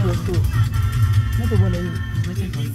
mọ́tò mọ́tò bọ́ọ̀lù ẹ̀yìn.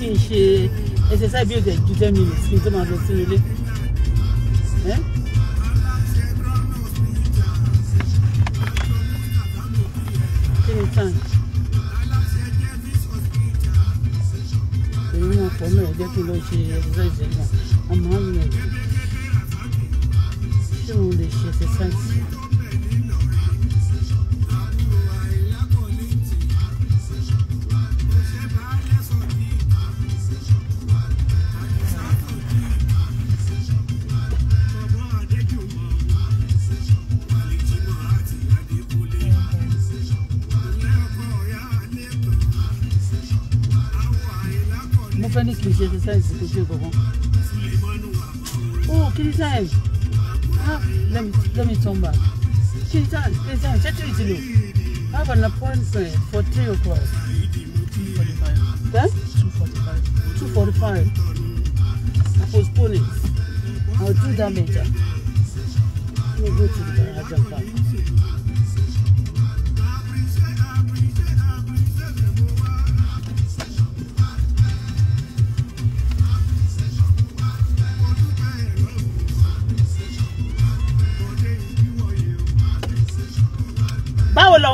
kí n ṣe exercise bí o jẹ ju ten minutes kí n tó máa lọ sínú ilé. an appointment for 3 o'clock. 245. Huh? 245. 245. I postpone it. I'll do that later. Let me go to the Ajampa.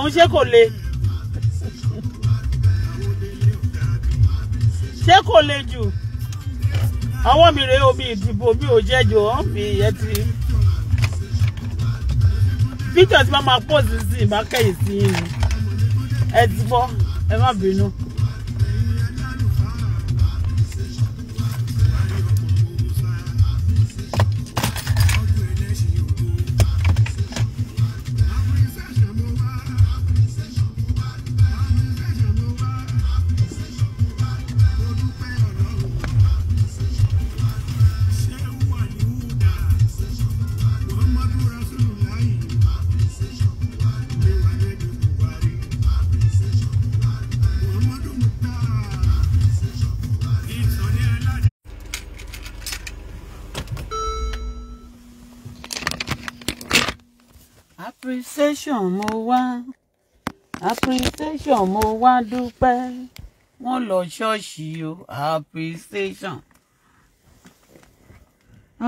òun ṣé kò le ṣé kò le jù àwọn mi rèé omi ìdìbò mi ò jẹjọ ọ mi yẹ ti picture tí wọn máa pọ̀ sí sí ìbákẹ́yìn sí ẹ ti bọ́ ẹ má bínú. appreciation mo wá appreciation mo wá dúpẹ́ wọ́n lọ ṣọ́ọ̀ṣì o appreciation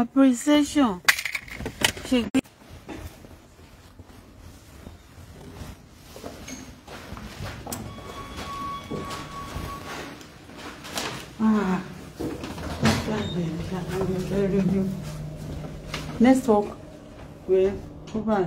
appreciation ṣe gbé. Ah, Network with Uber.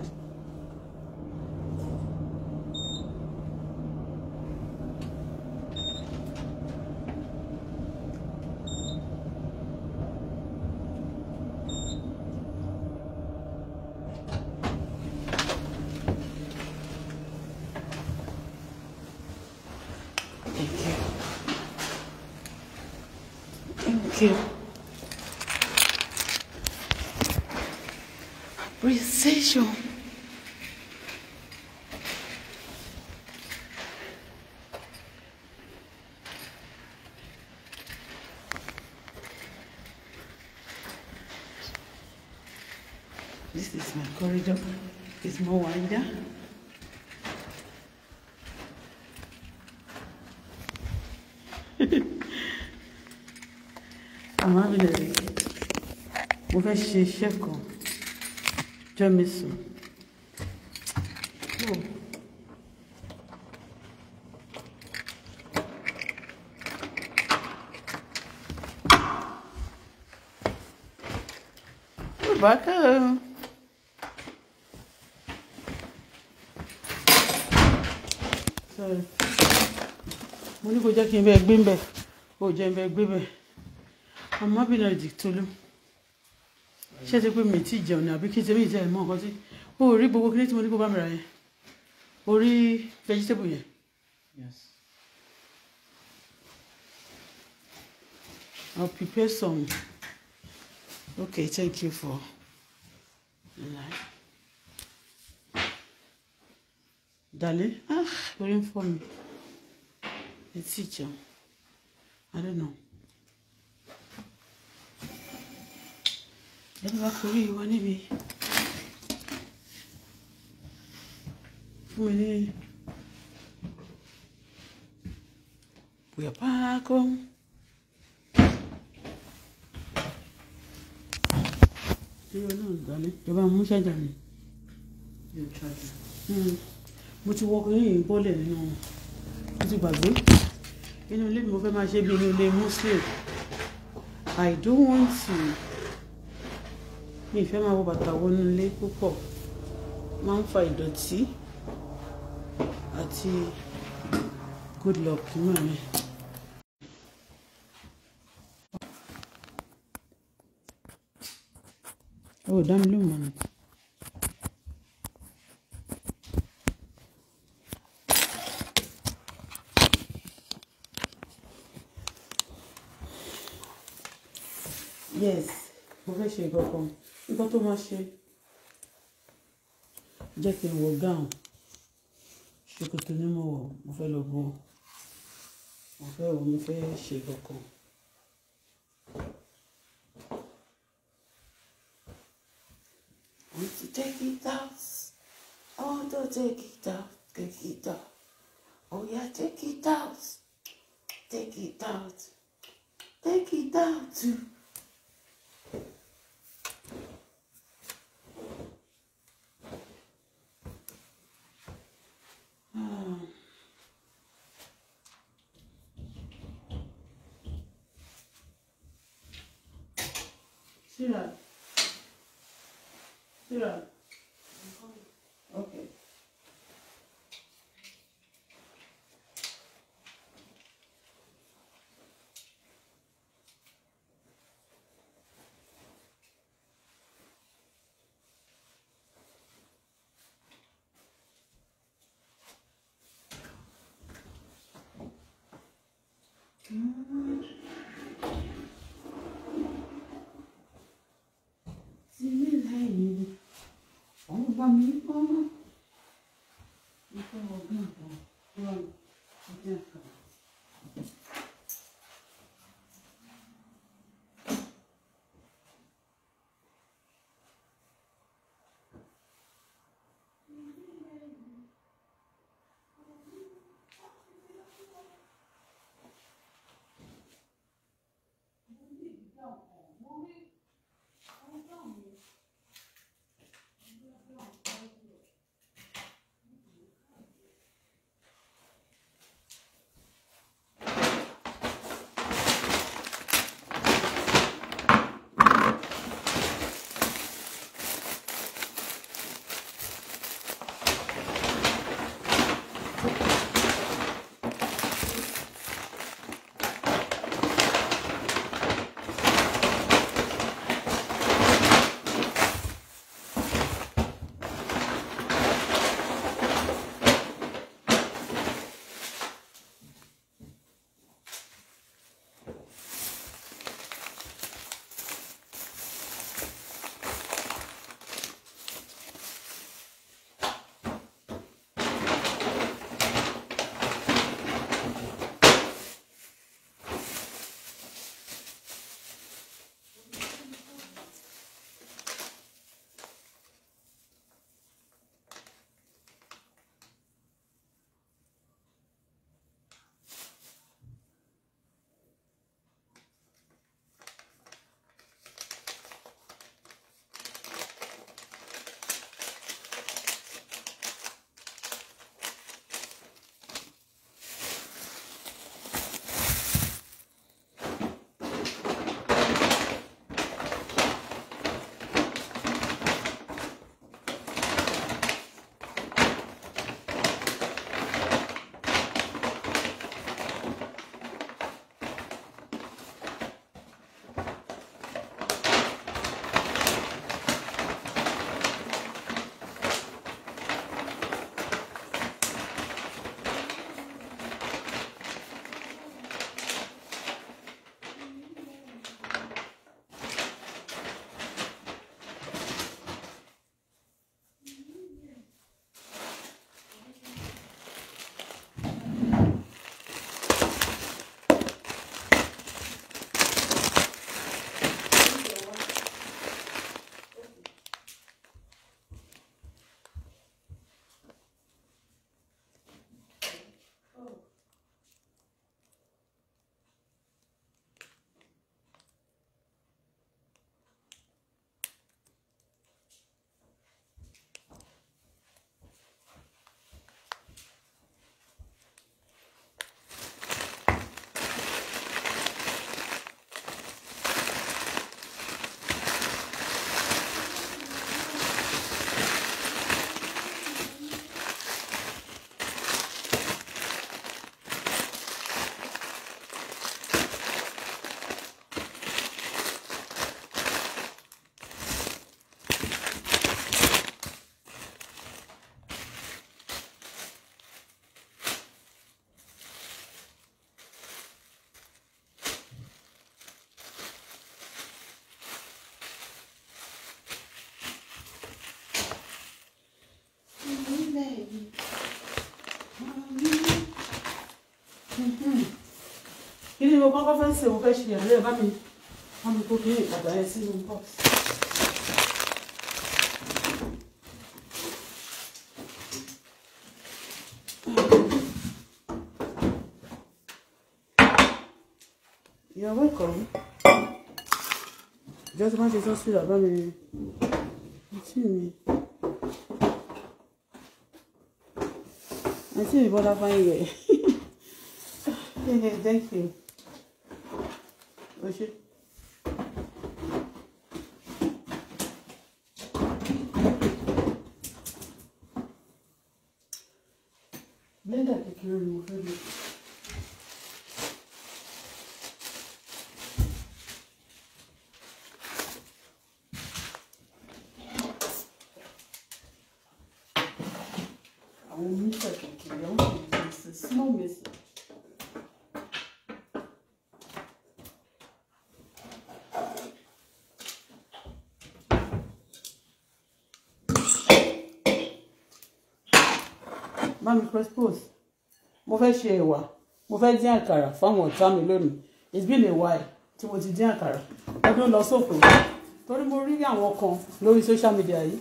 fẹ́ ṣe iṣẹ́ kan jọ́ mi sùn. Bacana. Sorry. Mo ní kò jẹ́ kí n bẹ gbé ń bẹ̀, kò jẹ́ ń bẹ gbé bẹ̀. I'm not being a dictolum ṣé ti pé mi ti jẹun ni àbí kí n ṣe mí jẹ ìmọ̀ nǹkan tí o rí gbogbo kí ní tí mo ní kó bá mi yẹn o rí vegetable yẹn. I'll prepare some. Okay, thank you for life. Darling, ah, orí ń me. mi. It's teacher. I don't know. ẹni bá forí ìwọ níbi fún mi ní bóyá pákó. ìwọ náà dání ìjọba mú ṣẹ́jà mi. Hmm. mo ti wọ ọkùnrin yìí bọ́lẹ̀ nínú mo ti gbàgbé inú ilé mi mo fẹ́ máa ṣe bí inú ilé muslim I don't want to mi ìfẹ́ máa wọ bàtà wọnú ilé púpọ̀ máa ń fa ìdọ̀tí àti good luck mọ̀ mi. ó dá mi lóhùn mọ́ni. yes mo fẹ́ ṣe nǹkan kan nǹkan tó máa ṣe jẹ́ kí n wọ gáùn ṣòkòtò ni mo wọ̀ mo fẹ́ lọ bọ́ mo fẹ́ wọ mo fẹ́ ṣe kankan. want to take it out. oh, want take it out. Take it out. Oh yeah, take it out. Take it out. Take it out too. Senhor. Se me leve, ouva-me, mo kọ́kọ́ fẹ́ ṣe òun fẹ́ ṣe ẹ̀rọ ẹ̀ bá mi bá mi kó kí ìpàdà yẹn sínú pot. You're welcome. Just want to just feel about me. Àǹtí mi. Àǹtí mi bọ́lá fáyín rẹ̀. Thank you. следующий. bá mi press post mo fẹ́ ṣe ẹ̀wà mo fẹ́ dín àkàrà fáwọn ọ̀tá mi lónìí it's been a while tí mo ti dín àkàrà ọdún lọ sófo torí mo rí àwọn kan lórí social media yìí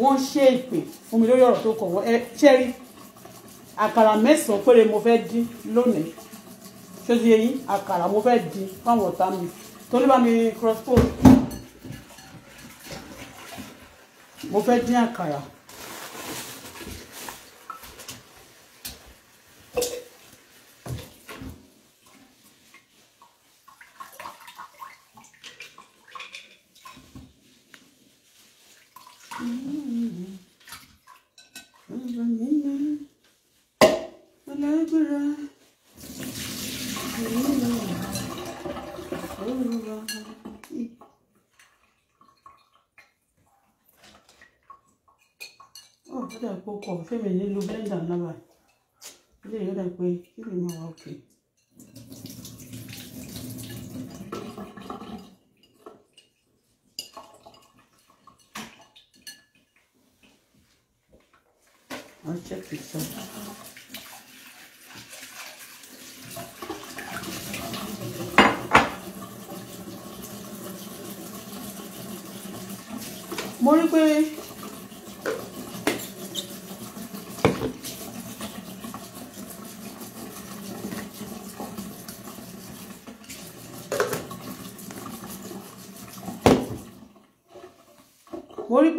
wọ́n ṣe ìpè fún mi lórí ọ̀rọ̀ tó kàn wọ́n ẹ ṣẹ́rí àkàrà mẹ́sàn-án péré mo fẹ́ dín lónìí ṣé ti yẹyin àkàrà mo fẹ́ dín fáwọn ọ̀tá mi torí bá mi cross post mo fẹ́ dín àkàrà पे मैंने जाना डालना है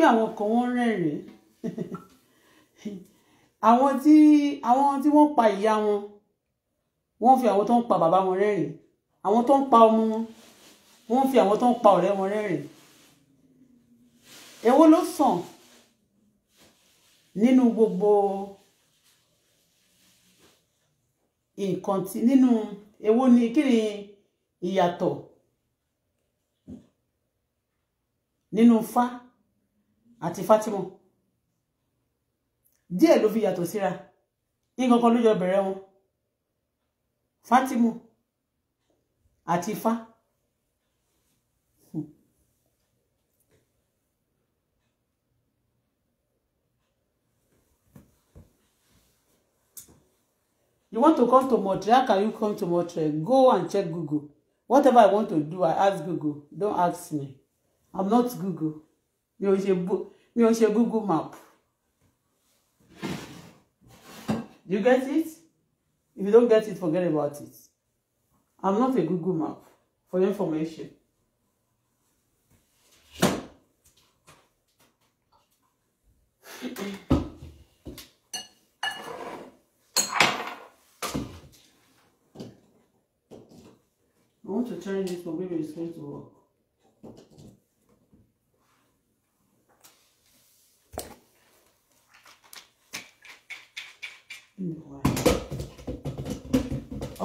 àwọn kan wọ́n rẹ́rìn àwọn tí àwọn tí wọ́n pa ìyá wọn wọ́n fi àwọn tó ń pa bàbá wọn rẹ́rìn àwọn tó ń pa ọmọ wọn wọ́n fi àwọn tó ń pa ọ̀rẹ́ wọn rẹ́rìn èwo ló sàn nínú gbogbo nǹkan tí nínú èwo ni kí ni ìyàtọ̀ nínú fá àti Fatima díẹ̀ ló fi yàtọ̀ síra nǹkan kan ló jọ bẹ̀rẹ̀ wọn Fatima àti Ifá hmm. You want to come to Montreal? How can you come to Montreal? Go and check Google. Whatever I want to do, I ask Google. Don't ask me. I'm not Google. You know, mi ò ṣe google map you get it if you don't get it forget about it i'm not a google map for your information. I want to change this, but maybe it's going to work.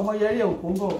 我们也有工作。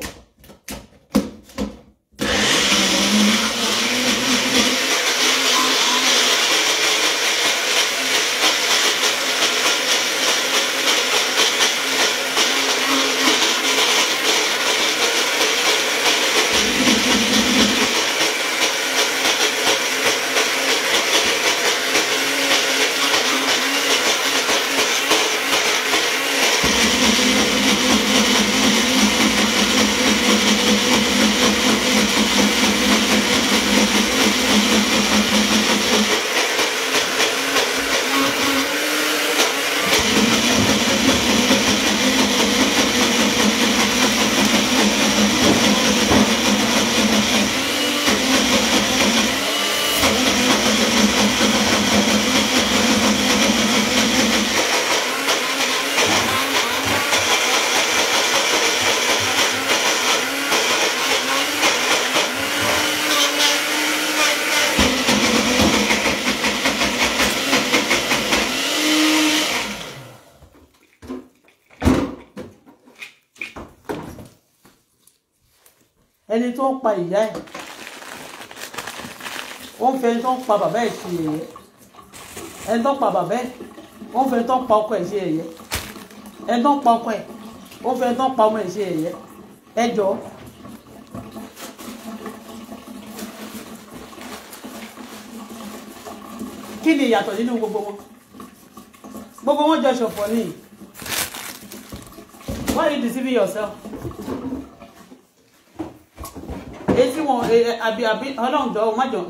pa ìyá ẹ̀ ó ń fẹ́ ẹni tó ń pa bàbá ẹ̀ ṣe ẹ̀yẹ ẹni tó ń pa bàbá ẹ̀ ó ń fẹ́ ẹni tó ń pa ọkọ ẹ̀ ṣe ẹ̀yẹ ẹni tó ń pa ọkọ ẹ̀ ó ń fẹ́ ẹni tó ń pa ọmọ ẹ̀ ṣe ẹ̀yẹ ẹ jọ̀ọ́ kí ni ìyàtọ̀ nínú gbogbo wọn gbogbo wọn jọ ṣọ̀fọ̀ ni why you deceive yourself. àbí àbí ọlọ́run jọ má jọ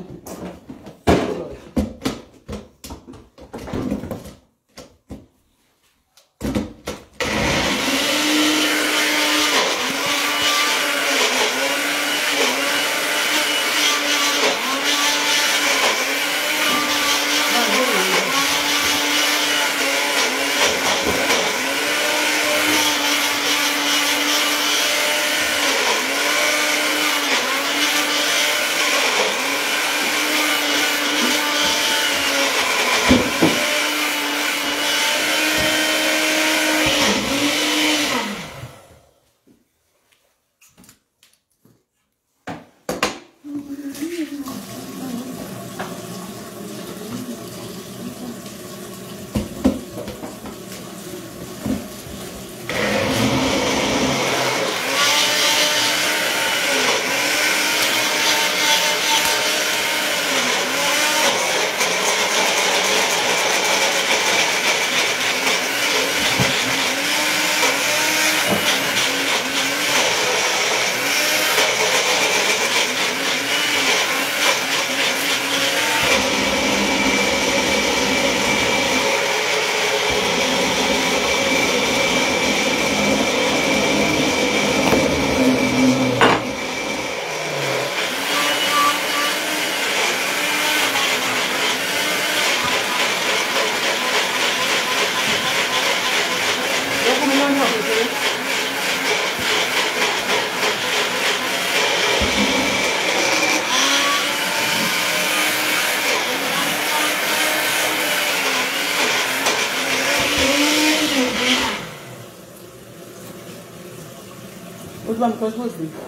was listening.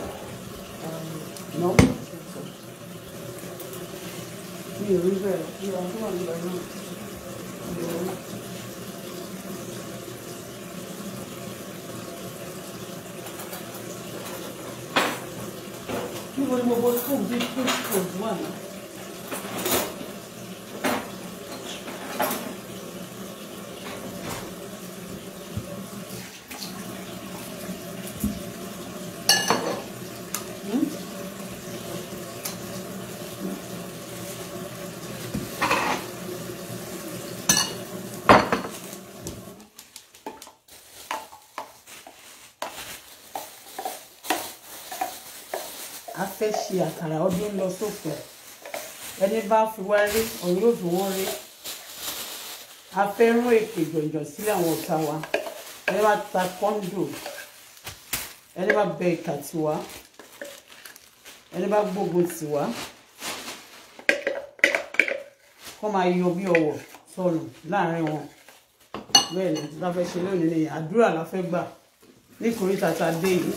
fi àkàrà ọdún lọ sóko ẹ̀ ẹni bá fi wá rí òun yóò fi rí a fẹ́ràn ètò ìjọ̀jọ̀ sílẹ̀ àwọn ọ̀tá wa ẹni bá ta kọ́ńdò ẹni bá bẹ ìkà tiwa ẹni bá gbógun tiwa kó máa yọ bí ọwọ́ sọnù láàrin wọn bẹ́ẹ̀ ni la fẹ́ ṣe lónìí ni àdúrà la fẹ́ gbà nítorí tata dé yìí.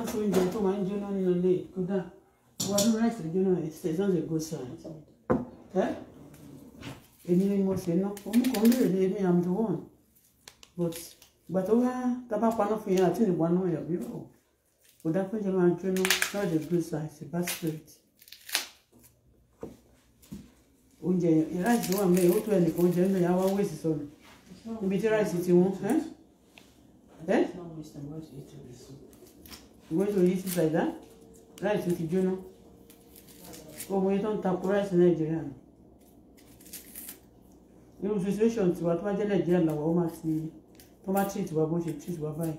máa ń tún oúnjẹ tó máa ń jóná nínú ilé kódà wà ní ráìsì jóná ẹ̀ ṣe náà lè sign ẹ́ èmi ni mo ṣe náà omi kan lè rí èmi am the one but ìgbà tó wá tábà paná fún yẹn àti ìwà náà yàgbé ọ̀ kò dá péjọ máa jóná náà lè go sign ṣe bá spirit oúnjẹ eh, ráìsì wà mẹ́rin ó tó ẹnìkan oúnjẹ náà yà wá wéèsì sọnù ibi tí ráìsì ti wọ́n ẹ́ ẹ́. You're going to eat it like that? Rice with jóná. Ohun yìí tó ń takò rice Nàìjíríà ni. Irú situation tiwa tó bá jẹ́ Nàìjíríà làwọn ó máa ti tó máa treat wa bó ṣe treat wa báyìí.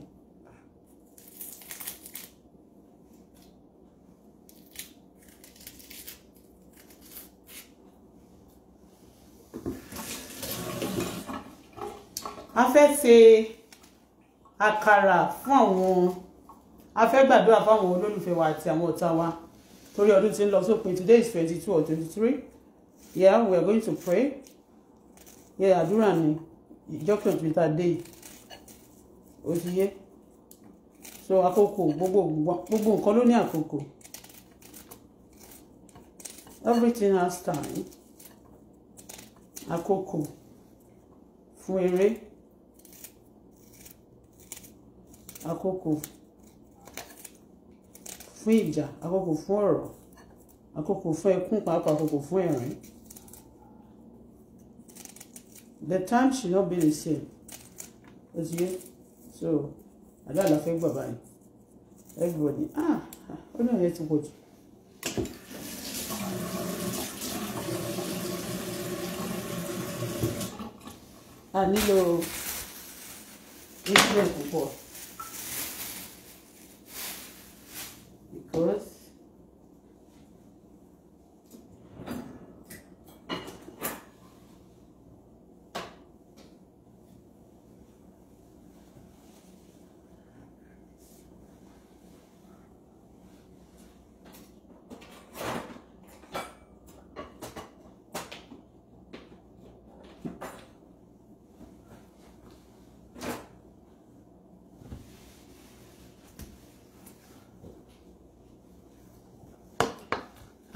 a fẹ́ ṣe àkàrà fún àwọn a fẹ́ gbàdúrà fáwọn olólùfẹ́ wa àti àwọn ọ̀tá wa torí ọdún tí ń lọ sópin today is twenty two or twenty three yeah we are going to pray yeah àdúrà ni ìjọkàn tó day. dé yìí so àkókò gbogbo gbogbo nǹkan ló ní àkókò everything has time àkókò fún eré àkókò fún ìjà àkókò fún ọ̀rọ̀ àkókò fún ẹkún pàápàá àkókò fún ẹ̀rín the time should not be the same As you. so àdáàlà fẹ́ gbà báyìí everybody ah ó náà yẹ ti pọ̀ jù. a nílò insulin púpọ̀. because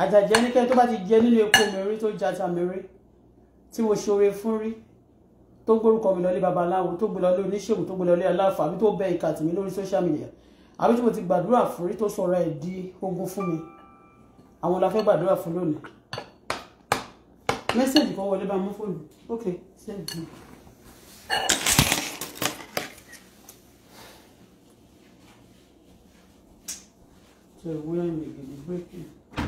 àjàjẹ́ ẹnikẹ́ni tó bá ti jẹ nínú epo mẹ́rin tó jata mẹ́rin tí mo ṣoore fún rí tó gbórúkọ mi lọlé babaláwo tó gbé lọlé oníṣègùn tó gbé lọlé aláfà àbí tó bẹ ìka tèmi lórí social media àbí tí mo ti gbàdúrà fún rí tó sọ̀rọ̀ ẹ̀ di ogun fún mi àwọn la fẹ́ gbàdúrà fún lónìí mẹ́sẹ̀jì kan wọlé bá mú fóònù ok sẹ́ẹ̀dì. So we are making the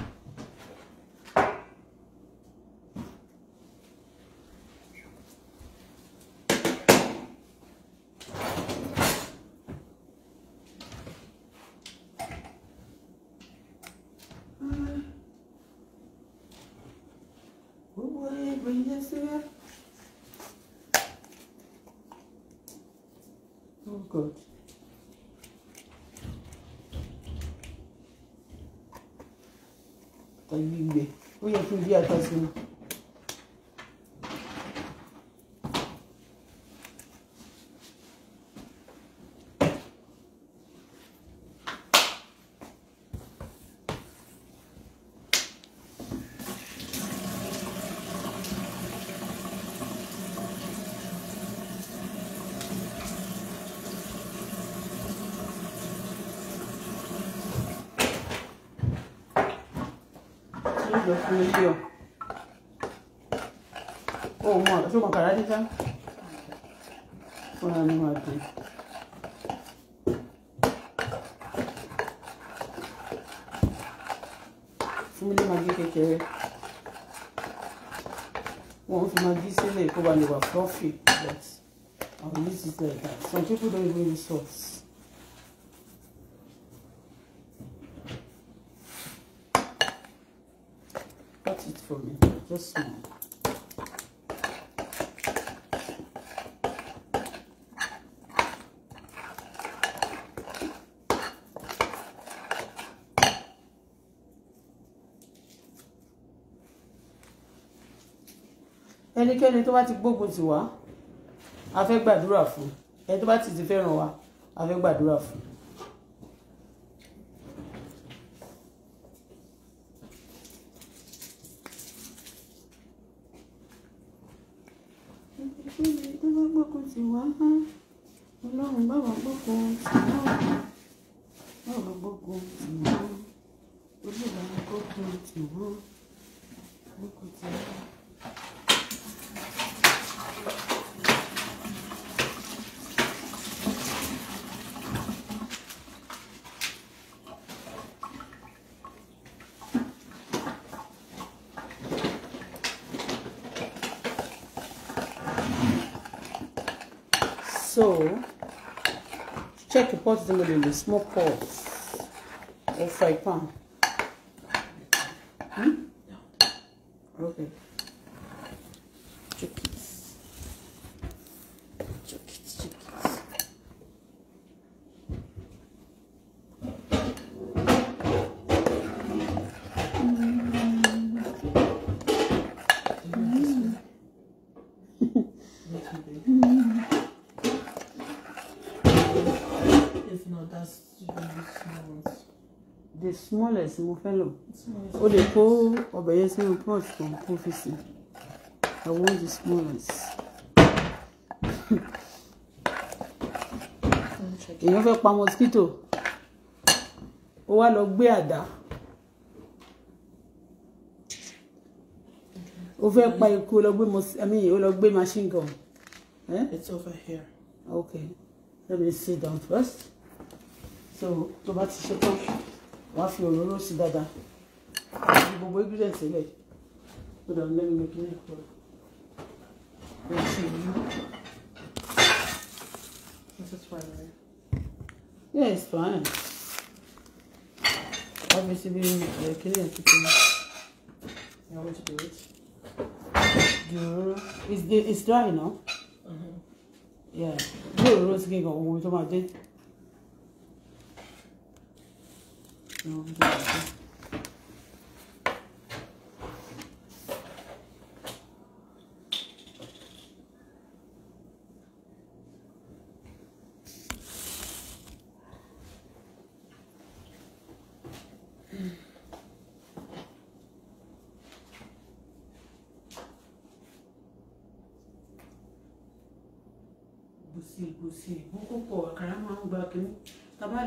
good. Tagbigbe, ó yẹ kí n bí ata ló gbé ọ ó mọ ọ̀rọ̀ tó mọ kàrá dídá fúnra ni wàá dé. fún mi ní magi kékeré wọn fi magi sílẹ̀ kó ba lè wà fluffy but I will use it like that some people don't even use salt. docinho. ẹnikẹ́ni tó bá ti gbógun tì wá a fẹ́ gbàdúrà fún ẹni tó bá ti ti fẹ́ràn wa a fẹ́ gbàdúrà fún un. 嗯。check to put them in the small pot or fry pan. smallest mo fẹ́ lò ó lè kó ọbẹ̀ yẹn sínú pot kan kó fi sí i want the smallest. èèyàn fẹ́ pa mosquito ó wá lọ gbé àdá ó fẹ́ pa ikú ó lọ gbé I mean ó lọ gbé machine gun. Eh? It's over here. Okay. Let me sit down first. So, tó bá ti ṣe tán. wọ́n fi òróró da, dáadáa àti gbogbo ìgbésẹ̀ sílẹ̀ tó dà lẹ́nu mi kí ní ìkọ́ rẹ̀ ṣe yú. This is fine, right? Yeah, it's fine. Obviously, we are killing and keeping. I want to do it. Do it's it's dry now. mm Yeah. Do rose cake or Não, não, não.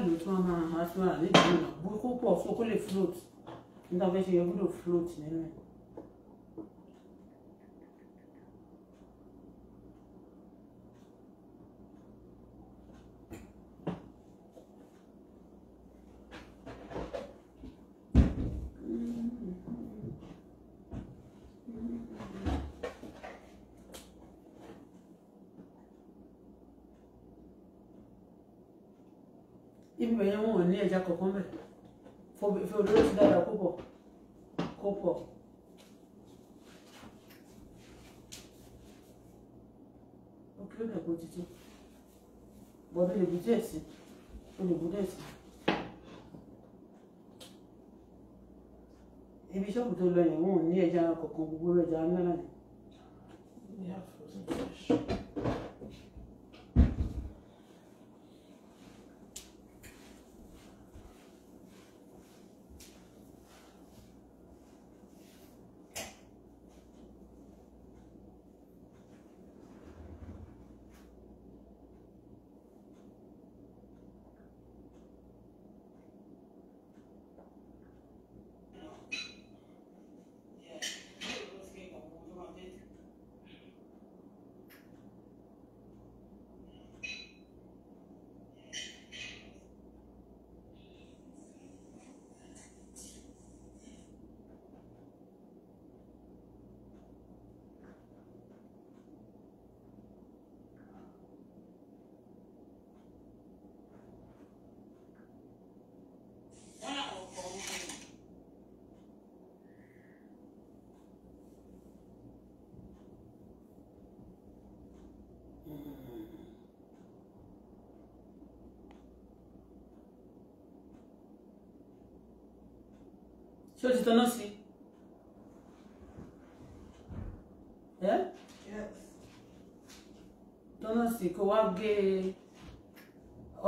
lò tí wọ́n máa hàn fúnra nídìí náà bó kó pọ̀ fún kó lè float nígbà fẹ́ ṣe yẹ gbọ́dọ̀ float nínú ẹ̀. ẹja kọ̀ọ̀kan mẹ́ fi òróró ti dáadáa kó pọ̀ kó pọ̀. ó kí ló ní ẹ̀kọ́ títí bọ́dún lè bu díẹ̀ sí ó lè bu díẹ̀ sí. ibi ṣọ́ọ̀bù tó lọ yẹn wọn ò ní ẹja kọ̀ọ̀kan gbogbo ẹja náírà yẹn. ṣé o ti tanná sí ẹ tanná sí kó wá gé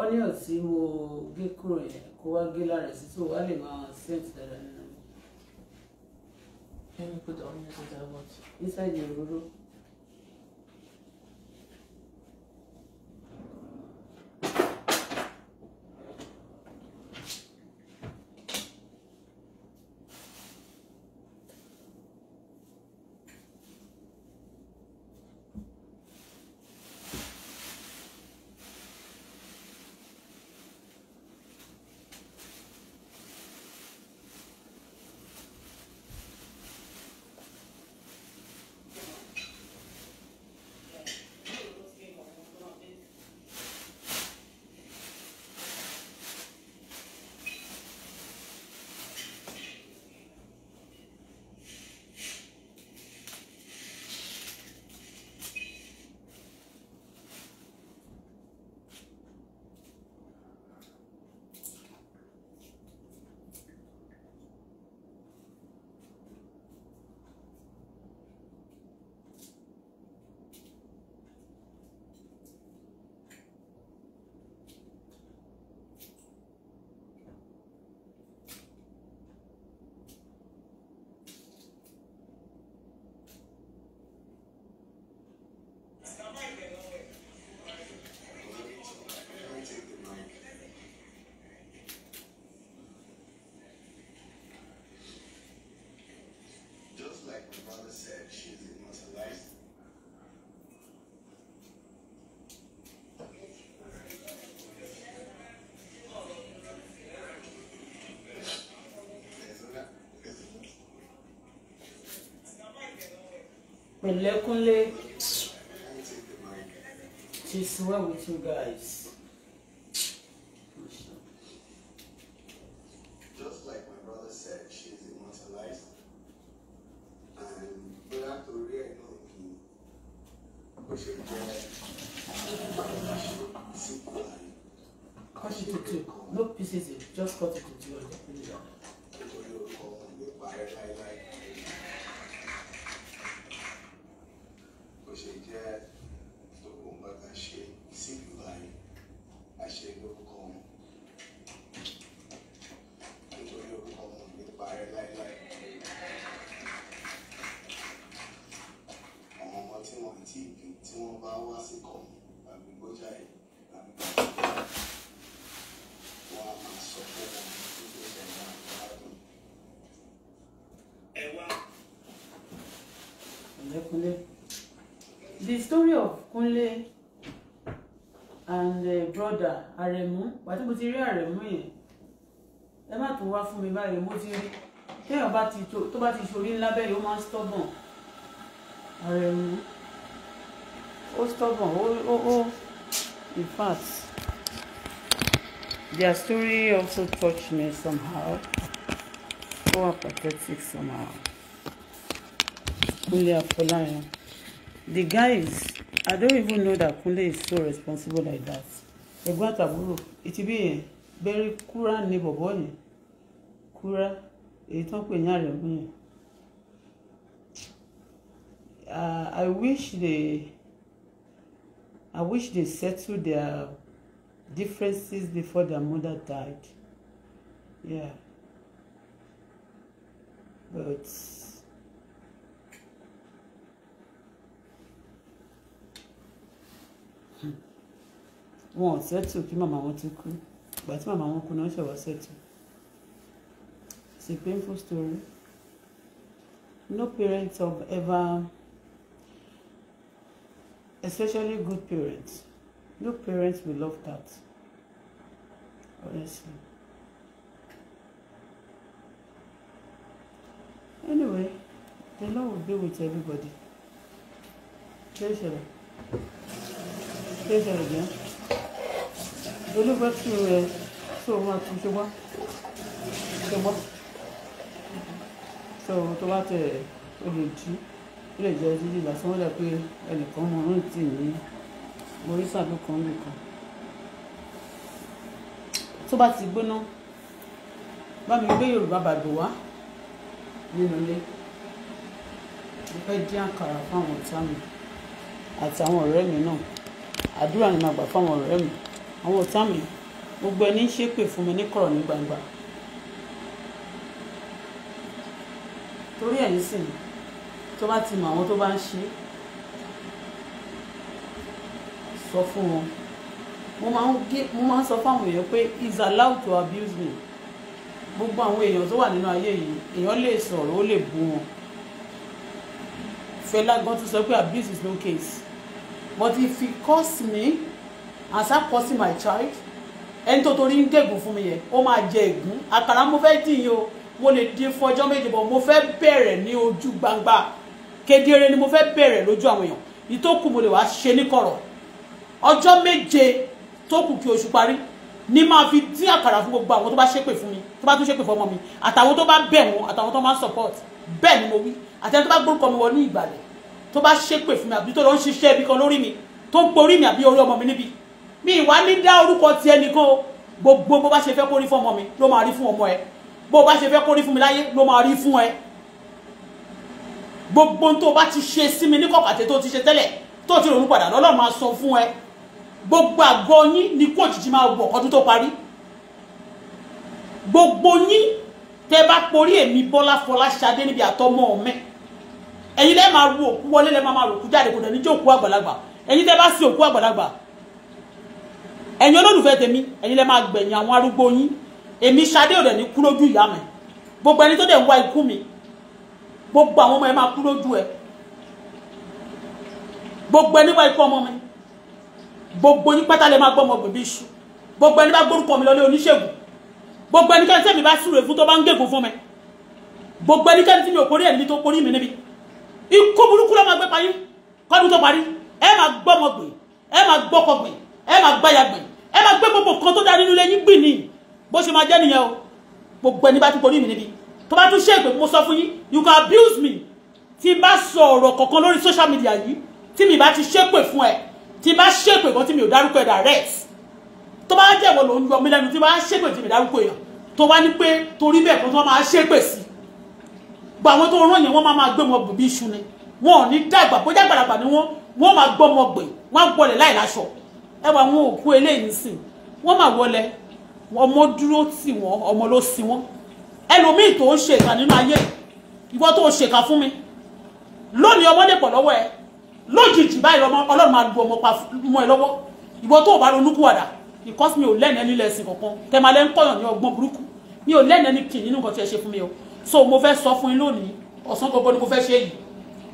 onion tí mo gé kúrò yẹn kó wá gé lára sí tó wá lè máa scent dáadáa nínú. Let me put the onions inside what? Inside the òróró. Just like my mother said, she's immortalized. pẹ̀lẹ́kúnlé is wrong with you guys? the story of Kunle and uh, brother Àrẹ̀mú pàtó mo ti rí Àrẹ̀mú yẹn ẹ má tún wá fún mi báyìí mo ti rí téèyàn bá ti tó bá ti ṣorí ńlá bẹ́ẹ̀ yóò máa ń stọ́bọ̀n Àrẹ̀mú ó stọ́bọ̀n ó ó ó in fact their story also touched me somehow ó wà pathetic somehow Kunle Afọláyan the guys i don't even know that Kunle is so responsible like that ẹ̀gbọ́n àtàbúrò it be bẹ̀rẹ̀ kúrà ní bọ̀bọ̀ yẹn kúrà èyí tán pè ní àrẹ̀mú yẹn uh, i wish they i wish they settle their differences before their mother died yeah but. wọn ò sẹ́tù kí màmá wọn tó kú ìgbà tí màmá wọn kú náà ṣẹ̀wá sẹ́tù it's a painful story no parent of ever especially good parents no parents will love that honestly anyway the Lord will be with everybody. Pleasure. Pleasure again dolóògbé tù rẹ tó máa tún ṣe wá ṣe wá tó tó bá tẹ o lè jí o lè jẹ jíjí lásán wọ́n dà pé ẹnìkan mọ̀ ọ́n tì ní morisa ló kàn nìkan tó bá ti gbóná bá mi gbé yorùbá bàbá wá nínú ilé mo fẹ́ dín àkàrà fáwọn ọ̀tá mi àtàwọn ọ̀rẹ́ mi náà àdúrà ni màá gbà fáwọn ọ̀rẹ́ mi àwọn ọ̀tá mi gbogbo ẹni ṣépè fún mi níkọ̀rọ̀ ní gbangba torí ẹ̀ nísìnyí tó bá ti mọ àwọn tó bá ń ṣe sọ fún wọn mo máa ń gé mo máa ń sọ fáwọn èèyàn pé is allowed to abuse me gbogbo àwọn èèyàn tó wà nínú ayé yìí èèyàn lè sọ̀rọ̀ ó lè bú wọn Fẹlá gan tún sọ pé abuse is no case but if he curse me as I pursue my child ẹni tó torí ń dẹ̀gùn fún mi yẹn ó máa jẹ ègún àkàrà mo fẹ́ dì yín o mo lè di fún ọjọ́ méje bọ̀ mo fẹ́ bẹ̀rẹ̀ ní ojú gbangba kedere ni mo fẹ́ bẹ̀rẹ̀ lójú àwọn èèyàn ìtókù mo lè wá ṣe ní kọ̀rọ̀ ọjọ́ méje tó kù kí oṣù parí ní máa fi dín àkàrà fún gbogbo àwọn tó bá ṣépè fún mi tó bá tún ṣépè fún ọmọ mi àtàwọn tó bá bẹ̀ wọ́n àtàwọn tó máa ń support bẹ́ẹ̀ ni mo wí àtẹni tó bá gbórúkọ mi wọnú ìgbàlẹ̀ tó bá ṣépè fún mi àbí tó lọ ń ṣiṣẹ́ ibi kan lórí mi tó ń porí mi àbí orí ọmọ mi níbi mi ìwà ní dá orúkọ ti ẹnìkan gbogbo bó bá ṣe fẹ́ kó rí fún ọmọ mi ló máa rí fún ọmọ ẹ bó bá ṣe fẹ́ kó rí fún mi láyé ló máa rí fún ẹ gbogbo tó bá ti ṣe sí mi ní kọ̀kàtẹ́ tó ti ṣe tẹ́lẹ̀ tó ti ronú padà lọ́lọ́run máa sọ fún ẹ gbogbo àgọ́ yín ni kó òjijì máa wọ̀ ọdún tó parí gbogbo yín tẹ́ bá porí èmi Bọ́lá ni níbi àtọmọ ọmẹ ẹ̀yin lẹ́ẹ̀ máa ru òkú wọlé lẹ́ẹ̀ máa máa rò òkú jáde kò dẹ̀ ni jókòó àgbàlagbà ẹ̀yin tẹ́ bá sí òkú àgbàlagbà ẹ̀yin olólùfẹ́ tèmi ẹ̀yin lẹ́ máa gbẹ̀yìn àwọn arúgbó yín èmi Ṣadé ò dẹ̀ ní kú lójú ìyá mi gbogbo ẹni tó dẹ̀ ń wá ikú mi gbogbo àwọn ọmọ ẹ máa kú lójú ẹ gbogbo ẹni wá ikú ọmọ mi gbogbo yín pátá lè máa gbọ́ ọmọ bèbí iṣu gbogbo ẹni bá gbórúkọ mi lọlé oníṣègùn gbogbo ẹnikẹ́ni tẹ́mi bá súre fún tó bá ń gègùn fún mi gbogbo ẹnikẹ́ni tí mi ò kórí ẹ̀mí tó kórí mi níbi ikú burúkú ló máa gbé parí kọ́dún tó parí ẹ máa gbọ́mọ gbè ẹ máa gbọ́kọ gbè ẹ máa gbáya gbè ẹ máa gbé gbogbo kan tó dá nínú ilé yín gbìn ní bó ṣe máa jẹ́ nìyẹn o gbogbo ẹni bá tún borí mi níbi tó bá tún ṣe ìpè mo sọ fún yín you can abuse me tí n bá sọ ọ̀rọ̀ kankan lórí social media yìí tí mi bá ti ṣépè fún ẹ tí n bá ṣépè kan tí mi ò dárúkọ ẹ direct tó bá jẹ́ ìwọ ló ń yọ mí lẹ́nu tí n bá ṣépè tí mi dárúkọ èèyàn tó wá ní pé torí bẹ́ẹ̀ kan tó máa ṣépè sí gbà àwọn tó rán yẹn wọ́n máa gbé wọn bù bí iṣu ni wọn ò ní dàgbà bójá gbàlagbà ni wọ́n wọ́n máa gbọ́ ọmọ gbè wọ́n á gbọ́lẹ̀ láì láṣọ ẹ wà wọn òkú eléyìí sìn wọ́n mà wọlé ọmọ dúró tì wọ́n ọmọ ló sin wọ́n ẹlòmíì tó ń ṣe ìkà nínú ayé ìwọ tó ń ṣe ìkà fún mi lónìí ọmọdé pọ̀ lọ́wọ́ ẹ lójijì báyìí ọlọ́run máa lu ọmọ pa mọ́ ẹ lọ́wọ́ ìwọ tó o bá ronú kúwàdà because mi ò lẹ́nu ẹni lẹ́sìn kankan tẹ̀málẹ́ ń kọ̀yàn ní ọgbọ́n burúkú mi ò lẹ́nu ẹni kì nínú nǹkan tí ẹ ṣe fún mi o so mo fẹ́ sọ fún yín lónìí ọ̀sán gbogbo ni mo fẹ́ ṣe yìí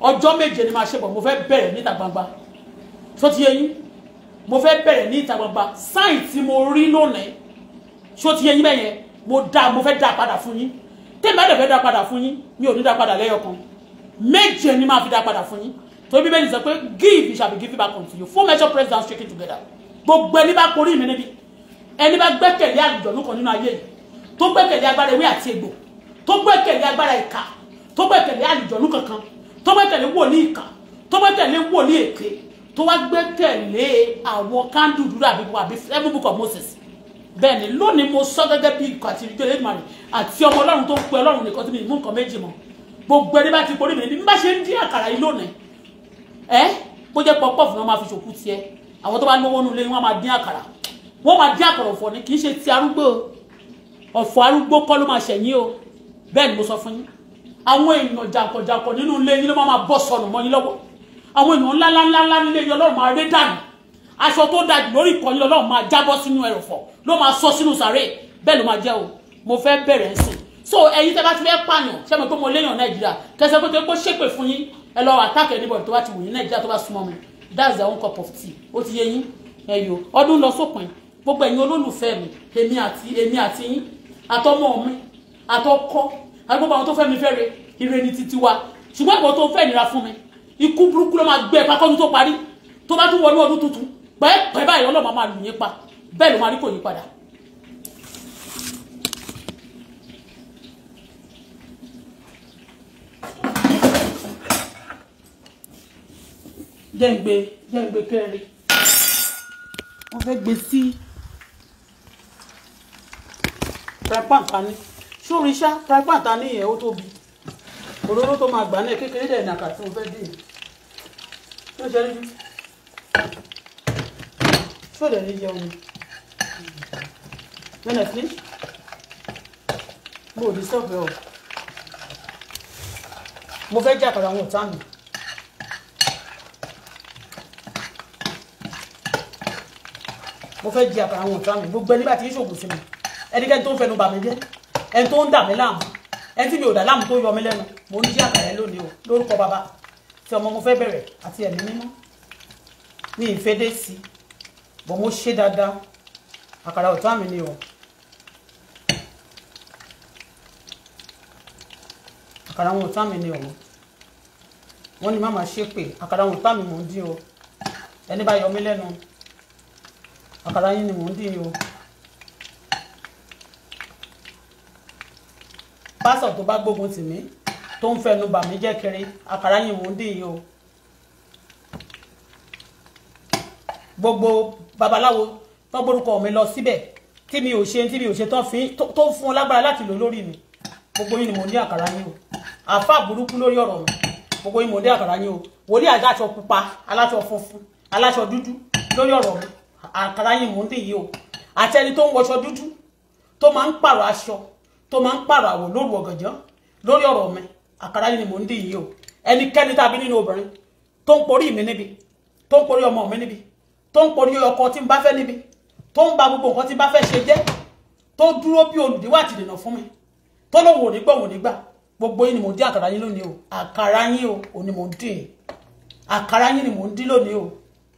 ọjọ́ méje ni màá ṣe bọ̀ mo fẹ́ bẹ̀rẹ̀ níta gbangba tó ti yé yín mo fẹ́ bẹ̀rẹ̀ ní ìta gbangba sáìn tí mo rí lónìí ṣó ti yẹ yín bẹ́yẹn mo dá mo fẹ́ dá padà fún yín tẹ́lẹ̀ bẹ́ẹ̀ fẹ́ dá padà fún yín mi ò ní dá padà lẹ́yọkan méje ni máa fi dá padà fún yín torí Bíbélì sọ pé give shall be given back unto you four measure press down shaking together gbogbo ẹni bá korí mi níbi ẹni bá gbẹ́kẹ̀lé àlùjọ̀nú kan nínú ayé yìí tó gbẹ́kẹ̀lé agbára ewé àti egbò tó gbẹ́kẹ̀lé agbára ìka tó gbẹ́kẹ̀lé àlùjọ̀nú kankan tó gbẹ́kẹ̀lé wòlíì ìka tó gbẹ́kẹ̀lé wòlíì èké tó wá gbẹ́kẹ̀lé àwọn kándù dúdú àbí àbí seven book of Moses bẹ́ẹ̀ ni lónìí mo sọ gẹ́gẹ́ bí ikọ̀ àti ìdílé mari àti ọmọ ọlọ́run tó ń pe ọlọ́run nìkan tí mi mú nǹkan méjì mọ́ gbogbo ẹni bá ti borí mi ní bá ṣe ń dín àkàrà yìí lónìí ẹ bó jẹ́ pọpọ́ fún wọn máa fi ṣòkú tiẹ àwọn tó bá lówó nulẹ̀ wọn máa dín àkàrà wọn máa dín àkàrà ọ̀fọ̀ ni kì í ṣe ti arúgbó ọ̀fọ̀ arúgbó kọ́ ló máa ṣẹ̀yìn o bẹ́ẹ̀ ni mo sọ fún yín àwọn èèyàn jàǹkànjàǹkàn nínú ilé yín ló máa bọ́ sọnù mọ́ yín lọ́wọ́ àwọn èèyàn ńláńlá ńláńlá nílé yìí ọlọ́run máa ré dànù aṣọ tó dàjù lórí ìkọ́lé ọlọ́run máa jábọ́ sínú ẹrọ̀fọ̀ ló máa sọ sínú sàré bẹ́ẹ̀ ló máa jẹ́ o mo fẹ́ bẹ̀rẹ̀ ẹ̀sìn so ẹ̀yin tẹ́ bá ti fẹ́ pààyàn ṣé mo pé mo léèyàn nàìjíríà kẹsẹ́ pé kó ṣépè fún yín ẹ lọ attack anybody tó bá ti wù yín nàìjíríà tó bá súnmọ́ mi that's their own cup of tea ó ti yé yín ẹ̀yọ́ ọdún lọ sópin gbogbo ẹ̀yin olólùfẹ́ mi èmi àti èmi àti yín àtọmọ mi àtọkọ àgbọ̀gbọ̀ àwọn tó fẹ́ mi fẹ́ re ire ni titi wa ṣùgbọ́n ìwọ tó fẹ́ nira fún mi ikú burúkú ló máa gbé ẹ pákọ́dún tó parí tó bá tún wọlé ọdún tuntun pẹ́ẹ́pẹ́ báyìí ọlọ́mọ máa lù yín pa bẹ́ẹ̀ ló máa rí kò yí padà. jẹ́ǹgbé jẹ́ǹgbé kẹrin wọ́n fẹ́ gbé sí trypan tani ṣóríṣà trypan tani yẹn ó tóbi òróró tó máa gbà náà kékeré dẹ̀ ní àkàtúntò fẹ́ dé yìí ló ṣe lójú ṣòdẹ̀ lè jẹun ni when I finish mo ò ní sọ̀bẹ̀ ọ̀ mo fẹ́ jà kọ̀dọ̀ àwọn ọ̀tá mi. mo fẹ́ jẹ àkàrà àwọn ọ̀tá mi gbogbo ẹni bá ti ń ṣògùn sí mi ẹnikẹ́ni tó ń fẹnu bà mí jẹ́ ẹni tó ń dà mí láàmú ẹni tí mi ò dà láàmú tó yọ mí lẹ́nu mo ń jí àkàrà ẹ lónìí o lórúkọ bàbá ti ọmọ mo fẹ́ bẹ̀rẹ̀ àti ẹ̀mí mímọ́ mi ìfẹ́dé sí i bọ̀ mo ṣe dáadáa àkàrà ọ̀tá mi ni o àkàrà àwọn ọ̀tá mi ni o wọ́n ní má máa ṣe pé àkàrà àwọn ọ̀tá mi mò ń dín o ẹni bá yọ mí lẹ́nu àkàrà yín ni mò ń dín o pásọ̀ tó bá gbógun tì mí tó ń fẹnu bà mí jẹ́ kiri àkàrà yìí mò ń dì yìí o gbogbo babaláwo tó gbórúkọ mi lọ síbẹ̀ tí mi ò ṣe tí mi ò ṣe tó fi tó fún ọ lágbára láti lò lórí mi gbogbo yìí ni mò ń dí àkàrà yìí o àfa burúkú lórí ọ̀rọ̀ mi gbogbo yìí mò ń dí àkàrà yìí o wòlíì aláṣọ pupa aláṣọ funfun aláṣọ dúdú lórí ọ̀rọ̀ mi àkàrà yìí mò ń dì yìí o àti ẹni tó ń wọṣọ dúdú tó máa ń pààrọ̀ aṣọ tó máa ń pààrọ̀ àwọ̀ lóru ọ̀gànjọ́ lórí ọ̀rọ̀ mi àkàrà yìí ni mò ń dì yìí o ẹnikẹ́ni tàbí nínú obìnrin tó ń porí mi níbi tó ń porí ọmọ mi níbi tó ń porí ọkọ tí n bá fẹ́ níbi tó ń ba gbogbo nǹkan tí n bá fẹ́ ṣe jẹ́ tó dúró bí olùdíwà àti ìdènà fún mi tó lóun ò ní gbọ́ òun nígbà gbogbo yìí ni mò ń dín àkàrà yín lónìí o àkàrà yín o ò ní mò ń dín àkàrà yín ni mò ń dín lónìí o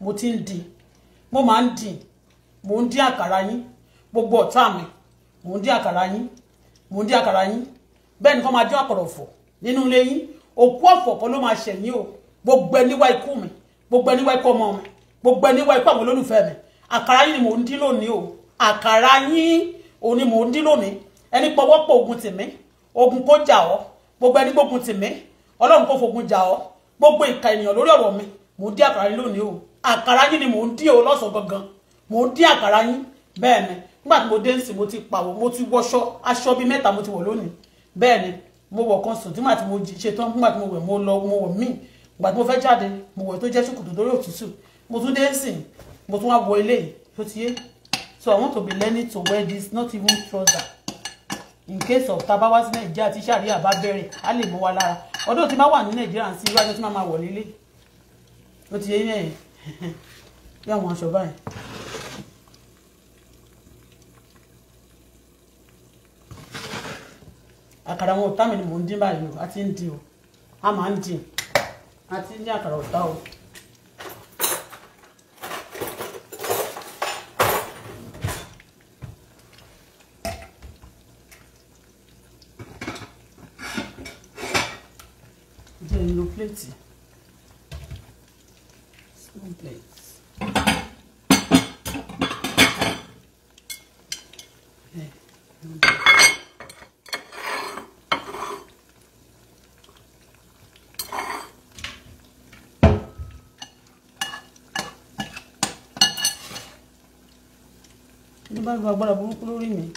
mo ti ń dín mo máa ń dín mò ń dín àkàrà yín gbogbo ọ̀tá mi mò ń dín àkàrà yín mò ń dín àkàrà yín bẹ́ẹ̀ ni kọ́ máa dín àkọ̀rọ̀fọ̀ nínú ilé yín òkú ọ̀fọ̀kọ́ ló máa ṣẹ̀yìn o gbogbo ẹni wá ikú mi gbogbo ẹni wá ikú ọmọ mi gbogbo ẹni wá ikú àwọn olólùfẹ́ mi àkàrà yín ni mò ń dín lónìí o àkàrà yín òun ni mò ń dín lónìí ẹni pọwọ́pọ̀ ogun tìmí ogun kó jà ọ́ gbogbo ẹni gbógun tìmí ọlọ́run kó fogun jà ọ́ gbogbo ìka ènìyàn lórí ọ̀rọ̀ mi mò ń dín àkàrà yín lónìí o àkàrà yín ni mò ń dín o lọ́sàn-án gangan mò ń dín àkàrà yín bẹ́ẹ̀ ni nígbà tí mo dé ń sìn mo ti pàwọ̀ mo ti wọṣọ aṣọ bíi mẹ́ta mo ti wọ̀ lónìí bẹ́ẹ̀ ni mo wọ̀ kan sùn tí màá ti mo ṣetán nígbà tí mo wẹ̀ mo lọ mo wọ̀ míì ìgbà tí mo fẹ́ jáde mo wọ̀ tó jẹ́ ṣòkòtò lórí òtútù mo tún dé sìn mo tún wá wọ ilé tó ti yé so i want to be learning to wear this not even trouser in case of tá a bá wá sí nàìjíríà tí sàrí àbá bẹ̀rẹ̀ á lè mọ́ wa lára ọdún tí bá wà ní nàìjíríà sí irú aṣọ tí máa ma wọ̀ nílé ó ti yé yẹn yẹ àwọn aṣọ báyìí àkàrà àwọn ọ̀tá mi ni mò ń dín báyìí o a ti ń dín o a máa ń dín a ti ń dín àkàrà ọ̀tá o. jẹ́ ń lo pléètì small plate. tó bá lu agbára burúkú lórí mi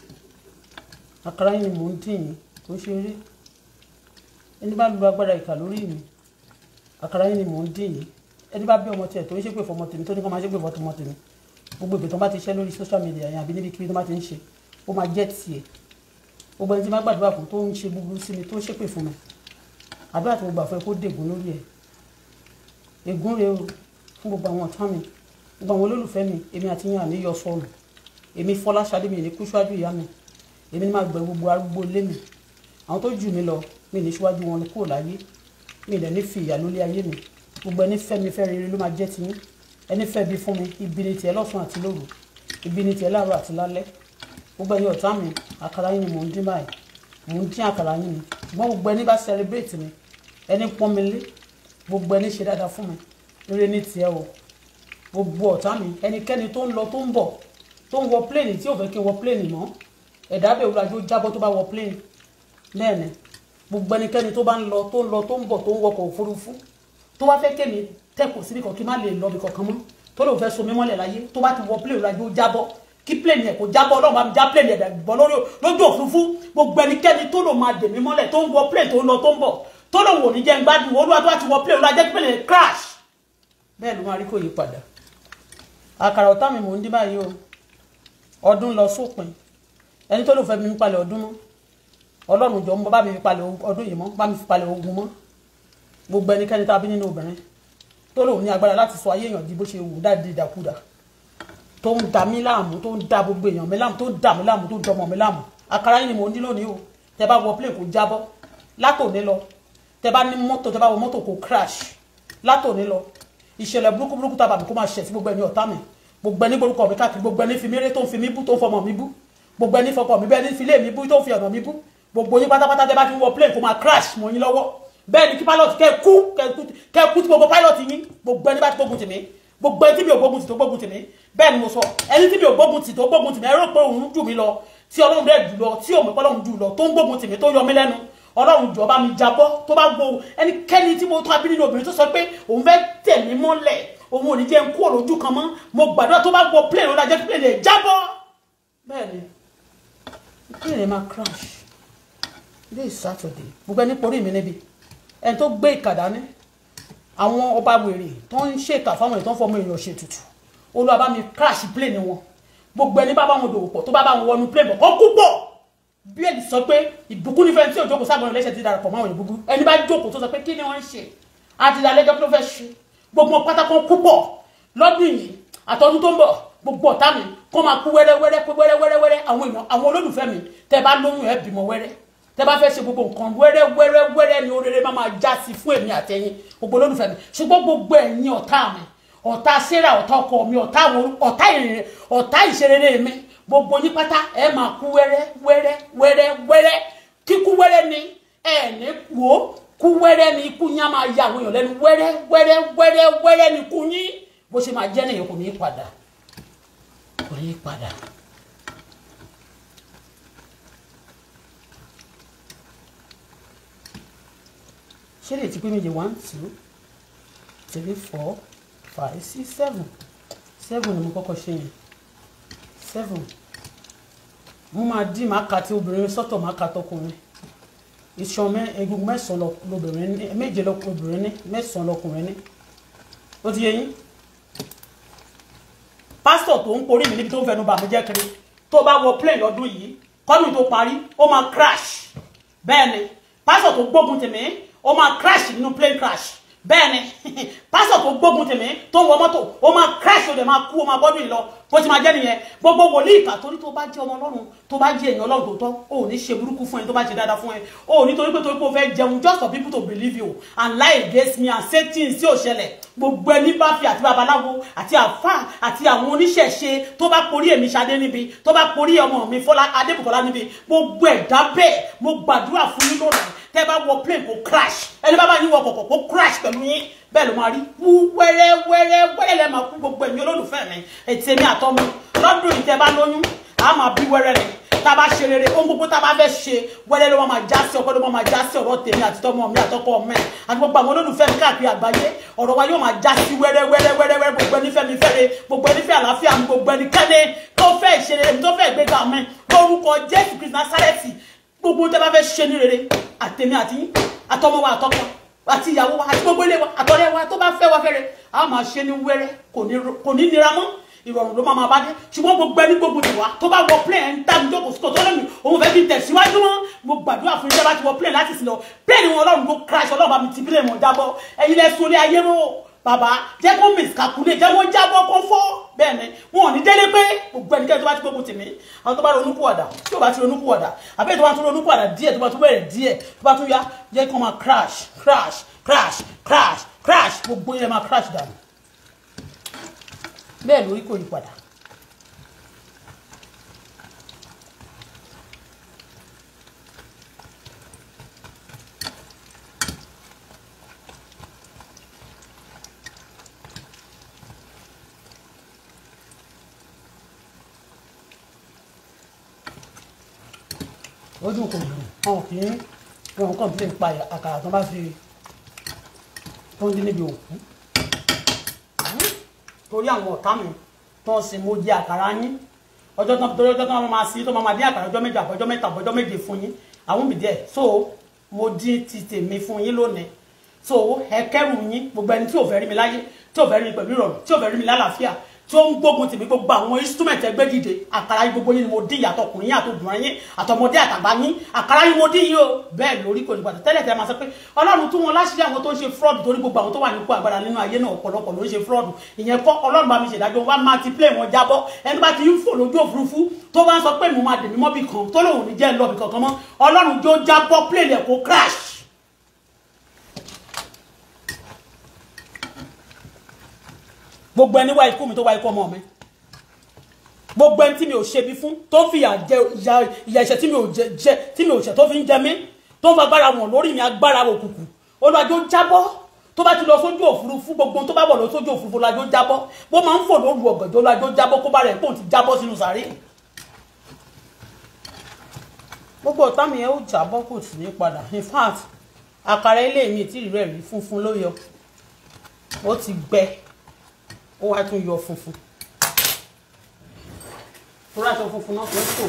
àkàrà yìí ni mò ń tì yín kò ṣeré ẹni bá lu agbára ìkà lórí mi àkàrà yìí ni mò ń tì yín ẹni bá bí ọmọ tiẹ̀ tó ń ṣépè fọmọ tèmi tó ní kó máa ṣépè fọmọ tèmi gbogbo ìgbè tó bá ti ṣe lórí social media yẹn àbí níbi kiri tó bá ti ń ṣe ó máa jẹ́ tiẹ̀ gbogbo ẹni tí máa gbàdúrà fún tó ń ṣe búburú sí mi tó ń ṣépè fún mi àdúrà tó gbà fún ẹ kó dègún lórí ẹ èmi Fọláṣadé mi ní kú ṣáájú ìyá mi èmi ní máa gbẹ gbogbo arúgbó ilé mi àwọn tó jù mí lọ mi ní ṣíwájú wọn kúrò láyé mi ìdẹ̀ ní fi ìyà lólé ayé mi gbogbo ẹni fẹ́ mi fẹ́ rere ló máa jẹ́ tiyín ẹni fẹ́ bí fún mi ibi ni tiẹ̀ lọ́sàn àti lóru ibi ni tiẹ̀ láàárọ̀ àti lálẹ́ gbogbo ẹ̀yin ọ̀tá mi àkàrà yín ni mò ń dín báyìí mò ń dín àkàrà yín ni ṣùgbọ́n gbogbo ẹni bá celebrate mi ẹni pọ́n mi lé gbogbo ẹni ṣe dáadáa fún mi rere ni tiẹ̀ o gbogbo ọ̀tá mi ẹnikẹ́ni tó ń lọ tó ń bọ̀ tó ń wọ pléènì tí ò fẹ́ kí n wọ pléènì mọ́ ẹ̀dá bẹ̀ wúlò àjò jábọ́ tó bá wọ pléènì lẹ́ẹ̀ni gbogbo ẹnikẹ́ni tó bá ń lọ tó ń lọ tó ń bọ̀ tó ń wọkọ̀ òfurufú tó wá fẹ́ kémi tẹ̀kọ̀ síbi kan kí n má lè lọ bí kankan mọ́ tó lóun fẹ́ so mí mọ́lẹ̀ láyé tó bá ti wọ pléènì wúlò àjò jábọ́ kí pléènì ẹ̀ kò jábọ́ ọlọ́run bá mi já pléènì ẹ̀dá gbọ́ lójú òfurufú gbogbo ẹnikẹ́ni tó lòun máa dè mí mọ́lẹ̀ tó ń wọ pléènì tó ń lọ tó ń bọ̀ tó lòun ò ní jẹ́ gbádùn olúwa tó bá ti wọ pléènì wúlò àjẹ́ pléènì crash bẹ́ẹ̀ ló máa rí kò yí padà àkàrà ọ̀tá mi mò ń dín báyìí o ọdún lọ sópin ẹni tó lò fẹ́ mi fi palẹ̀ ọdún mọ́ ọlọ́run jọ bá mi fi palẹ̀ ọdún yìí mọ́ bá mi fi palẹ̀ ogun mọ́ gbogbo ẹnikẹ́ni tá a bí nínú obìnrin tó lòun ní agbára láti sọ ayé èèyàn di bó ṣe wù dáadé ìdàkudà tó ń da mí láàmú tó ń da gbogbo èèyàn mi láàmú tó ń da mí láàmú tó ń dọmọ mi láàmú àkàrà yìí ni mo ní lónìí o tẹ bá wọ plane kó jábọ́ látòní lọ tẹ bá ní mọ́tò tẹ bá wọ mọ́tò kó crash látòní lọ ìṣẹ̀lẹ̀ burúkú burúkú tàbàmì kó máa ṣẹ̀ sí gbogbo ẹni ọ̀tá mi gbogbo ẹni gborúkọ mi káàkiri gbogbo ẹni fi mí ré tó ń fi mí bú tó ń fọmọ mi bú gbogbo ẹni fọkọ mi bẹ́ẹ̀ ni fi lé mi bú tó ń fi ọ̀nà mi bú gbogbo yín pátápátá tẹ́ bá ti wọ plane kó máa crash mọ́ yín lọ́wọ́ bẹ́ẹ̀ ni kí pilot kẹ́ kú kẹ́ kú tí gbogbo pilot yín gbogbo ẹni bá ti gbógun tì mí gbogbo ẹni tí mi ò gbógun tì tó gbógun tì mí bẹ́ẹ̀ ni mo sọ ẹni tí mi ò gbógun tì tó gbógun tì mí ẹ rò pé òun jù mí lọ tí ọlọ́run dẹ̀ jù lọ tí òun pẹ́ lọ tó ń gbógun tì mí tó yọ mí lẹ́nu ọlọ́run jọ bá mi jábọ́ tó bá gbọ́ ẹnikẹ́ni tí mo tọ́ abí nínú obìnrin tó sọ pé òun fẹ́ tẹ̀ mí mọ́lẹ̀ òun ò ní jẹ́ ń kú òròjú kan mọ́ mo gbàdúrà tó bá gbọ́ plane rẹ̀ jẹ́ plane rẹ̀ jábọ́ bẹ́ẹ̀ ni plane máa crash this Saturday gbogbo ẹni porí mi níbi ẹni tó gbé ìkàdá ní àwọn ọba wèrè tó ń ṣèkà fáwọn èèyàn tó ń fọmọ èèyàn ṣètùtù olúwa bá mi crash plane wọn gbogbo ẹni bá bá wọn dòwò pọ̀ tó bá bá wọn wọnú plane bọ̀ kọ́ kú pọ̀ bíẹ́lì sọ pé ìbùkún nífẹ̀ẹ́ tí òjòkó sábà rẹ̀ lẹ́sẹ̀ ti darapọ̀ mọ́ àwọn ìbùkún ẹni bá jókòó tó sọ pé kí ni wọ́n ń ṣe àti ìdálẹ́jọ́ tó fẹ́ ṣe gbogbo pátákó púpọ̀ lọ́dún yìí àtọ́dún tó ń bọ̀ gbogbo ọ̀tá mi kó máa kú wẹ́rẹ́wẹ́rẹ́ kú wẹ́rẹ́wẹ́rẹ́ àwọn èèyàn àwọn olólùfẹ́ mi tẹ́ bá lóyún ẹ̀ bímọ wẹ́rẹ́ tẹ́ bá fẹ́ ṣe gbogbo nǹkan wẹ́rẹ́wẹ́rẹ́wẹ́rẹ́ ni orere máa máa já sí fún èmi àtẹ̀yìn gbogbo olólùfẹ́ mi ṣùgbọ́n gbogbo ẹ̀yin ọ̀tá mi ọ̀tá sarah ọ̀tá ọkọ mi ọ̀tá ìṣerere mi gbogbo yín pátá ẹ máa kú wẹ́rẹ́ wẹ́rẹ́ wẹ́rẹ́ wẹ́rẹ́ kíkú wẹ́rẹ́ ni ẹ ní wò o kú wẹ́rẹ́ ni ikú yín á máa ya àwọn èèyàn lẹ́nu wẹ́rẹ́ wẹ́rẹ́ wẹ́rẹ́ wẹ́rẹ́ ni ikú yín bó ṣe máa jẹ́ nìyẹn kò ní í padà kò ní í padà. ṣé lè ti pín méje one two three four five six seven seven ni mo kọ́kọ́ ṣe yẹn seven mo máa dín máa ka ti obìnrin sọ́tọ̀ máa ka tọkùnrin iṣan egungun mẹ́sàn-án lobìnrin ní méje lobìnrin ní mẹ́sàn-án lọkùnrin ní ó ti yé yín pásítọ̀ tó ń porí mi níbi tó ń fẹnu bà mí jẹ́ kiri tó bá wọ plane lọ́dún yìí kọ́nù tó parí ó máa crash bẹ́ẹ̀ ni pásítọ̀ tó gbógun tèmi ó máa crash nínú plane crash bẹ́ẹ̀ ni pásítọ̀ tó gbógun tèmi tó ń wọ mọ́tò ó máa crash ó dẹ̀ máa kú ó máa bọ́dún yìí lọ bó ti máa jẹ́ nìyẹn gbogbo wòlíì ìkà torí tó bá jẹ́ ọmọ ọlọ́run tó bá jẹ́ èèyàn ọlọ́run tòótọ́ ò ní ṣe burúkú fún ẹ tó bá ṣe dáadáa fún ẹ ò ní torí pé torí pé o fẹ́ jẹun just for people to believe you and lie against me and say things tí ò ṣẹlẹ̀ gbogbo ẹni bá fi àti babaláwo àti àfà àti àwọn oníṣẹ̀ṣe tó bá porí èmi ṣadé níbi tó bá porí ọmọ mi fọlá adébùkọ́lá níbi gbogbo ẹ̀dá bẹ́ẹ̀ mo gbàdúrà fún yín lónìí tẹ́ bá wọ plane kó crash ẹni bá bá yín wọ kọ̀kọ̀ kó crash pẹ̀lú yín bẹ́ẹ̀ ló máa rí wú wẹ́rẹ́ wẹ́rẹ́ wẹ́rẹ́ lẹ́ẹ̀ máa kú gbogbo ẹ̀yin olólùfẹ́ mi ètí èmi àtọ́mú lọ́dún ìtẹ́ bá lóyún a máa bí wẹ́rẹ́ rẹ̀ tá a bá ṣe rere ohun gbogbo tá a bá fẹ́ ṣe wẹ́rẹ́ ló máa já sí ọkọ́ ló máa já sí ọ̀rọ̀ tèmi àti tọ́mọ mi àtọ́kọ mẹ́ àti gbogbo àwọn olólùfẹ́ mi káàkiri àgbáyé ọ̀rọ̀ wa yóò máa já sí wẹ́rẹ́ wẹ́rẹ́ wẹ́rẹ́ gbogbo ẹni fẹ́ mi fẹ́re gbogbo ẹni fẹ́ àlàáfíà mi gbogbo ẹni kẹ́ni tó fẹ́ ìṣeré tó fẹ́ ìgbéga mi lórúkọ Jésù Kristi Násárẹ́tì gbogbo tẹ́ bá fẹ́ ṣe ní rere àtèmi àti àtọmọ wa àtọkọ àti ìyàwó wa àti gbogbo ilé wa àtọ̀rẹ́ wa tó bá fẹ́ wa fẹ́rẹ̀ a máa ṣe ní wẹ́rẹ́ kò ní nira mọ́ ìrọ̀rùn ló máa máa bá dé ṣùgbọ́n gbogbo ẹni gbogbo tiwa tó bá wọ plẹ̀ ń tá jókòó sí kòtò lónìí òun fẹ́ fi tẹ̀síwájú mọ́ mo gbàdúrà fún iṣẹ́ bá ti wọ plẹ̀ láti sìn lọ plẹ̀ ni wọn ọlọ́run tó crash ọlọ́run bá mi ti bílẹ̀ mọ̀ jábọ́ ẹ̀yin lẹ́sùn orí ayé mọ́ bàbá jẹ́ kó miscalculate jẹ́ kó jábọ́ kó fọ́ bẹ́ẹ̀ ni wọn ò ní délé pé gbogbo ẹnikẹ́ni tó bá ti gbógun tì mí àwọn tó bá ronú kú ọ̀dà tí ò bá ti ronú kú ọ̀dà àbẹ́yẹ tó bá tún ronú kú ọ̀dà díẹ̀ tó bá tún bẹ̀rẹ̀ díẹ̀ tó bá tún yá jẹ́ kó máa crash crash crash crash crash gbogbo yẹn máa crash dànù bẹ́ẹ̀ lórí kò yí padà ó dùn kò dùn wọn kì í wọn kàn bí pa àkàrà tó bá fi tó ń dín níbi òkú torí àwọn ọ̀tá mi tó ń sin mo jẹ àkàrà yín ọjọ́ tán torí ọjọ́ tán wọn máa sí tó máa dín àkàrà ọjọ́ méjì àbọ̀jọ́ mẹ́ta àbọ̀jọ́ méje fún yín àwọn mi díẹ̀ so mo dín ti tèmi fún yín lónìí so ẹ kẹ́rù yín gbogbo ẹni tí ò fẹ́ rí mi láyé tí ò fẹ́ rí mi pẹ̀lú ìrọ̀rùn tí ò fẹ́ rí mi lálàáfíà tí ó ń gbógun tèmi gbogbo àwọn instrument ẹgbẹ́ dìde àkàrà yìí gbogbo yìí ni mo dín ìyàtọ̀ ọkùnrin yìí àtòbìnrin yìí àtọmọdé àtàgbà yín àkàrà yìí mo dín yìí o bẹ́ẹ̀ lórí kò ní gbàtà tẹ́lẹ̀ tẹ́lẹ̀ máa sọ pé ọlọ́run tún wọn láṣìírí àwọn tó ń ṣe fraud torí gbogbo àwọn tó wà nípò agbára nínú ayé náà ọ̀pọ̀lọpọ̀ ló ń ṣe fraud ìyẹn kọ́ ọlọ́run bá mi ṣèdájọ́ wá máa ti play wọn jábọ́ ẹni bá ti ń fò lójú òfurufú tó bá ń sọ pé mo máa dèmí mọ́ bì kan tó lòun ní jẹ́ ń lọ bì kankan mọ́ ọlọ́run jó jábọ́ play lẹ̀ kó crash gbogbo ẹni wá ikú mi tó wá ikú ọmọ mi gbogbo ẹni tí mi ò ṣebi fún tó fi ìyà ẹ̀ṣẹ̀ tí mi ò jẹ tí mi ò ṣẹ̀ tó fi ń jẹ mí tó ń fa agbára wọn lórí mi agbára òkùnkùn olùwàjò jábọ́ tó bá ti lọ sójú òfurufú gbogbo tó bá bọ̀ lọ sójú òfurufú olùwàjò jábọ́ bó máa ń fò lóru ọ̀gànjọ́ olùwàjò jábọ́ kó bá rẹ̀ pò ti jábọ́ sínú sàárè gbogbo ọ̀tá mi yẹn ó jábọ́ kò sì ní padà in fact àkàrà ilé mi ti rẹ̀ rí funfun ló yọ ó ti gbẹ ó wá tún yọ funfun kúrò aṣọ funfun náà fún kò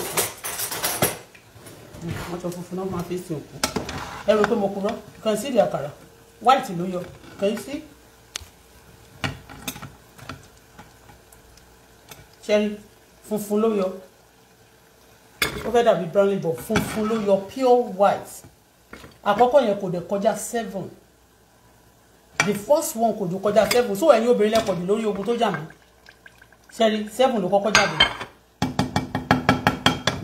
fún aṣọ funfun náà máa fi sin òkú ẹrù pé mo kúrò kàn sí ìdí àkàrà white ló yọ kàn sí cherry funfun ló yọ ó fẹ́ dàbí brown But funfun ló yọ pure white àkọ́kọ́ yẹn kò de kọjá seven the first one kò ju kọjá seven so ẹ̀yin obìnrin lẹ́pọ̀ jù lórí ogun tó jà mí ṣẹ́rí seven ló kọ́kọ́ jáde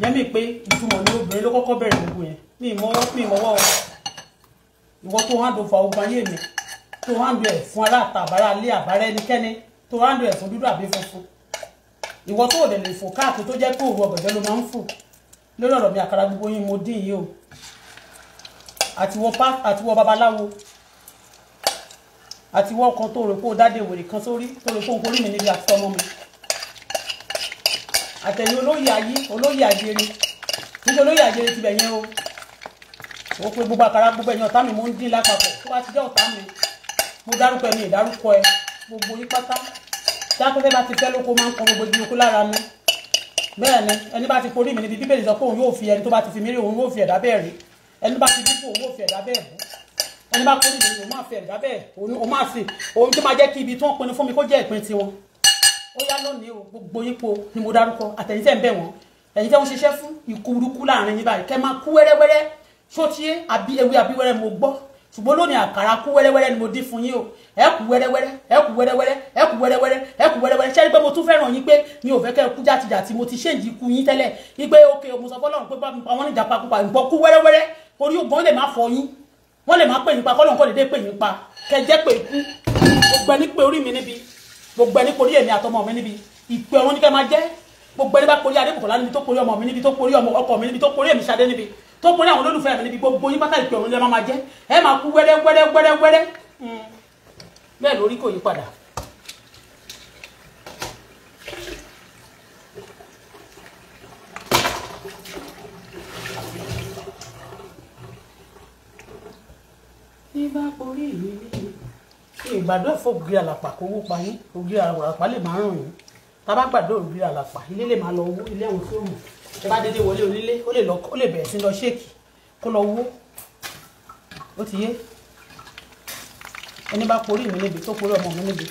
yẹ́mí pé ìtumọ̀ ní obìnrin ló kọ́kọ́ bẹ̀rẹ̀ ogun yẹn mi ìmọ̀wọ́ mi ìmọ̀wọ́ ìwọ tó hàn dòfà ogun ayé mi tó hàn dò ẹ̀ fún aláàtà àbárá alé àbárá ẹnikẹ́ni tó hàn dò ẹ̀ fún dúdú àbí funfun ìwọ tó òdè lè fò káàkiri tó jẹ́ pé òru ọ̀gẹ̀dẹ̀ ló máa ń fò lórí ọ̀rọ̀ mi àkàrà gbogbo yín mo dín yìí o àtiwọ babaláwo àti wọ́n kan tó rò pé ó dáde wèrè kan sórí tó rò pé òun orí mi níbi àti tọmọ mi àtẹ̀yìn olóyè ayé olóyè àjèrè nítorí olóyè àjèrè tibẹ̀ yẹn o ó pé gbogbo àkàrà gbogbo ẹ̀yìn ọ̀tá mi mo ń dín lápapọ̀ tó bá ti jẹ́ ọ̀tá mi mo dárúkọ ẹ̀mí ìdárúkọ ẹ gbogbo yín pátá dákúnfẹ́ bá ti fẹ́ lóko máa ń kọ gbogbo ìdílókó lára mi bẹ́ẹ̀ ni ẹni bá ti forí mi níbi bíbélì sọ pé òun yóò fi ẹni tó bá ti fi mí rí òun yóò fi ẹ̀dá bẹ́ẹ̀ rí ẹni bá ti dípò òun yóò fi ẹ̀dá bẹ́ẹ̀ bú ẹni bá kórìí lóyún òun máa fi ẹ̀dá bẹ́ẹ̀ òun máa fi òun tó máa jẹ́ kí ibi tí wọ́n pinnu fún mi kó jẹ́ ìpín tiwọn ó yá lónìí o gbogbo yípo ni mo dárúkọ àtẹ̀yìn tẹ̀ ń bẹ̀ wọ́n ẹ̀yin tẹ́ ń ṣiṣẹ́ fún ikú burúkú láàrin yín báyìí kẹ́ máa kú wẹ́rẹ́wẹ́rẹ́ sótíé àbí ewé àbí wẹ́rẹ́ mo gbọ́ ṣùgbọ́n lónìí àkàrà kú wẹ́rẹ́wẹ́rẹ́ ni mo dín fún yín o ẹ kú wẹ́rẹ́wẹ́rẹ́ ẹ kú wẹ́rẹ́wẹ́rẹ́ ẹ kú wẹ́rẹ́wẹ́rẹ́ ẹ kú wẹ́rẹ́wẹ́rẹ́ ṣẹ́ni pé mo tún fẹ́ràn yín pé mi ò fẹ́ kẹ́ kú jàtijàti mo ti ṣéǹjì ikú yín tẹ́lẹ̀ yín pé ok mo sọ fọlọ́run pé bá mi pa wọ́n ní ìjàpá pupa ìgbọ́ kú wẹ́rẹ́wẹ́rẹ́ orí ògbọ́n lè má fọ yín wọ́n lè máa pè yín pa kọ́lọ́n kọ́ dédé pè yín pa kẹjẹ́ pé ikú gbogbo ẹni pé orí mi níbi gbogbo ẹni porí èmi àtọmọ mi níbi ìpè ọ̀run ní kẹ́ máa jẹ́ gbogbo ẹni bá porí adébùkọ̀lá níbi tó porí ọmọ mi níbi tó porí ọkọ mi níbi tó porí èmi ṣadé níbi tó porí àwọn olólùfẹ́ mi níbi gbogbo yín pátá ìpè ọ̀run ní ẹ máa jẹ́ ẹ máa kú wẹ́rẹ́ hmm. bẹ́ẹ̀ lórí kò yí padà bí bá orí mi ní ìgbàdo fògì àlàpà kò wó pa yín ògì àlàpà lè máa ràn yín tábà gbàdo ògì àlàpà ilé lè máa lọ wó ilé àwọn fóònù tó bá dédé wọlé onílé ó lè lọ ó lè bẹ̀rẹ̀ sí lọ ṣéèkì kó lọ wó ó ti yé ẹni bá porí mi níbi tó porí ọmọ mi níbi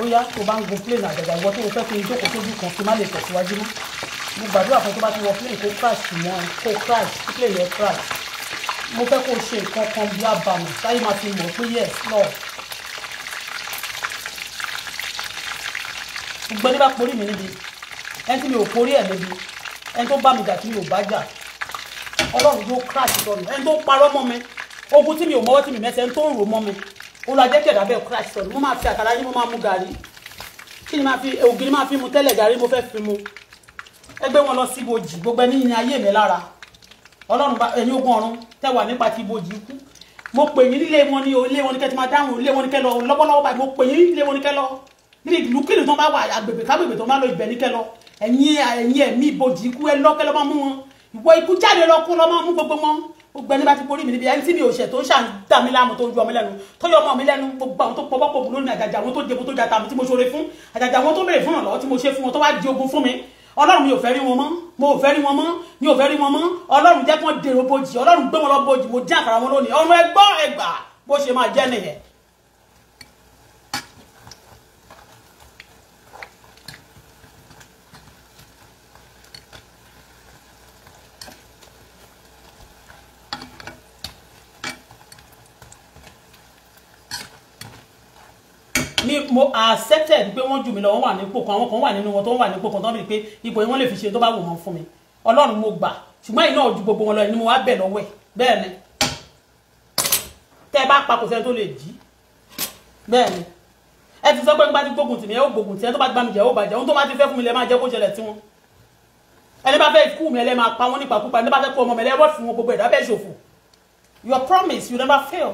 ó yá tó bá ń gun plane àgbàgbà ìwọ tó fẹ́ kí n jókòó sójú kan kí n má lè tẹ̀síwájú mọ́ gbàdúrà fún tó bá ti wọ plane kó crash mọ́ kó crash kí plane yẹn crash mo fẹ́ kó o ṣe nǹkan kan bí abàmì táyé máa fi mọ̀ pé yes lord ṣùgbọ́n ní bá porí mi níbi ẹni tí mi ò porí ẹ̀ níbi ẹni tó bá mi jà tí mi ò bá jà ọlọ́run yóò crash sọnù ẹni tó parọ́ mọ́ mi ogun tí mi ò mọ́wọ́ tí mi mẹ́sẹ̀ ẹni tó ń rò mọ́ mi olùwàjẹ́kẹ̀ dàbẹ̀ crash sọnù mo máa fi àkàrà yín mo máa mu gàrí kí ni máa fi ògiri máa fi mu tẹ́lẹ̀ gàrí mo fẹ́ fi mu ẹgbẹ́ wọn lọ síbojì gbogbo ẹni ní ayé mi lára ọlọ́run bá ẹ̀yin ogun ọ̀run tẹ́wà nípa ti ibojì ikú mo pè yín nílé wọn ní o ilé wọn ní kẹ́ ti máa dáhùn ilé wọn ní kẹ́ lọ lọ́wọ́lọ́wọ́ báyìí mo pè yín nílé wọn ní kẹ́ lọ ní ìlú kílì tó bá wà agbègbè kágbègbè tó bá lọ ibẹ̀ ní kẹ́ lọ ẹ̀yin ẹ̀yin ẹ̀mí ibojì ikú ẹ lọ́kẹ́ lọ́ máa mú wọn ìwọ ikú jáde lọ kú lọ́ máa mú gbogbo wọn gbogbo ẹni bá ti borí mi níbi ẹni tí mi ò ṣẹ̀ tó ń ṣàǹdà mi láàmú tó ń ju ọmọ lẹ́nu tó yọ ọmọ mi lẹ́nu gbogbo àwọn tó pọ̀ pọ̀ lónìí àjàjà àwọn tó jẹ̀bù tó jata mi tí mo ṣoore fún àjàjà àwọn tó béèrè fún ọ̀nà lọ́wọ́ tí mo ṣe fún wọn tó wá di ogun fún mi ọlọ́run mi ò fẹ́ rí wọn mọ́ mo ò fẹ́ rí wọn mọ́ mi ò fẹ́ rí wọn mọ́ ọlọ́run jẹ́ kí dèrò bojì ọlọ́run gbé wọn lọ bojì mo dín àkàrà wọn lónìí ọmọ ẹgbọ́n ẹgbà bó ṣe máa jẹ́ nìyẹn mo accepted pé wọ́n jù mí lọ wọ́n wà nípò kan àwọn kan wà nínú wọn tó wà nípò kan tó ń bìí pé ipò yẹn wọ́n lè fi ṣe tó bá wù wọ́n fún mi ọlọ́run mo gbà ṣùgbọ́n iná ojú gbogbo wọn lọ ni mo wá bẹ̀ lọ́wọ́ ẹ̀ bẹ́ẹ̀ ni tẹ́ ẹ bá pa kò sẹ́ni tó lè jí bẹ́ẹ̀ ni ẹ ti sọ pé nígbà tí gbógun tì mí ẹ ó gbógun tì ẹ tó bá ti bá mi jẹ ó bàjẹ́ ohun tó bá ti fẹ́ fún mi lẹ máa jẹ́ kó ṣẹlẹ̀ tí wọn ẹni bá fẹ́ kú mi ẹ lẹ́ máa pa wọn nípa púpa ẹni bá fẹ́ kú ọmọ mi ẹ lẹ́ wọ́n fún wọn gbogbo ẹ̀dá bẹ́ẹ̀ ṣòfò your promise you never fail.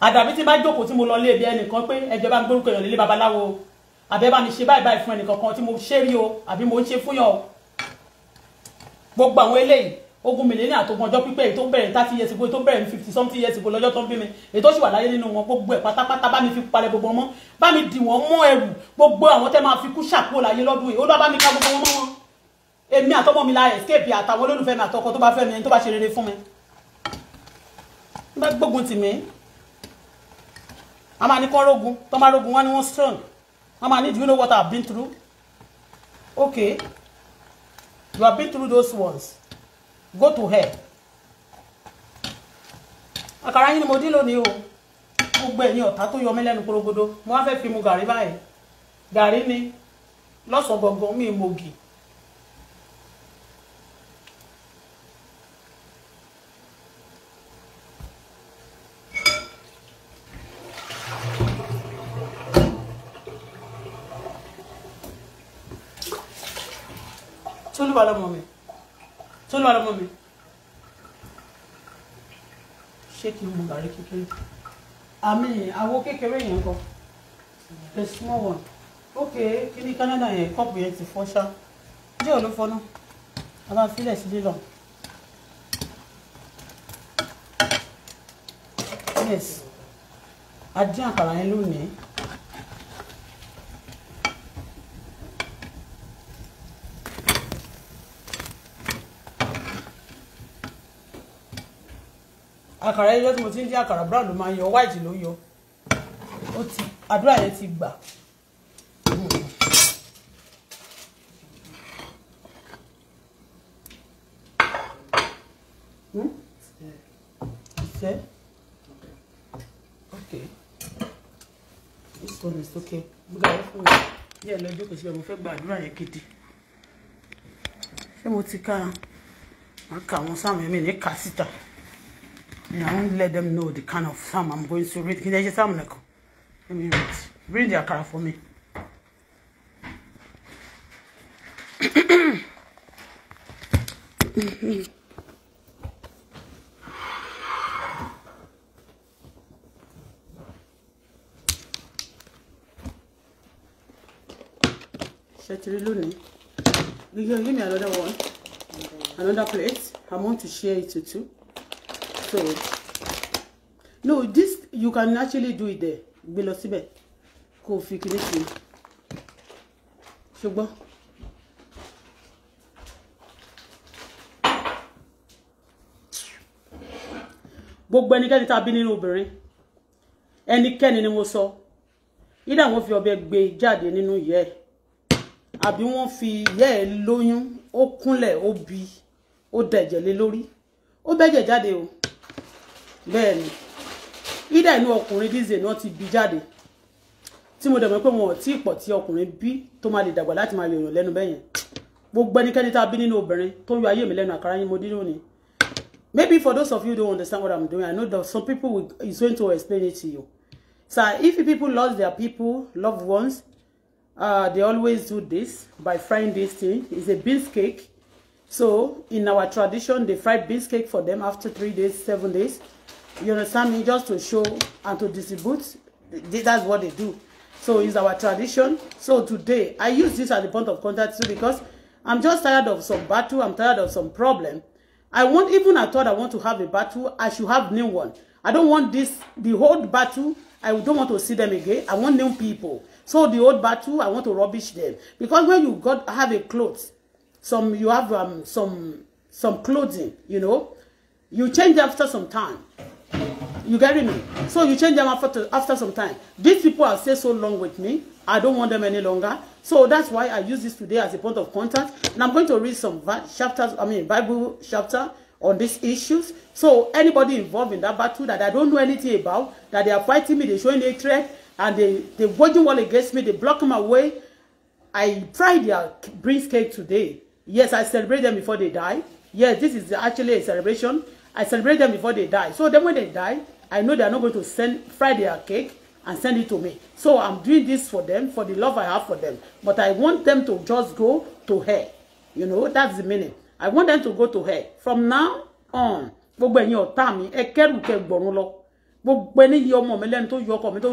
àdàbí tí n bá jókòó tí mo lọ lé ibi ẹnìkan pé ẹjọ bá ń gbórúkọ èèyàn lélé babaláwo àbẹ bá mi ṣe báyìí báyìí fún ẹnìkan tí mo ṣe rí o àbí mo ń ṣe fún yàn o gbogbo àwọn eléyìí ogún mílíọ̀nù àtògùn ọjọ́ pípẹ́ èyí tó bẹ̀rẹ̀ thirty years ago èyí tó bẹ̀rẹ̀ fifty something years ago lọ́jọ́ tó ń bí mi èyí tó sì wà láyé nínú wọn gbogbo ẹ̀ pátápátá bá mi fi palẹ̀ gbogbo wọn bá mi dì wọ́n mọ́ ẹrù gbogbo àwọn tẹ́ máa fi kú ṣàkóò láyé lọ́dún yìí ó lọ́ bá mi ka gbogbo wọn mọ́ wọn èmi àtọmọ mi la escape àtàwọn olólùfẹ́ mi àtọkọ tó bá fẹ́ mi ẹni tó bá ṣe rere fún mi gbógun tì mí a máa ní kán rógun tó máa rógun wọn ni wọn strong wọn máa ní do you know what I've been through okay you have been through those ones go to hell àkàrà yín ni mo dín lónìí o gbogbo ẹ̀yin ọ̀tá tó yọ mí lẹ́nu korogodo mo wá fẹ́ fi mu gàrí báyìí gàrí ni lọ́sàn-án mi ì mògì Olúwa lọ́mọ mi tó Olúwa lọ́mọ mi ṣé kí n mu gàrí kékeré àmì àwo kékeré yẹn kọ the small one okay kí ni Canada yẹn kọ́ọ̀pù yẹn ti fọ́ ṣá díẹ̀ ò ló fọ́ náà a máa filẹ̀ sí lílọ. yes a dín àkàrà yẹn lónìí. àkàrà ẹjọ́ tí mo ti ń jẹ́ àkàrà brown ló máa ń yọ white ló yọ ó ti àdúrà yẹn ti gbà. Hmm? Ìfẹ́ okay this one is okay gbígbà ó fún mi ní ẹ̀lọ́jọ́ kò sí ọmọ fẹ́ ṣé mo ti ká àwọn sáwọn ẹ̀mí ní kásítà. And I won't let them know the kind of farm I'm going to read. Can I just have Let me read. Bring the akara for me. Shetiri Luni. give me another one. Another plate. I want to share it with you. So, no this you can actually do it there gbé lọ síbẹ̀ kó o fi kiri sí ṣùgbọ́n. gbogbo ẹnikẹ́ni tá a bí nínú obìnrin ẹnikẹ́ni ni mo sọ ìdá wọn fi ọ̀bẹ gbé jáde nínú ìyẹ́ ẹ̀ àbí wọ́n fi ìyẹ́ ẹ̀ lóyún ó kúnlẹ̀ ó bí ó dẹ̀jẹ̀ lé lórí ó bẹ́jẹ̀ jáde o bẹ́ẹ̀ ni ìdá inú ọkùnrin díze náà ti bí jáde tí mo dẹ̀ mọ̀ pé wọn ò tí ì pọ̀ tí ọkùnrin bí tó máa lè dàgbà láti máa yọ̀yàn lẹ́nu bẹ́yẹn gbogbo ẹnikẹ́ni tá a bí nínú obìnrin tó ń yọ ayé mi lẹ́nu àkàrà yín mo dín ní maybe for those of you don't understand what I'm doing I know that some people will, is going to explain it to you so if people lost their people loved ones uh, they always do this by frying this thing it's a beans cake so in our tradition they fry beans cake for them after three days seven days You understand me? Just to show and to distribute. That's what they do. So it's our tradition. So today, I use this as a point of contact too because I'm just tired of some battle. I'm tired of some problem. I want, even I thought I want to have a battle, I should have new one. I don't want this, the old battle, I don't want to see them again. I want new people. So the old battle, I want to rubbish them. Because when you got have a clothes, some you have um, some some clothing, you know, you change after some time. You get me? So you change them after, after some time. These people have stayed so long with me. I don't want them any longer. So that's why I use this today as a point of contact. And I'm going to read some chapters, I mean, Bible chapter on these issues. So anybody involved in that battle that I don't know anything about, that they are fighting me, they're showing hatred, and they, they're waging war against me, they block my way. I fry their brains cake today. Yes, I celebrate them before they die. Yes, this is actually a celebration. I celebrate them before they die. So then when they die, I know they are not going to send fry their cake and send it to me. So I'm doing this for them, for the love I have for them. But I want them to just go to her. You know, that's the meaning. I want them to go to her. From now on, gbogbo ẹ̀yin ọ̀tá mi, ẹ kẹ́rù kẹ́ gbọ̀run lọ. Gbogbo ẹni yọ ọmọ mi lẹ́nu tó yọ ọkọ mi tó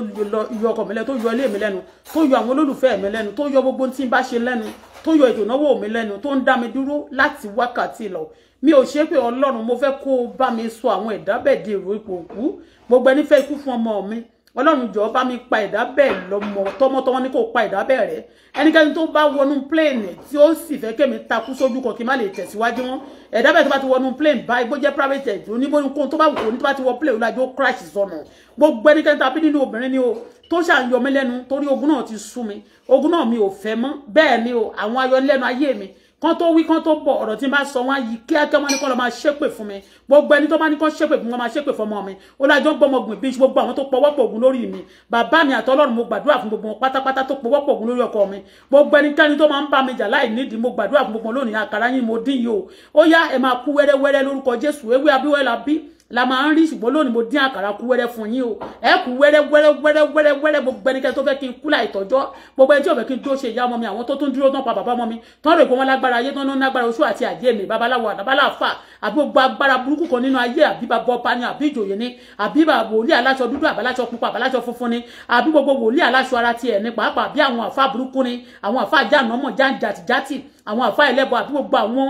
yọ ọkọ mi lẹ́nu tó yọ ilé mi lẹ́nu tó yọ àwọn olólùfẹ́ mi lẹ́nu tó yọ gbogbo tí n bá ṣe lẹ́nu tó yọ ètò mi lẹ́nu tó ń mi dúró láti wákàtí lọ mi ò ṣe pé ọlọ́run mo fẹ́ kó o bá mi sọ àwọn ẹ̀dá bẹ́ẹ̀ di èrò ipò òkú gbogbo ẹni fẹ́ ikú fún ọmọ mi ọlọ́run jọ̀ọ́ bá mi pa ẹ̀dá bẹ́ẹ̀ lọ́mọ tọmọtọmọ ní kò pa ẹ̀dá bẹ́ẹ̀ rẹ́ ẹnikẹ́ni tó bá wọnú plane tí ó sì fẹ́ kémi takú sójú kan kí n má lè tẹ̀síwájú wọn ẹ̀dá bẹ́ẹ̀ tó bá ti wọnú plane báyìí bó jẹ́ private jet oníbóyún tó bá wù kó ní tó bá ti wọ plane olájú ó crash sọnù gbogbo ẹnikẹ́ni tàbí nínú obìnrin ni o tó ṣà ń yọ mí lẹ́nu torí ogun náà ti sú mi ogun náà mi ò fẹ́ mọ́ bẹ́ẹ̀ ni o àwọn ayọ̀lẹ́nu ayé mi kán tó wí kán tó bọ̀ ọ̀rọ̀ tí n bá sọ wọn yìí kíákíá wọn ní kán lọ máa ṣépè fún mi gbogbo ẹni tó bá ní kán ṣépè fún mi wọn máa ṣépè fún ọmọ mi ó lájọ ń bọmọ gbìn bí gbogbo àwọn tó pọwọ́pọ̀ ògùn lórí mi bàbá mi àtọlọ́run mo gbàdúrà fún gbogbo wọn pátápátá tó pọwọ́pọ̀ ògùn lórí ọkọ mi gbogbo ẹnikẹ́ni tó máa ń bá mi jà láì nídìí mo gbàdúrà fún gbogbo lónìí àkàrà yín mo dín yìí o ó yá ẹ máa kú wẹ́rẹ́wẹ́rẹ́ lórúkọ Jésù ewé abíwẹ́lá bíi la máa ń rí ṣùgbọ́n lónìí mo dín àkàrà kú wẹ́rẹ́ fún yín o ẹ kú wẹ́rẹ́ wẹ́rẹ́ wẹ́rẹ́ wẹ́rẹ́ wẹ́rẹ́ gbogbo ẹnikẹ́ni tó fẹ́ kí n kú láì tọ́jọ́ gbogbo ẹni tí ò fẹ́ kí n dúró ṣe ìyá ọmọ mi àwọn tó tún dúró tán pa bàbá ọmọ mi tán rè pé wọ́n lágbára ayé tán lágbára oṣù àti àjẹ́ mi babaláwo àdábàláfà àbí gbogbo agbára burúkú kan nínú ayé àbí bàbá ọba ni àbí ìjòyè ni àbí bàbá wòlíì aláṣọ dúdú àbáláṣọ pupa àbáláṣọ funfun ni àbí gbogbo wòlíì aláṣọ ara tiẹ̀ ni pàápàá àbí àwọn àfa burúkú ni àwọn àfa jáàmù ọmọ jáǹjàtìjátì àwọn àfa ẹlẹ́bọ àbí gbogbo àwọn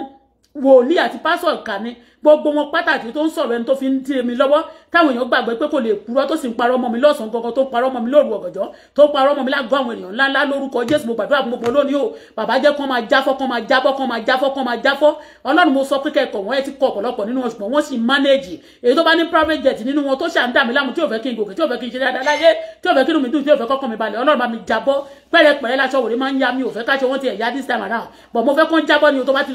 wòlíì àti pásọ̀ ìkànnì gbogbo wọn pàtàkì tó ń sọ̀rọ̀ ẹni tó fi ń tire mi lọ́wọ́ táwọn èèyàn gbàgbé pé kò lè purọ́ tó sì ń parọ́ mọ́ mi lọ́sàn-án gangan tó parọ́ mọ́ mi lóru ọ̀gànjọ́ tó parọ́ mọ́ mi lágọ́ àwọn èèyàn ńláńlá lórúkọ jésù mo gbàdúrà fún gbogbo lónìí o bàbá jẹ́ kán máa jáfọ́ kán máa jábọ́ kán máa jáfọ́ kán máa jáfọ́ ọlọ́run mo sọ pé kẹ́kọ̀ọ́ wọn ẹ ti kọ ọ̀pọ̀lọpọ̀ nínú wọn ṣùgbọ́n wọ́n sì manage èyí tó bá ní private jet nínú wọn tó ṣà ń dà mí láàmú tí ò fẹ́ kí n gòkè tí ò fẹ́ kí n ṣe dáadáa láyé tí ò fẹ́ kí inú mi dùn tí ò fẹ́ kọ́kọ́ mi balẹ̀ ọlọ́run bá mi jábọ́ pẹ́rẹpẹ̀rẹ́ láṣọ wòlé máa ń ya mi ò fẹ́ káṣọ wọn ti ẹ̀yà this time around but mo fẹ́ kán jábọ́ ni o tó bá ti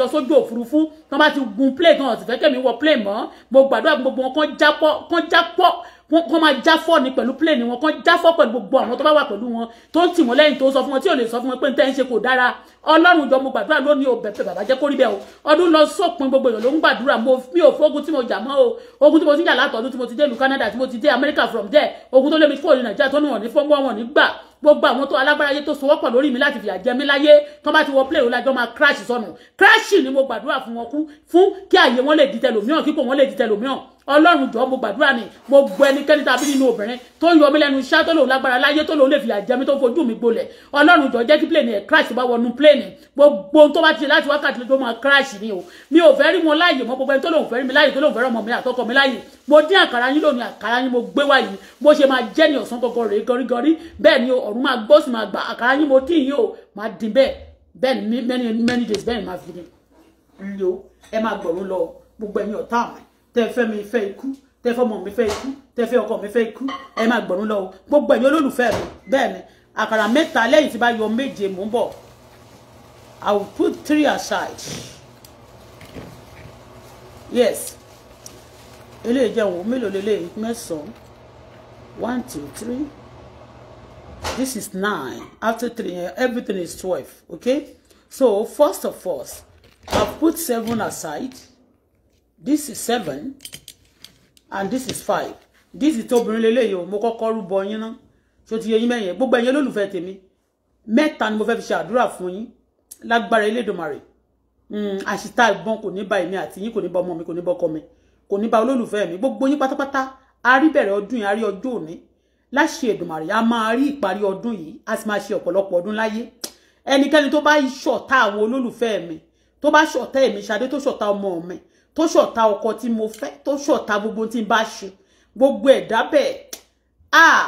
ní wọ plane mọ́ mo gbàdúrà gbogbo wọn kàn jápọ̀ kàn jápọ̀ wọn kàn máa jáfọ́ ni pẹ̀lú plane wọn kàn jáfọ́ pẹ̀lú gbogbo àwọn tó bá wà pẹ̀lú wọn tó ń tì wọ́n lẹ́yìn tó ń sọ fún wọn tí ò lè sọ fún wọn pé n tẹ́ ń ṣe kò dára ọlọ́run jọ mo gbàdúrà lónìí o bẹ̀fẹ̀ bàbá jẹ́ kó rí bẹ́ẹ̀ o ọdún lọ sópin gbogbo èèyàn ló ń gbàdúrà mi ò fógun tí mo jà mọ́ o ogun tí mo ti ń jà látọ̀dún tí mo ti dé ìlú Canada tí mo ti dé America from there ogun tó lé mi kúrò ní Nàìjíríà tó ní wọn ní fọ́nmọ́ wọn ní gbà gbogbo àwọn tó alágbára ayé tó sowọ́pọ̀ lórí mi láti fìyà jẹ mí láyé tó bá ti wọ play olájọ́ máa crash sọnù crash ni mo gbàdúrà fún wọn kú fún kí àyè wọn lè di tẹlòmíràn kíkò wọn lè di tẹlòmíràn ọlọ́run jọ mo gbàdúrà ni gbogbo ẹnikẹ́ni tàbí nínú obìnrin tó ń yọ mí lẹ́nu iṣẹ́ tó lòun lágbára láyé tó lòun lè fìyà jẹ tó fojú mi gbolẹ̀ ọlọ́run jọ jẹ́ kí pléènì ẹ̀ crash bá wọnú pléènì gbogbo tó bá ti láti wákàtí ló máa crash ni o mi ò fẹ́ rí wọn láàyè mọ́ gbogbo ẹni tó lòun fẹ́ rí mi láàyè tó lòun fẹ́ rọmọ mi àtọkọ mi láàyè mo dín àkàrà yín lónìí àkàrà yín mo gbé wáyé bó ṣe máa jẹ́ ní ọ̀sán gọgọ rèé gọrígọrí bẹ́ẹ̀ ni ọ̀run máa gbó sì máa gbà àkàrà yín mo dín yìí o máa dín bẹ́ẹ̀ bẹ́ẹ̀ ni many many days bẹ́ẹ̀ ni máa fi ni ń lo ẹ máa gbọ̀rún lọ gbogbo ẹ̀yin ọ̀tá àwọn tẹ fẹ́ mi fẹ́ ikú tẹ fẹ́ mi fẹ́ ikú tẹ fẹ́ ọkọ mi fẹ́ ikú ẹ máa gbọ̀nú lọ o gbogbo ẹ̀yin olólùfẹ́ mi bẹ́ẹ̀ ni àkàrà mẹ́ta lẹ́yìn tí bá yọ méje mò ń bọ̀ I will put three aside yes eléyìí jẹ́ òun mélòó lélẹ́yìí mẹ́sàn one two three this is nine after three everything is twelve okay so first of all I put seven aside this is seven and this is five this is tóbìnrin lélẹ́yìí o mo kọ́kọ́ rúbọ yín ná ṣó ti yẹ yín mẹ́yìn gbogbo ẹ̀yin olólùfẹ́ tèmi mẹ́ta ni mo fẹ́ fi ṣe àdúrà fún yín lágbára Elédùmarè hmm, àṣìta ìbọn kò ní ba èmi àti yín kò ní ba ọmọ mi kò ní ba ọkọ mi kò ní ba olólùfẹ́ mi gbogbo yín pátápátá a rí bẹ̀rẹ̀ ọdún yìí a rí ọjọ́ òní láṣẹ Èdùmarè a máa rí ìparí ọdún yìí a sì máa ṣe ọ̀pọ̀lọpọ̀ ọdún láyé ẹnikẹ́ni tó bá ṣọ̀tá àwọn olólùfẹ́ mi tó bá ṣọ̀tá èmi ṣadé tó ṣọ̀tá ọmọ mi tó ṣọ̀tá ọkọ tí mo fẹ́ tó ṣọ̀tá gbogbo tí n bá gbogbo ẹ̀dá bẹ́ẹ̀ ah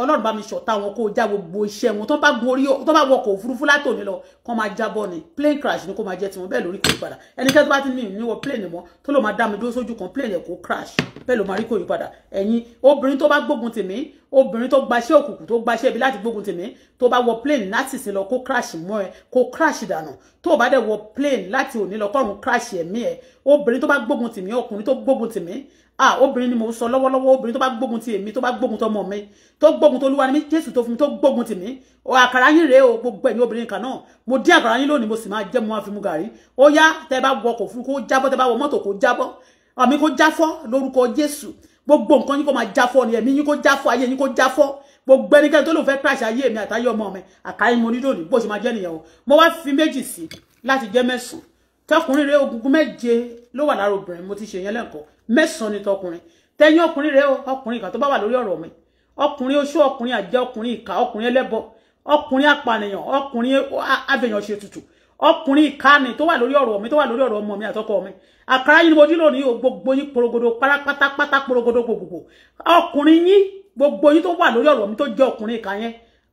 ọlọ́run bá mi ṣọ̀tá wọn kó já gbogbo iṣẹ́ wọn tó bá gun orí tó bá wọkọ̀ òfurufú látòní lọ kó máa jábọ́ ni plane crash ni kó máa jẹ́ tiwọn bẹ́ẹ̀ lórí kò padà ẹnikẹ́ni tó bá ti ní ìníwọ̀ plane mọ́ tó ló máa dá mi dúró sójú kan plane kò crash bẹ́ẹ̀ ló máa rí kò yí padà ẹ̀yin obìnrin tó bá gbógun tèmí obìnrin tó gbaṣẹ́ òkùnkùn tó gbaṣẹ́ ibi láti gbógun tèmí tó bá wọ plane láti sin lọ kó crash mọ́ ẹ kó crash dànù tó o bá dẹ̀ wọ plane láti òní lọ kọ́run crash ẹ̀mí ẹ obìnrin tó bá gbógun tèmí ọkùnrin tó gbógun tèmí ah obìnrin ni mo sọ lọ́wọ́lọ́wọ́ obìnrin tó bá gbógun ti èmi tó bá gbógun tọmọ mi tó gbógun tó olúwa ni mi jésù tó fún mi tó gbógun ti mi o àkàrà yín rèé o gbogbo ẹ̀yin obìnrin kan náà mo dín àkàrà yín lónìí mo sì máa jẹ mu àfimú gàrí ó yá tẹ bá wọ ọkọ̀ òfurufú kó jábọ́ tẹ bá wọ mọ́tò kó jábọ́ àmì kó jáfọ́ lórúkọ jésù gbogbo nǹkan yín kó máa jáfọ́ ni ẹ̀mí yín kó jáfọ́ ayé yín kó jáfọ́ gbogbo ẹnikẹ́ni tó lòun fẹ́ crash ayé mi àtayé ọmọ mi àkàrí mo nílò ní bó ṣe máa jẹ́ nìyẹn o mo wá fi méjì sí láti jẹ́ mẹ́sàn-án tọkùnrin rẹ ogungun méje ló wà lára obìnrin mo ti ṣe yẹn lẹ́ǹkan mẹ́sàn-án ni tọkùnrin tẹ̀yìn ọkùnrin rẹ o ọkùnrin kan tó bá wà lórí ọ̀rọ̀ mi ọkùnrin oṣó ọkùnrin àjẹ́ ọkùnrin ìkà ọkùnrin ẹlẹ́bọ ọkùnrin apànìyàn ọkùnrin abẹyàn ṣe tutù ọkùnrin ìkànnì tó wà lórí ọ̀rọ̀ mi tó wà lórí ọ̀rọ̀ ọmọ mi àtọkọ mi àkàrà yín ni mo dílò ní gbogbo yín porogodo pátápátá porogodo gbogbo ọkùnrin yín gbogbo yín tó wà lórí ọ̀rọ̀ mi tó jẹ́ ọkùnrin ìkà yẹn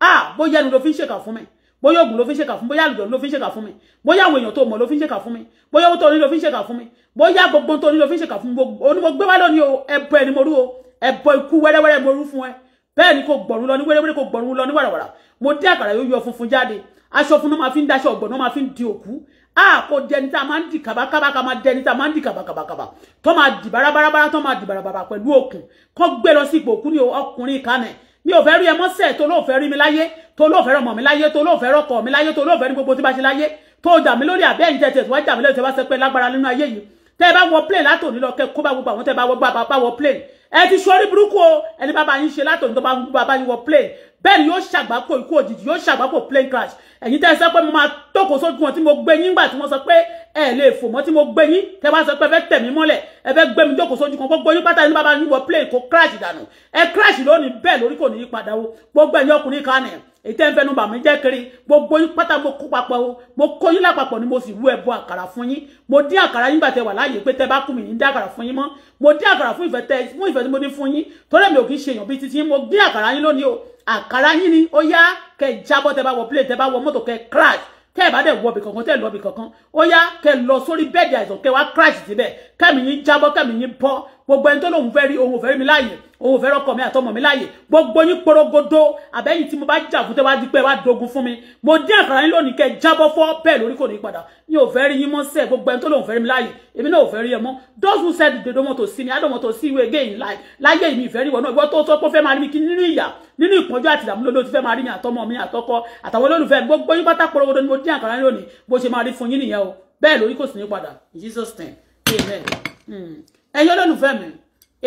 ah bóyá ẹnu ló fi ń ṣèkà fún mi bóyá oògùn ló fi ń ṣèkà fún mi bóyá àlùjọ ló fi ń ṣèkà fún mi bóyá àwọn èèyàn tó mọ̀ ló fi ń ṣèkà fún mi bóyá owó tó ní ló fi ń ṣèkà fún mi bóyá gbogbo tó ní ló fi ń ṣèkà fún mi gbogbo onímọ̀ gbé wá lónìí o ẹbọ ẹni mo rú o ẹbọ ikú wẹ́rẹ́wẹ́rẹ́ mo rú fún ẹ bẹ́ẹ̀ ni kò gbọ̀rún lọ ní wẹ́rẹ́wẹ́rẹ́ kò gbọ̀rún lọ ní wàràwàrà mo dé àkàrà yóò yọ funfun jáde aṣọ fún náà máa fi ń daṣọ ọ̀gbọ̀n fi di òkú a kò dẹni tá a máa ń di kàbákàbá ká máa dẹni tá a máa ń di kàbákàbákàbá tó di bárabárabára tó máa di bàràbàrà pẹ̀lú òkun kó gbé lọ sí ipò òkú ni ọkùnrin ìkànnì mi ò fẹ́ rí ẹ mọ́ sẹ̀ tó lóò fẹ́ rí mi láyé tó lóò fẹ́ rọmọ mi láyé tó lóò fẹ́ rọkọ mi láyé tó lóò fẹ́ rí gbogbo tí bá ṣe láyé tó jà mí lórí àbẹ́ ẹ̀yìn tẹ̀tẹ̀ tó wá jà mí lórí tẹ̀ bá sọ pé lágbára nínú ayé yìí tẹ́ ẹ bá wọ plane látòní lọ kẹ́ kó gbogbo àwọn tẹ́ bá wọ gbà bá wọ plane ẹ ti ṣorí burúkú o ẹni bàbá yín ṣe látòun tó bá ń bàbá yín wọ plane bẹ́ẹ̀ ni yóò ṣàgbákò ikú òjijì yóò ṣàgbákò plane crash ẹ̀yin tẹ́ ẹ sọ pé mo máa tókò sójú wọn tí mo gbé yín gbà tí wọ́n sọ pé ẹ lè fò mọ́ tí mo gbé yín tẹ́ bá sọ pé ẹ fẹ́ tẹ̀ mí mọ́lẹ̀ ẹ fẹ́ gbé mi jókòó sójú kan gbogbo yín pátá ní bàbá yín wọ plane kó crash dànù ẹ crash lónìí bẹ́ẹ̀ lórí kò ní í padà o gbogbo ẹ̀yin ọkùnrin kan nìyẹn èyí tẹ́ ń fẹnu bà kiri gbogbo yín pátá mo kó papọ̀ o mo kó yín lápapọ̀ ni mo sì wú ẹbọ àkàrà fún yín mo dín àkàrà yín gbà tẹ wà láàyè pé tẹ bá kú mi ní dín àkàrà fún yín mọ́ mo dín àkàrà fún ìfẹ́ tẹ fún ìfẹ́ tí mo dín fún yín torí mi ò kì ṣe èèyàn bíi titi mo dín àkàrà yín lónìí o àkàrà yín ni ó yá kẹ jábọ́ tẹ bá wọ plane tẹ bá wọ mọ́tò kẹ crash tẹ́ ẹ̀ bá dẹ̀ wọ ibìkankan tẹ́ ẹ̀ lọ ibìkankan ó yá kẹ lọ sórí bẹ́ẹ̀dì àìsàn kẹ wá crash síbẹ̀ kẹ́mi yín jábọ́ kẹ́mi yín bọ́ gbogbo ẹni tó lóun fẹ́ rí òun ò fẹ́ rí mi láàyè òun ò fẹ́ rọ́kọ mi àtọmọ mi láàyè gbogbo yín porogodo àbẹ́yìn tí mo bá jà fún tẹ́ wá di pé wá dogun fún mi mo dín àkàrà yín lónìí kẹ́ jábọ́ fọ́ bẹ́ẹ̀ lórí kò ní padà mi ò fẹ́ rí yín mọ́ sẹ́ẹ̀ gbogbo ẹni tó lóun fẹ́ rí mi láàyè èmi náà ò fẹ́ rí ẹ mọ́ those who said they don't want to see me I don't want to see you again láyé mi ìfẹ́ rí wọn náà ìwọ tó sọ pé ó fẹ́ máa rí mi kí nínú ìyà nínú ìpọ́njú àti ìdààmú ló ti fẹ́ máa rí mi àtọmọ mi àtọkọ àtàwọn olólùfẹ́ gbogbo yín pátá porogodo ni mo dín àkàrà yín lónìí bó ṣe máa rí fún yín nìyẹn o bẹ́ẹ̀ lórí kò sì ní padà Jesus name amen. Mm ẹ̀yin olólùfẹ́ mi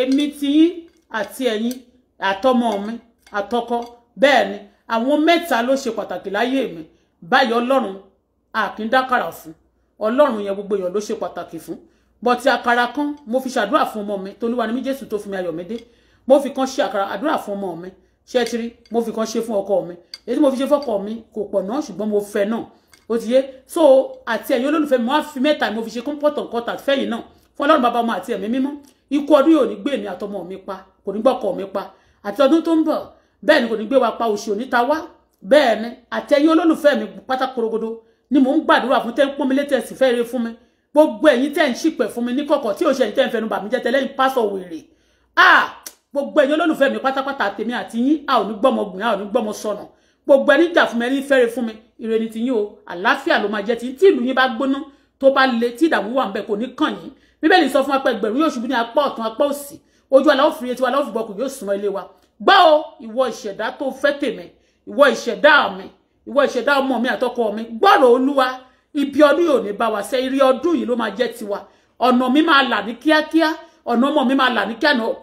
èmi tiyín àti ẹ̀yin àtọmọ mi àtọkọ bẹ́ẹ̀ ni àwọn mẹ́ta ló ṣe pàtàkì láyé mi báyìí ọlọ́run àkíndákàrà fún ọlọ́run yẹn gbogbo èèyàn ló ṣe pàtàkì fún bọ́tí àkàrà kan mo fi ṣàdúrà fún ọmọ mi tolúwa ni mí jésù tó fi mi ayọ̀ mi dé mo fi kan ṣe àkàrà àdúrà fún ọmọ mi ṣẹ́tìrí mo fi kan ṣe fún ọkọ mi èyí tí mo fi ṣe fọ́kọ mi kò pọ̀ náà ṣùgbọ́n mo fẹ́ náà ó ti yé so àti ẹ̀yin olólùfẹ́ mi wọ́n á fi mẹ́ta mo fi ṣe kọ́ńpọ̀tàn kọ́tà fẹ́yìn náà fún ọlọ́run bàbá ọmọ àti ẹ̀mí mímọ́ ikú ọdún yóò ní gbé èmi àtọmọ mi pa kò ní gbọ́kọ mi pa àti ọdún tó ń bọ̀ bẹ́ẹ̀ ni kò ní gbé wa pa òṣì òníta wá bẹ́ẹ̀ ni àtẹ̀yìn olólùfẹ́ mi pátá ni mò ń gbàdúrà fún tẹ́ ń pọ́n mi létí ẹ̀sìn fẹ́ rere fún mi gbogbo ẹ̀yin tẹ́ ń ṣìpẹ̀ fún mi ní kọ̀kọ̀ tí òṣèlú tẹ́ ń fẹnu bàmí jẹ́ tẹ́lẹ́yìn pásọ̀ wèrè ah gbogbo ẹ̀yin olólùfẹ́ mi pátápátá tèmi àti yín a ò ní gbọ́mọ gbìn a ò ní gbọ́mọ sọnà gbogbo ẹni jà fún mi ẹni fẹ́rẹ̀ fún mi ìrẹ̀ni tiyín o àlàáfíà ló máa jẹ́ tí tí ìlú yín bá gbóná tó bá le tí ìdààmú wà ń bẹ kò ní kàn yín bíbélì sọ fún wa pé ẹgbẹ̀rún yóò ṣubú ní apá ọ̀tún apá òsì ojú àlọ́ òfin etí wa lọ́ọ́ fìbọn kù yóò súnmọ́ ilé wa gbá o ìwọ ìṣẹ̀dá tó fẹ́ tèmẹ̀ ìwọ ìṣẹ̀dá mi ìwọ ìṣẹ̀dá ọmọ mi àtọkọ mi gbọ́rọ̀ olúwa ibi ọdún yóò ní bá wa ṣe ire ọdún yìí ló máa jẹ́ tiwa ọ̀nà mi máa là ní kíákíá ọ̀nà ọmọ mi máa là ní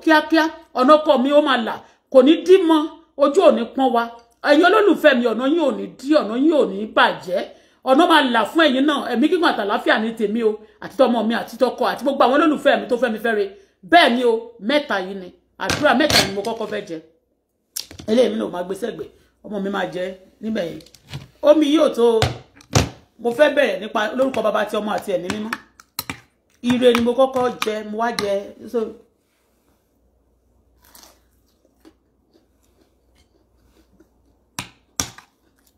kíákíá ọ̀nà ọkọ mi ó máa là kò ní dí mọ́ ojú ò ní pọ́n wa ẹ̀yin olólùfẹ́ mi ọ̀nà yín ò ní dí ọ̀nà yín ò ní bàjẹ́ ọ̀nà máa là fún ẹ̀yin náà ẹ̀mí gígùn àtàláfíà ní tèmi o àti tọmọ mi àti tọkọ àti gbogbo àwọn olólùfẹ́ mi tó fẹ́ mi fẹ́re bẹ́ẹ̀ ni o mẹ́ta yìí ni àdúrà mẹ́ta ni mo kọ́kọ́ fẹ́ jẹ eléyìí mi náà máa gbé sẹ́gbẹ̀ ọmọ mi máa jẹ níbẹ̀ yìí omi yóò tó mo fẹ́ bẹ̀rẹ̀ nípa lórúkọ bàbá àti ọmọ àti ẹ̀mí mímọ́ ire ni mo kọ́kọ́ jẹ mo wá jẹ so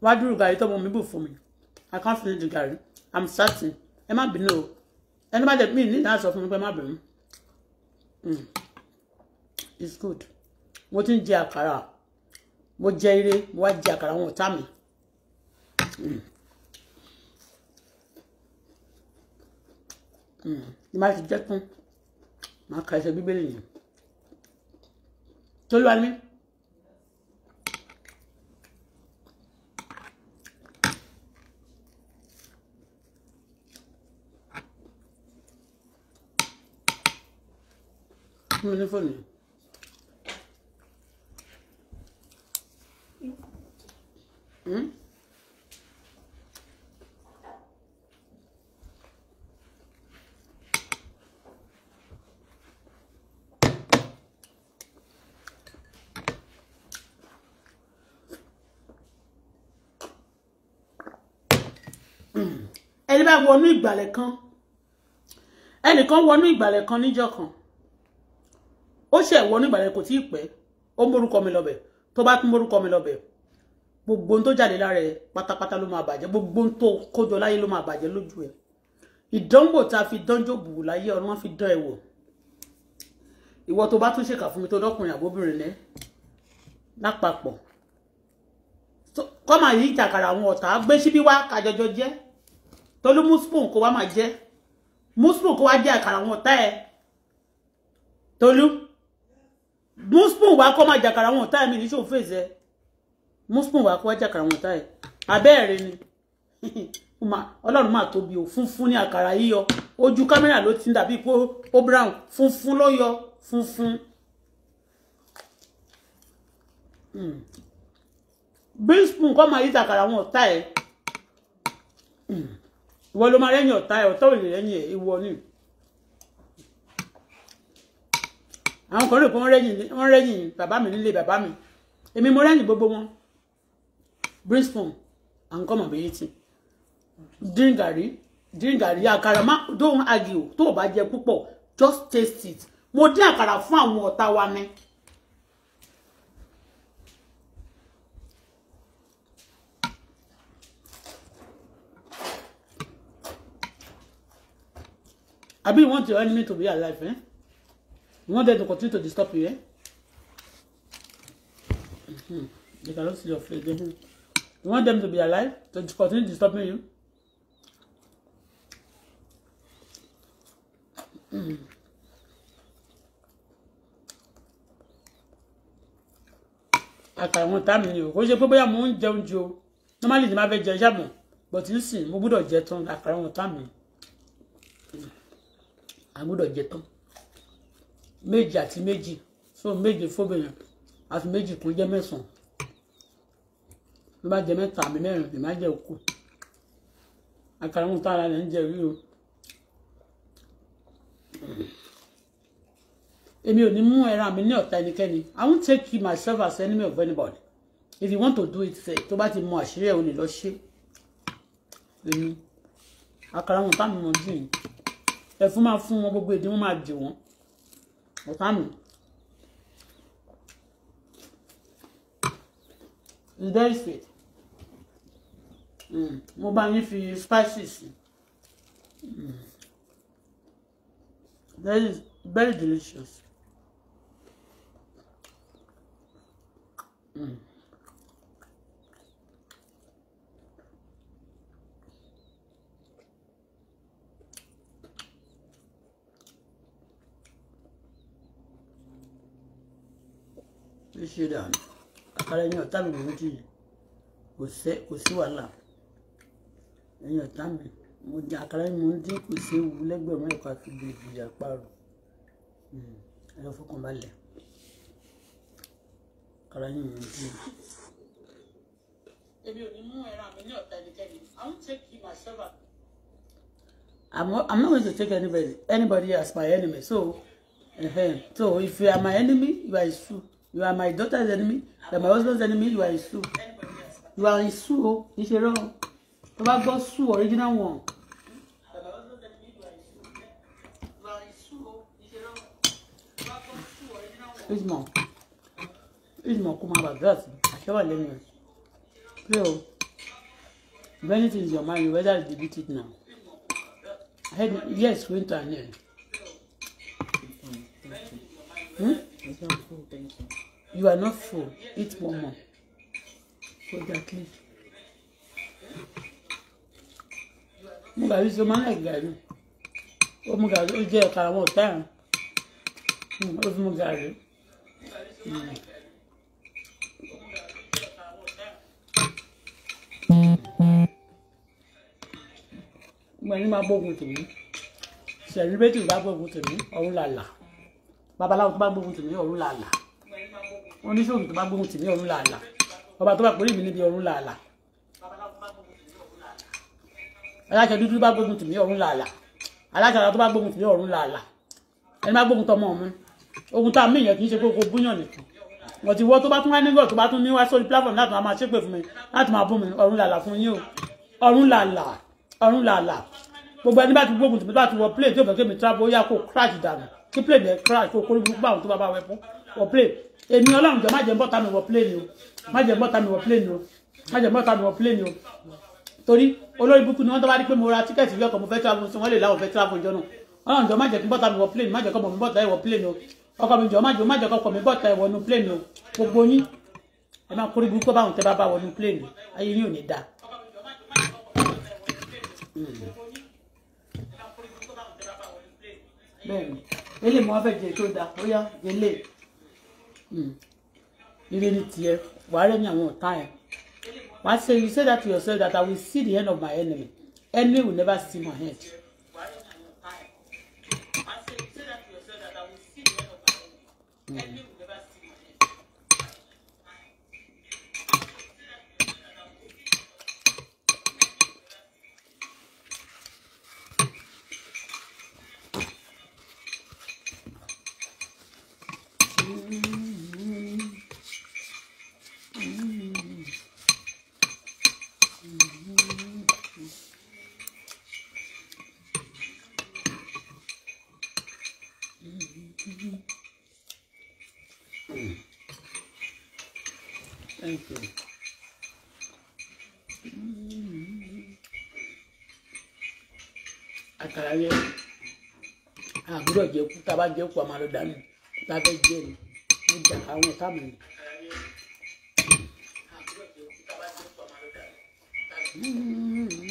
wá dúró gàrí tọmọ mi bù fún mi I can't finish the garri. I'm starting. Ẹ má bínú o. Ẹni that jẹ́ mi ní ìdáhùn sọ fún mi pé hmm. It's good. What in ń What àkàrà. What jẹ What Mo wá jẹ àkàrà wọn ọ̀tá My Ní má ti jẹ́ tán. Màá ka ẹsẹ̀ fún mi ní fóònù. Hmm? ẹni bá wọnú ìgbàlẹ̀ kan ẹnìkan wọnú ìgbàlẹ̀ kan níjọ́ kan ó ṣe ẹ̀wọ́ nígbà yẹn kò tí ì pẹ́ ó mórúkọ mi lọ́bẹ̀ tó bá tún mórúkọ mi lọ́bẹ̀ gbogbo ohun tó jáde lára ẹ pátápátá ló máa bàjẹ́ gbogbo ohun tó kójọ láyé ló máa bàjẹ́ lójú ẹ ìdánwò tá a fi dánjò bù láyé ọ̀run fi dán ẹ wò ìwọ tó bá tún ṣèkà fún mi tó dọ́kùnrin àbóbìnrin ní lápapọ̀ kọ́mà yìí jàkàrà àwọn ọ̀tá gbé síbí wá kájọjọ jẹ́ tolú muspoon kó wá máa jẹ́ muspoon kó wá jẹ́ àkàrà àwọn ọ̀tá ẹ tolú muspoon wa kọ́ máa jàkàrà wọn ọ̀tá mi ní ṣòwò fèsì ẹ muspoon wa kọ́ máa jàkàrà wọn ọ̀tá ẹ abẹ́ẹ̀rẹ̀ ni ọlọ́run máa tóbi o funfun ní àkàrà yíyọ ojú kámẹ́rà ló ti ń dàbí ó brown funfun ló yọ funfun. brinspoon hmm. kọ́ máa yí àkàrà wọn ọ̀tá ẹ hmm. ìwọ ló máa rẹ́yìn ọ̀tá ẹ ọ̀tá ò lè rẹ́yìn ẹ ìwọ ni. Mm. àwọn kan rò pé wọ́n rẹ́yìn wọ́n rẹ́yìn bàbá mi nílé bàbá mi èmi mo rẹ́yìn gbogbo wọn brimstone and come and be eating drink garri drink garri àkàrà má don't argue tó o bá jẹ púpọ̀ just taste it mo dín àkàrà fún àwọn ọ̀tá wa ni. àbí you want your enemy to be alive eh? You want them to continue to disturb you, eh? mm mm-hmm. They cannot see your face. you want them to be alive? To continue disturbing you? Mm. Mm-hmm. àtàwọn tá mi ni o kò ṣe pé bóyá mo ń jẹun normally ni ma fẹ́ jẹ ṣàmù but n sìn mo gbọ́dọ̀ jẹ tán àtàwọn tá mi a gbọ́dọ̀ jẹ méjì àti méjì so méje fóbìnrin àti méjì kún jẹ́ mẹ́sàn-án ló bá jẹ mẹ́ta àbí mẹ́rin lè má jẹ òkú àkàrà ohun tára rẹ̀ ń jẹ rí o èmi ò ní mú ẹran mi ní ọ̀tá ẹnikẹ́ni I won't take you myself as enemy of anybody if you want to do it say tó bá ti mọ àṣírí ẹ̀ ò ní lọ ṣe èmi àkàrà ohun táwọn ọmọ dùn yìí ẹ̀fún máa fún wọn gbogbo èdè wọn máa dì wọ́n ọ̀tá mi it's very sweet mm. mo bá spices that mm. is very delicious. Mm. ṣe ṣe dànù àkàrà ẹ̀yìn ọ̀tá mi lòún ti kò sẹ́ kò sí wàhálà ẹ̀yìn ọ̀tá mi mo jẹ àkàrà ẹ̀yìn mo ń dín kò sí ewu lẹ́gbẹ̀rún ẹ̀kọ́ àti bèbè àparò hmm, ẹ̀rọ fọkànbalẹ̀ àkàrà ẹ̀yìn mo ń dín. èmi ò ní mú ẹran mi ní ọ̀tá ẹnikẹ́ni I won't take you myself out. I'm not, I'm not going to take anybody anybody as my enemy so uh, so if you are my enemy you are his true you are my daughter's enemy you are my husband's enemy you are isu you are isu o kì í ṣe rán o tó bá gbọ́ su original one. ìjùmọ̀ ìjùmọ̀ kó máa gbàdúrà sí àṣẹwà lẹ́nu rẹ̀ pray o if anything is your mind you better delete it now head yes went to an end. Hmm? Thank you you are not full eat one more kó jà clean mo gàrí so máa ń lẹ̀ gàrí ó mu gàrí ó jẹ́ ọ̀kadà wọn ò tá àrùn hmm, ó fi mu gàrí. gbẹ̀yìn hmm. máa gbógun tèmi sẹ̀rí méjì bá gbógun tèmi ọ̀run làlà babaláwo tó bá gbógun tèmi ọ̀run làlà oníṣòwò tó bá gbóhùn tì ní ọ̀run làálà ọba tó bá pèrè mí níbi ọ̀run làálà aláṣẹ dúdú bá gbóhùn tì ní ọ̀run làálà aláṣẹ àlá tó bá gbóhùn tì ní ọ̀run làálà ẹni bá gbóhùn tọmọ ọmọ ogun tá a mìíràn kì í ṣe pé kó búyàn nìkan wọ́n ti wọ́ tó bá tún wá nígbà tó bá tún ní wá sórí platform láti máa ṣépè fún mi láti máa bú mi ọ̀run làálà fún yín o ọ̀run làálà ọ̀run làálà gbogbo ẹni bá ti gbógun tìmí bá ti wọ plane tí ò fẹ́ kémi travel ó yá kó crash dànù kí plane yẹn crash kó kórìbù báwọn tó bá bá wẹ fún wọ plane èmi ọlọ́run jọ má jẹ́ bọ́ta mi wọ plane o má jẹ́ bọ́ta mi wọ plane o má jẹ́ bọ́ta mi wọ plane o torí olórí búkú ni wọ́n tó bá rí pé mo ra tíkẹ́ẹ̀tì ìwé ọkọ̀ mo fẹ́ travel sí wọ́n lè láwọn fẹ́ travel jọ náà ọlọ́run jọ má jẹ́ kí bọ́ta mi wọ plane má jẹ́ kọ́ mi bọ́ta ẹ̀ wọ plane o ọkọ mi jọ má jẹ́ má mi bọ́ta ẹ̀ wọnú plane o gbogbo yín ẹ máa kórè burúkú báwọn tẹ bá bá wọnú plane ayé yín ò ní dáa. bẹ́ẹ̀ni eléyìí mo wá tó dáa ó yá Hmm. ire ní tiẹ̀ wàá rẹ́ ní àwọn ọ̀tá ẹ̀ wàá say you say that to yourself that I will see the end of my enemy enemy will never see my head. Mm. tába jẹ́ kó a máa lọ dànù lábẹ́ jẹ́ ni mo jà àwọn ọ̀tá mi ni. Mm-hmm.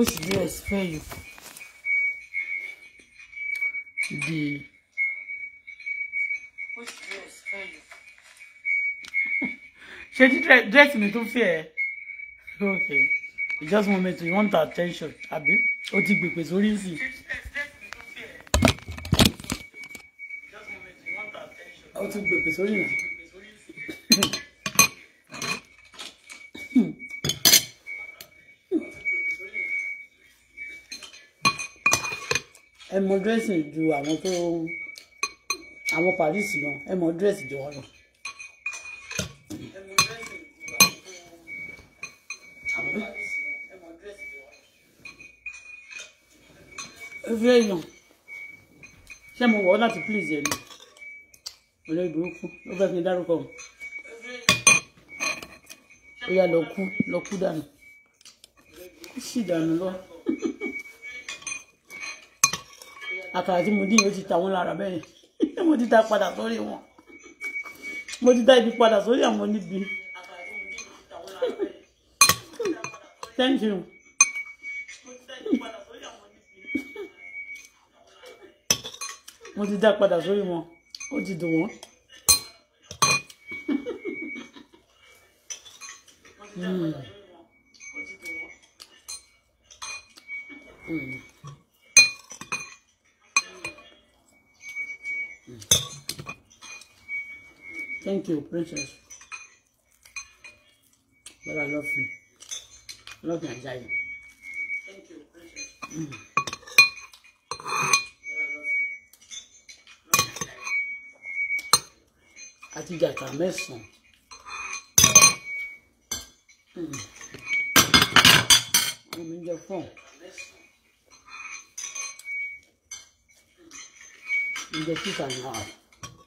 Which dress fair you? The. Which dress fair you? Ṣé tí dress mi tó fẹ́ ẹ? Okay. You just want me to you want attention, àbí? O ti gbèpè sórí sí. O ti gbèpè sórí náà. ẹ mọ dressing ju àwọn tó àwọn paris lọ ẹ mọ dressing ju wọn lọ. ẹgbẹ́ èèyàn ṣé mo wọ̀ ọ́ láti please ẹ̀ ni olórí burúkú ló fẹ́ fi dárúkọ ó yá lọ kú lọ kú dànù kú sì dànù lọ. àkàrà tí mo dín yóò ti ta wọn lára bẹ́ẹ̀ yẹn mo ti ta padà sórí wọn mo ti ta ibi padà sórí àwọn oníbi thank you. mo ti dá padà sórí wọn ó ti dùn wọn. Mm. your precious. But I love you. Love you and enjoy you. Thank you, precious. Mm. àti jàkà mẹ́sàn In wọ́n mi jẹ fún ǹjẹ́ títà náà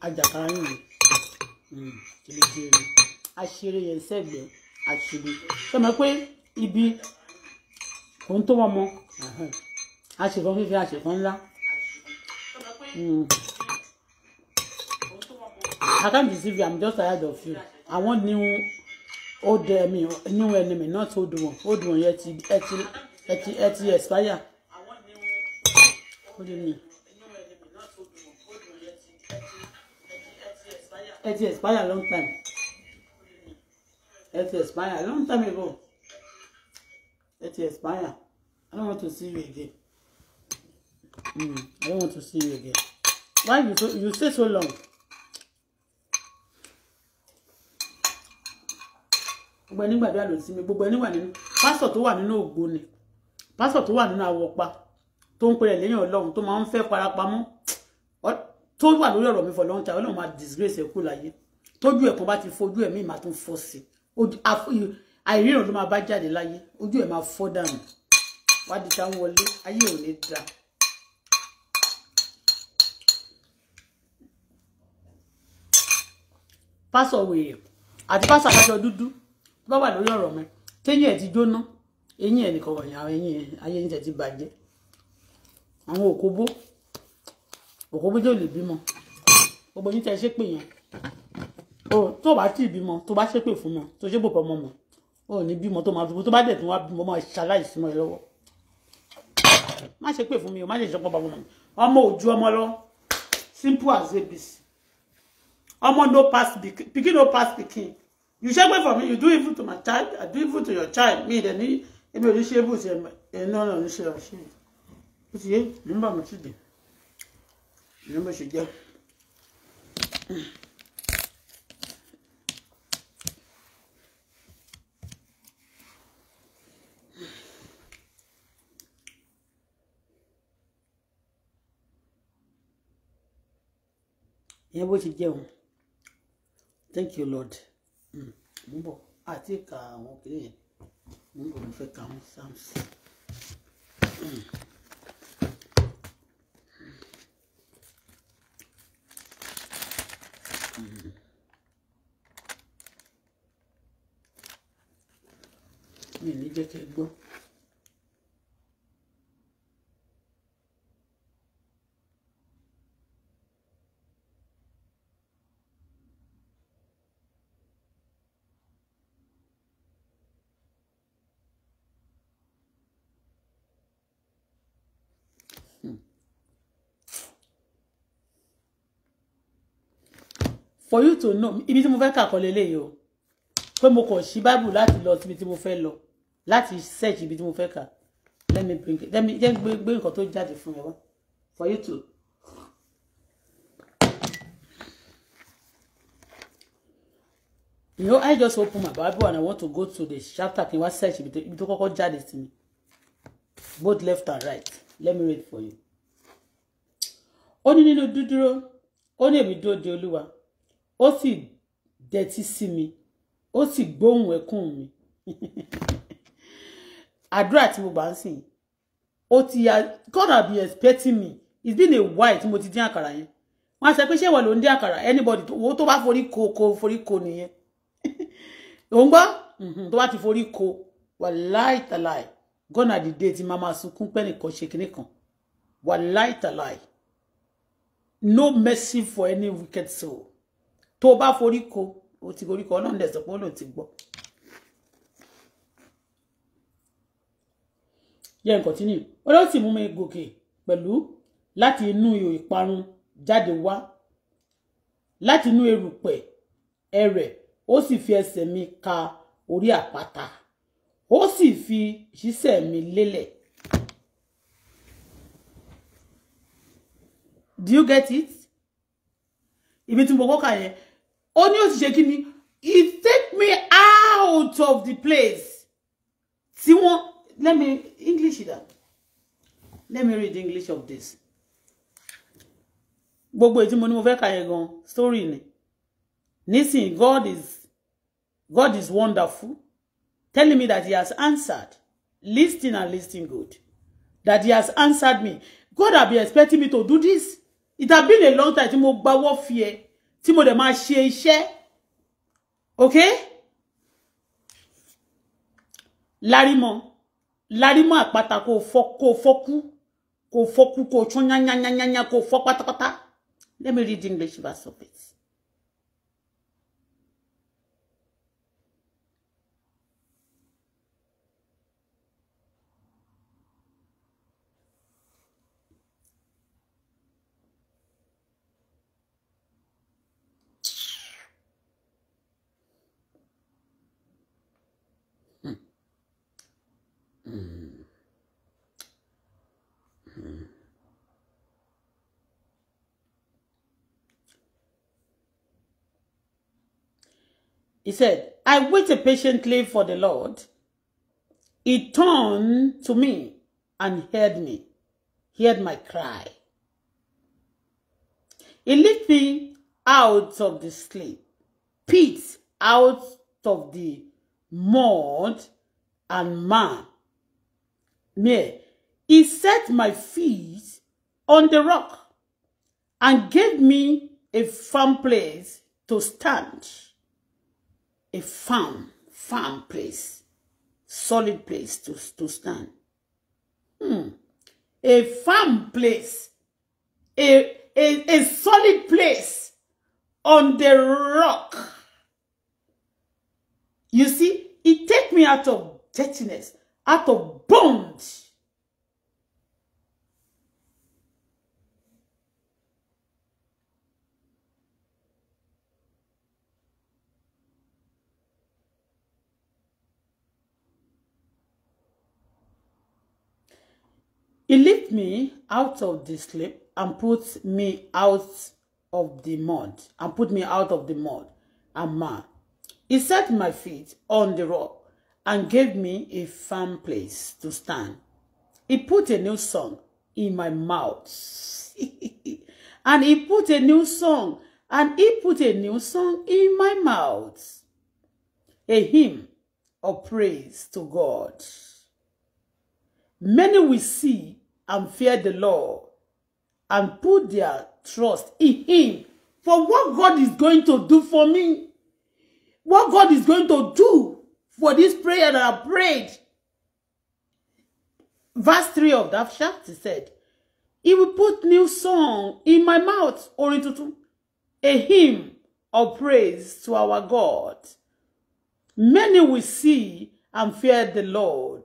àjàkà yìí jèrè hmm, yẹn sẹ́gbẹ̀ẹ́ àṣírí ṣé mọ̀ pé ibi kò ń tó wọn mọ àṣìkan fífi àṣìkan ńlá hmm. I can't deceive you I'm just tired of you I want new old enemy new enemy not old one old one yet. Yet, yet, yet, ẹ ti expire. What do you mean? ẹ ti a long time ẹ ti a long time ago ẹ ti expire I don't want to see you again mm, I don't want to see you again why you so you stay so long gbogbo ẹni gbàdúrà ló ń sinmi gbogbo ẹni wà nínú pásítọ̀ tó wà nínú ògbóni pásítọ̀ tó wà nínú àwọ̀pa tó ń pèrè lẹ́yìn ọlọ́run tó máa ń fẹ́ farapamọ́ tó wà lórí ọ̀rọ̀ mi for long time ọlọ́run máa disgrace ẹ̀ kú láyé tójú ẹ̀kan bá ti fojú ẹ̀mí máa tún fọ́ sí àìríran ló máa bá jáde láyé ojú ẹ̀ máa fọ́ dànù wá di tá ń wọlé ayé ò ní da. pásọ wèrè àti pásọ aṣọ dúdú tó bá wà lórí ọ̀rọ̀ mi téyín ẹ̀ ti jóná eyín ẹ̀ nìkan wọ̀nyí àwọn eyín ayé ń tẹ̀ ti bàjẹ́ àwọn òkóbó òkú méjì ò lè bímọ gbogbo yín tẹ́ ṣe pè yẹn o tó o bá tì bímọ tó o bá ṣe pè fún mọ tó o ṣe bò pọ̀ mọ́ mọ́ o ní bímọ tó máa tó bá dẹ̀ tó wá bímọ máa ṣaláìsí mọ́ ẹ lọ́wọ́ má ṣe pè fún mi o má ṣe ṣọpọ̀ bàbá mi ọmọ òjú ọmọ lọ simple as abc ọmọ no pass pikin no pass pikin you ṣe pé for me you do evil to my child i do evil to your child mi ìdẹ̀ ní ebi ò ṣe ebù sí ẹ̀ ẹ̀ náà ṣe ọ̀ṣẹ́ ó ti yé nígbà mi ti dé ní bó ṣe jẹ́ ìyẹn bó ṣe jẹ́ thank you lord mo bọ̀ àti ka àwọn kìnìyàn mo bọ̀ mo fẹ́ ka àwọn psalms. Mm. jẹ́ kẹ́ gbọ́. for you to know ibi tí mo fẹ́ kà kọ́ lélẹ́yìí o pé mo kàn ṣí báìbù láti lọ síbi tí mo fẹ́ lọ láti search ibi tí mo fẹ́ kà let me bring it let me jẹ́ gbé gbé nǹkan tó jáde fún ẹ wá for you to. You know, I just open my Bible and I want to go to the chapter. Kí n wá search ibi tó kọ́kọ́ jáde sí mi. Both left and right. Let me read for you. Ó ní nínú dúdúró, ó ní èmi dúró osi deti simi, osi dẹ́tí sí mi. àdúrà tí mo gbà ń sìn ó ti ya God have been expecting me it's been a while tí mo ti dín àkàrà yẹn wọn á sọ pé ṣé ìwọ ló ń dín àkàrà anybody owó tó bá forí ko ko forí ko nìyẹn òun gbọ́ mm-hmm. tó bá ti forí ko wàláì tàláì gọ́nà dìde tí màmá sunkún pẹ́ nìkan ṣe kinní kan wàláì tàláì no mercy for any wicked soul tó bá forí ko o ti forí ko ọlọ́run dẹ̀ sọ pé ó lòun ti gbọ́. yẹ n continue ó ló sì mú mi gòkè pẹ̀lú láti inú ihò ìparun jáde wá láti inú erùpẹ̀ ẹrẹ̀ ó sì fi ẹsẹ̀ mi ka orí àpáta ó sì fi ìṣísẹ̀ mi lélẹ̀. do you get it? ibi tí mo kọ́ka yẹn ó ní ó sì ṣe kí ni it take me out of the place tí wọ́n let me English it up. Let me read English of this. Gbogbo èyí tí mo ní mo fẹ́ kà yẹn gan story ni. Nisin God is God is wonderful telling me that he has answered listening and listening good that he has answered me God have been expecting me to do this it have been a long time Timo mo gbawọ́ fi ẹ tí mo dẹ̀ máa ṣe iṣẹ́ okay lárímọ́ larimọ àpáta kò fọ kò fọkú kò fọkú kò tún yányányányá kò fọ pátápátá let me read English verse of it. said, I waited patiently for the Lord. He turned to me and heard me, he heard my cry. He lifted me out of the sleep, pit out of the mud and man. Me, he set my feet on the rock and gave me a firm place to stand. a firm, firm place, solid place to, to stand. Hmm. A firm place, a, a, a solid place on the rock. You see, it takes me out of dirtiness, out of bone He lifted me out of the sleep and put me out of the mud, and put me out of the mud and man. He set my feet on the rock and gave me a firm place to stand. He put a new song in my mouth. and he put a new song, and he put a new song in my mouth. A hymn of praise to God. Many will see and fear the Lord and put their trust in Him for what God is going to do for me, what God is going to do for this prayer that I prayed. Verse 3 of that chapter said, He will put new song in my mouth, or into a hymn of praise to our God. Many will see and fear the Lord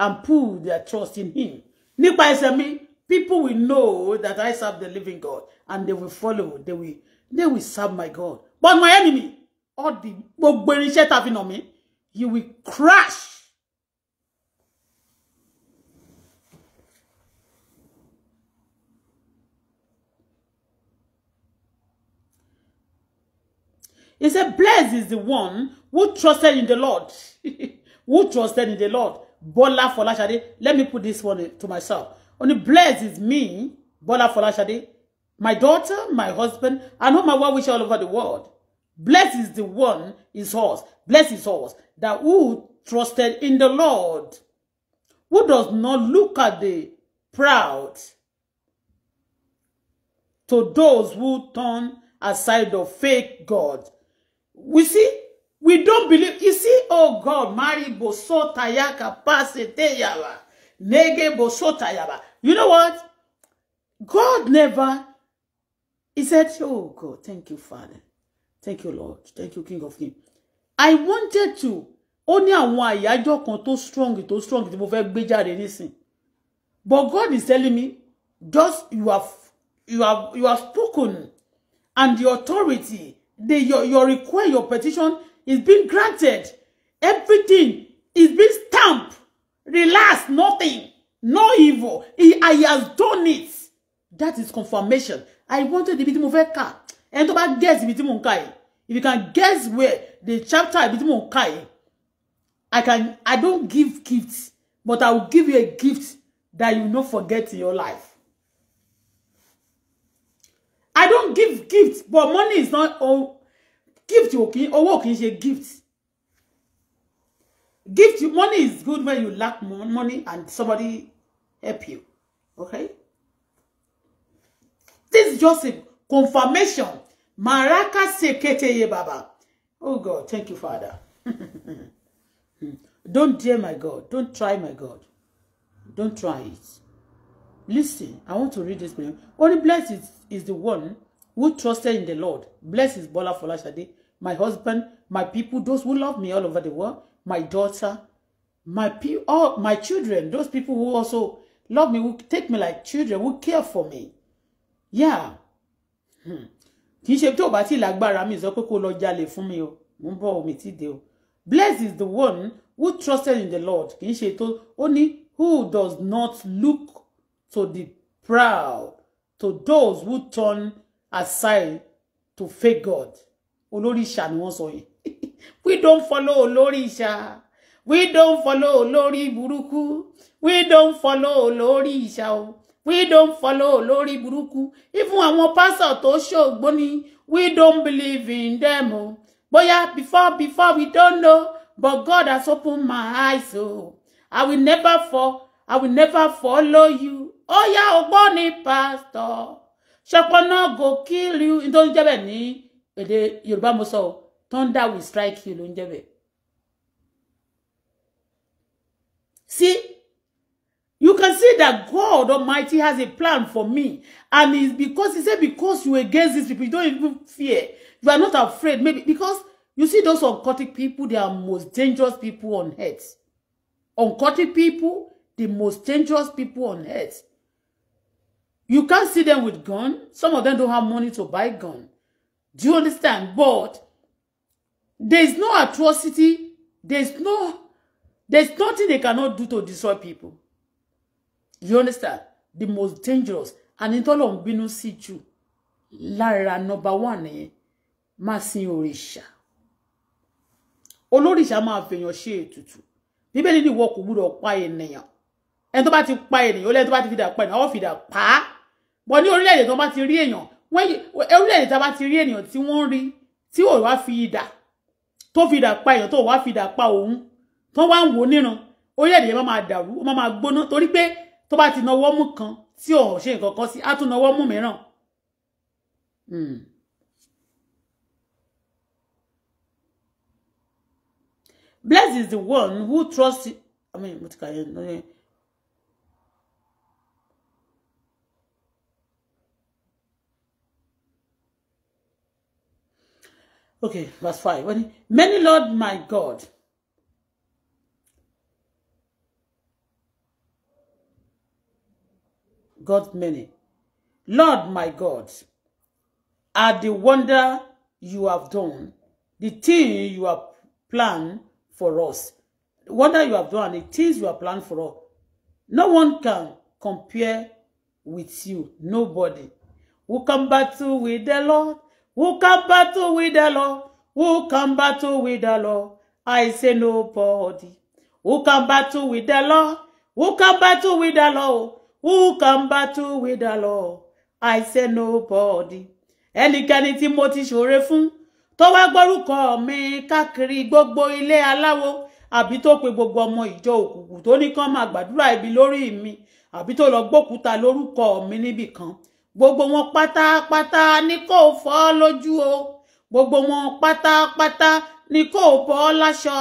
and put their trust in him. Nípa say me. people will know that I serve the living God and they will follow, they will, they will serve my God. But my enemy, all the gbogbo irinṣẹ́ tá a you will crash. He said, blessed is the one who trusted in the Lord. who trusted in the Lord Bola Folashade. Let me put this one to myself. Only blessed is me, Bola Folashade, my daughter, my husband, and all my well wishes all over the world. Blessed is the one is us. Blessed is us that who trusted in the Lord, who does not look at the proud, to those who turn aside of fake God. We see We don't believe. You see, oh God, Mari Bosotayaka Paseteyaba. Nege Bosotayaba. You know what? God never. He said, Oh God, thank you, Father. Thank you, Lord. Thank you, King of Kings. I wanted to. Ó ní àwọn àyájọ́ kan tó strong tó strong tí mo very big jáde nísìn. But God is telling me, just you have you have you have spoken and the authority, the your your request, your petition Is being granted. Everything is being stamped. Relax, nothing. No evil. I has done it. That is confirmation. I wanted the tí mo fẹ́ kà. Ẹni tó guess ibi tí mo ń If you can guess where the chapter ibi tí mo ń I can I don't give gifts, but I will give you a gift that you will not forget in your life. I don't give gifts, but money is not all gift ò kí owó kì í gift gift money is good when you lack money and somebody help you okay this is just a confirmation maraka seketeye baba oh god thank you father don't dare my god don't try my god don't try it listen i want to read this only blessed is, is the one who trusted in the lord blessed is Bola Folashade my husband, my people, those who love me all over the world, my daughter, my pe all my children, those people who also love me, who take me like children, who care for me. Yeah. Hmm. Kì í ṣe tó bá ti lágbára mi sọ pé kó lọ jalè fún mi o. Mo ń bọ̀ omi ti dé o. Blessed is the one who trusted in the Lord. Kì í ṣe tó ó ní who does not look to the proud, to those who turn aside to fake God olórí ìṣà ni wọ́n sọ yẹn we don't follow olórí ìṣà we don't follow olórí burúkú we don't follow olórí ìṣà o we don't follow olórí burúkú even àwọn pásọ̀ tó ṣògbó ni we don't believe in them o bóyá before before we don't know but God has opened my eyes o oh. I will never fall I will never follow you ó yá ogbó ni pásítọ̀ ṣọpọ náà go kill you nítorí jẹ́bẹ̀ ní èdè yorùbá mo sọ thunder will strike you ló ń jẹ́ bẹ́ẹ̀. See, you can see that God Almighty has a plan for me. And it's because he said, because you against these people, you don't even fear. You are not afraid. Maybe because you see those uncultic people, they are most dangerous people on earth. Uncultic people, the most dangerous people on earth. You can see them with gun. Some of them don't have money to buy gun. Do you understand? But there is no atrocity. There is no, there's nothing they cannot do to destroy people. You understand? The most dangerous. And it all on binu situ. Lara number one nìyẹn máa sin òrìṣà. Olórìṣà máa fèèyàn tutu. ètùtù. Bíbélì ni ìwọ kò gbúdọ̀ pa ènìyàn. Ẹni tó bá ti pa ènìyàn, ó lẹ́ni tó bá ti fìdà pa ènìyàn, ó fìdà pa á. Bọ̀ ní orílẹ̀-èdè ti rí èèyàn, orílẹ̀-èdè tá a bá ti rí ènìyàn tí wọ́n ń rí tí ò wá fi idà tó fi idà pa èèyàn tó wá fi idà pa òun tó wá ń wò níran orílẹ̀-èdè yẹn má máa dàrú ó má máa gbóná torí pé tó bá ti nawọ́ mú kan tí ò ṣe nǹkan kan sí á tún nawọ́ mú mìíràn. Hmm. Blessed is the one who trusts. I mean, what can I okay verse five When many Lord my God God many Lord my God are the wonder you have done the thing you have planned for us the wonder you have done and the things you have planned for us no one can compare with you nobody who back to with the Lord who can battle with the law? Who can battle with the law? I say nobody. Who can battle with the law? Who can battle with the law? Who can battle with the law? I say nobody. Ẹnikẹ́ni tí mo ti ṣòre fún tó wá gbórúkọ mi káàkiri gbogbo ilé aláwo àbí tó pe gbogbo ọmọ ìjọ òkùnkùn tó ní kán máa gbàdúrà ibi lórí mi àbí tó lọ gbókúta lórúkọ mi níbì gbogbo wọn pátápátá ni kò fọ́ lójú o gbogbo wọn pátápátá ni kò bọ́ láṣọ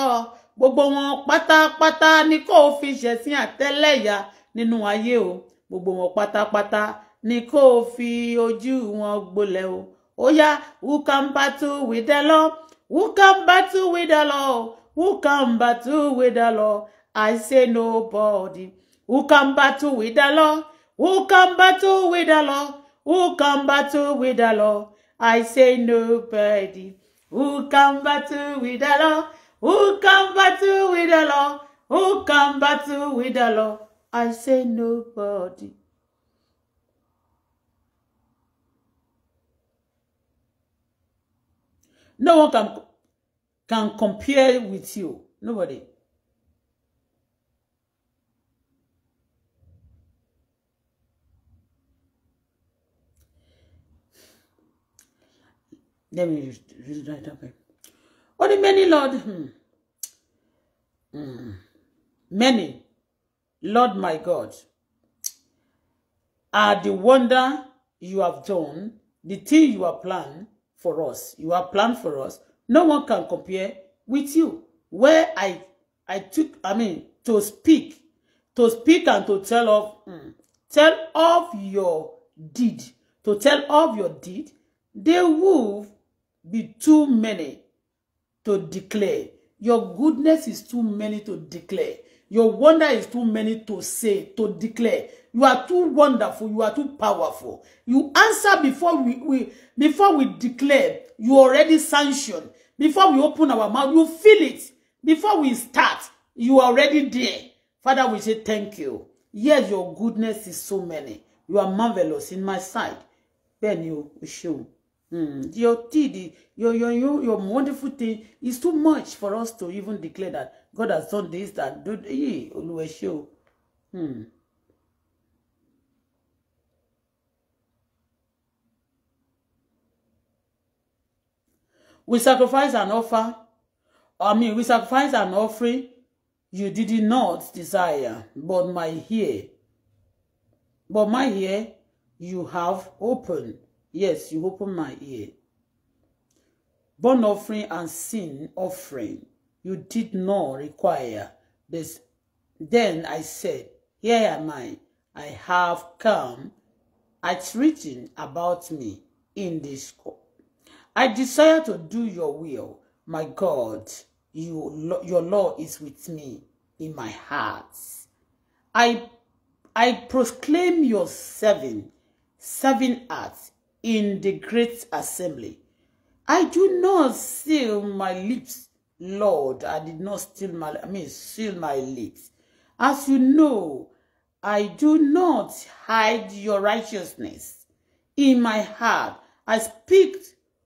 gbogbo wọn pátápátá ni kò fi ṣẹ̀sín àtẹ́lẹ̀yà nínú ayé o gbogbo wọn pátápátá ni kò fi ojú wọn gbolẹ̀ o ó yá who can battle with the law? who can battle with the law? who can battle with the law? I say nobody who can battle with the law? who can battle with the law? who can battle with the law? I say nobody. Who can battle with the law? Who can battle with the law? Who can battle with the law? I say nobody. No one can, can compare with you. Nobody. let me read that okay ó the many lord hmm, hmm, many lord my god are the wonder you have done the thing you have planned for us you have planned for us no one can compare with you where i i took i mean to speak to speak and to tell of mm, tell of your deed to tell of your deed they would be too many to declare. Your goodness is too many to declare. Your wonder is too many to say, to declare. You are too wonderful. You are too powerful. You answer before we, we before we declare. You already sanction. Before we open our mouth, you feel it. Before we start, you are already there. Father, we say thank you. Yes, your goodness is so many. You are marvelous in my sight. Bẹ́ẹ̀ you show. Mm. Your deed, your, your, your, your wonderful thing is too much for us to even declare that God has done this, that, do, eh, Oluwesho. Hmm. We sacrifice an offer. I mean, we sacrifice an offering you did not desire, but my ear, but my ear you have opened. Yes, you open my ear. Burn offering and sin offering you did not require. This. Then I said, Here am I. I have come. It's written about me in this scroll. I desire to do your will. My God, you, your law is with me in my heart. I, I proclaim your seven, seven acts in the great assembly. I do not seal my lips, Lord. I did not seal my, I mean, seal my lips. As you know, I do not hide your righteousness in my heart. I speak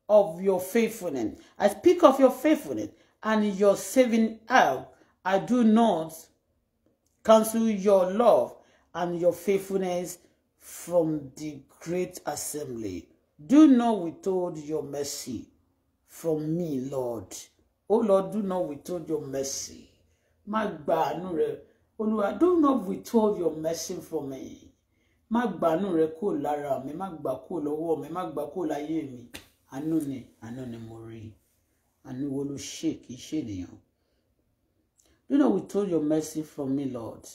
of your faithfulness. I speak of your faithfulness and your saving help. I do not cancel your love and your faithfulness from the great assembly. Do not withhold your mercy from me, Lord. Oh Lord, do not withhold your mercy. Má gba àánú rẹ, Olúwa, do not withhold your mercy from me. Má gba àánú rẹ kúrò lára mi, má gbà kúrò lọ́wọ́ mi, má gbà kúrò láyé mi. Àánú ni, àánú ni mo rí. Àánú wo ló Do not withhold your mercy from me, Lord.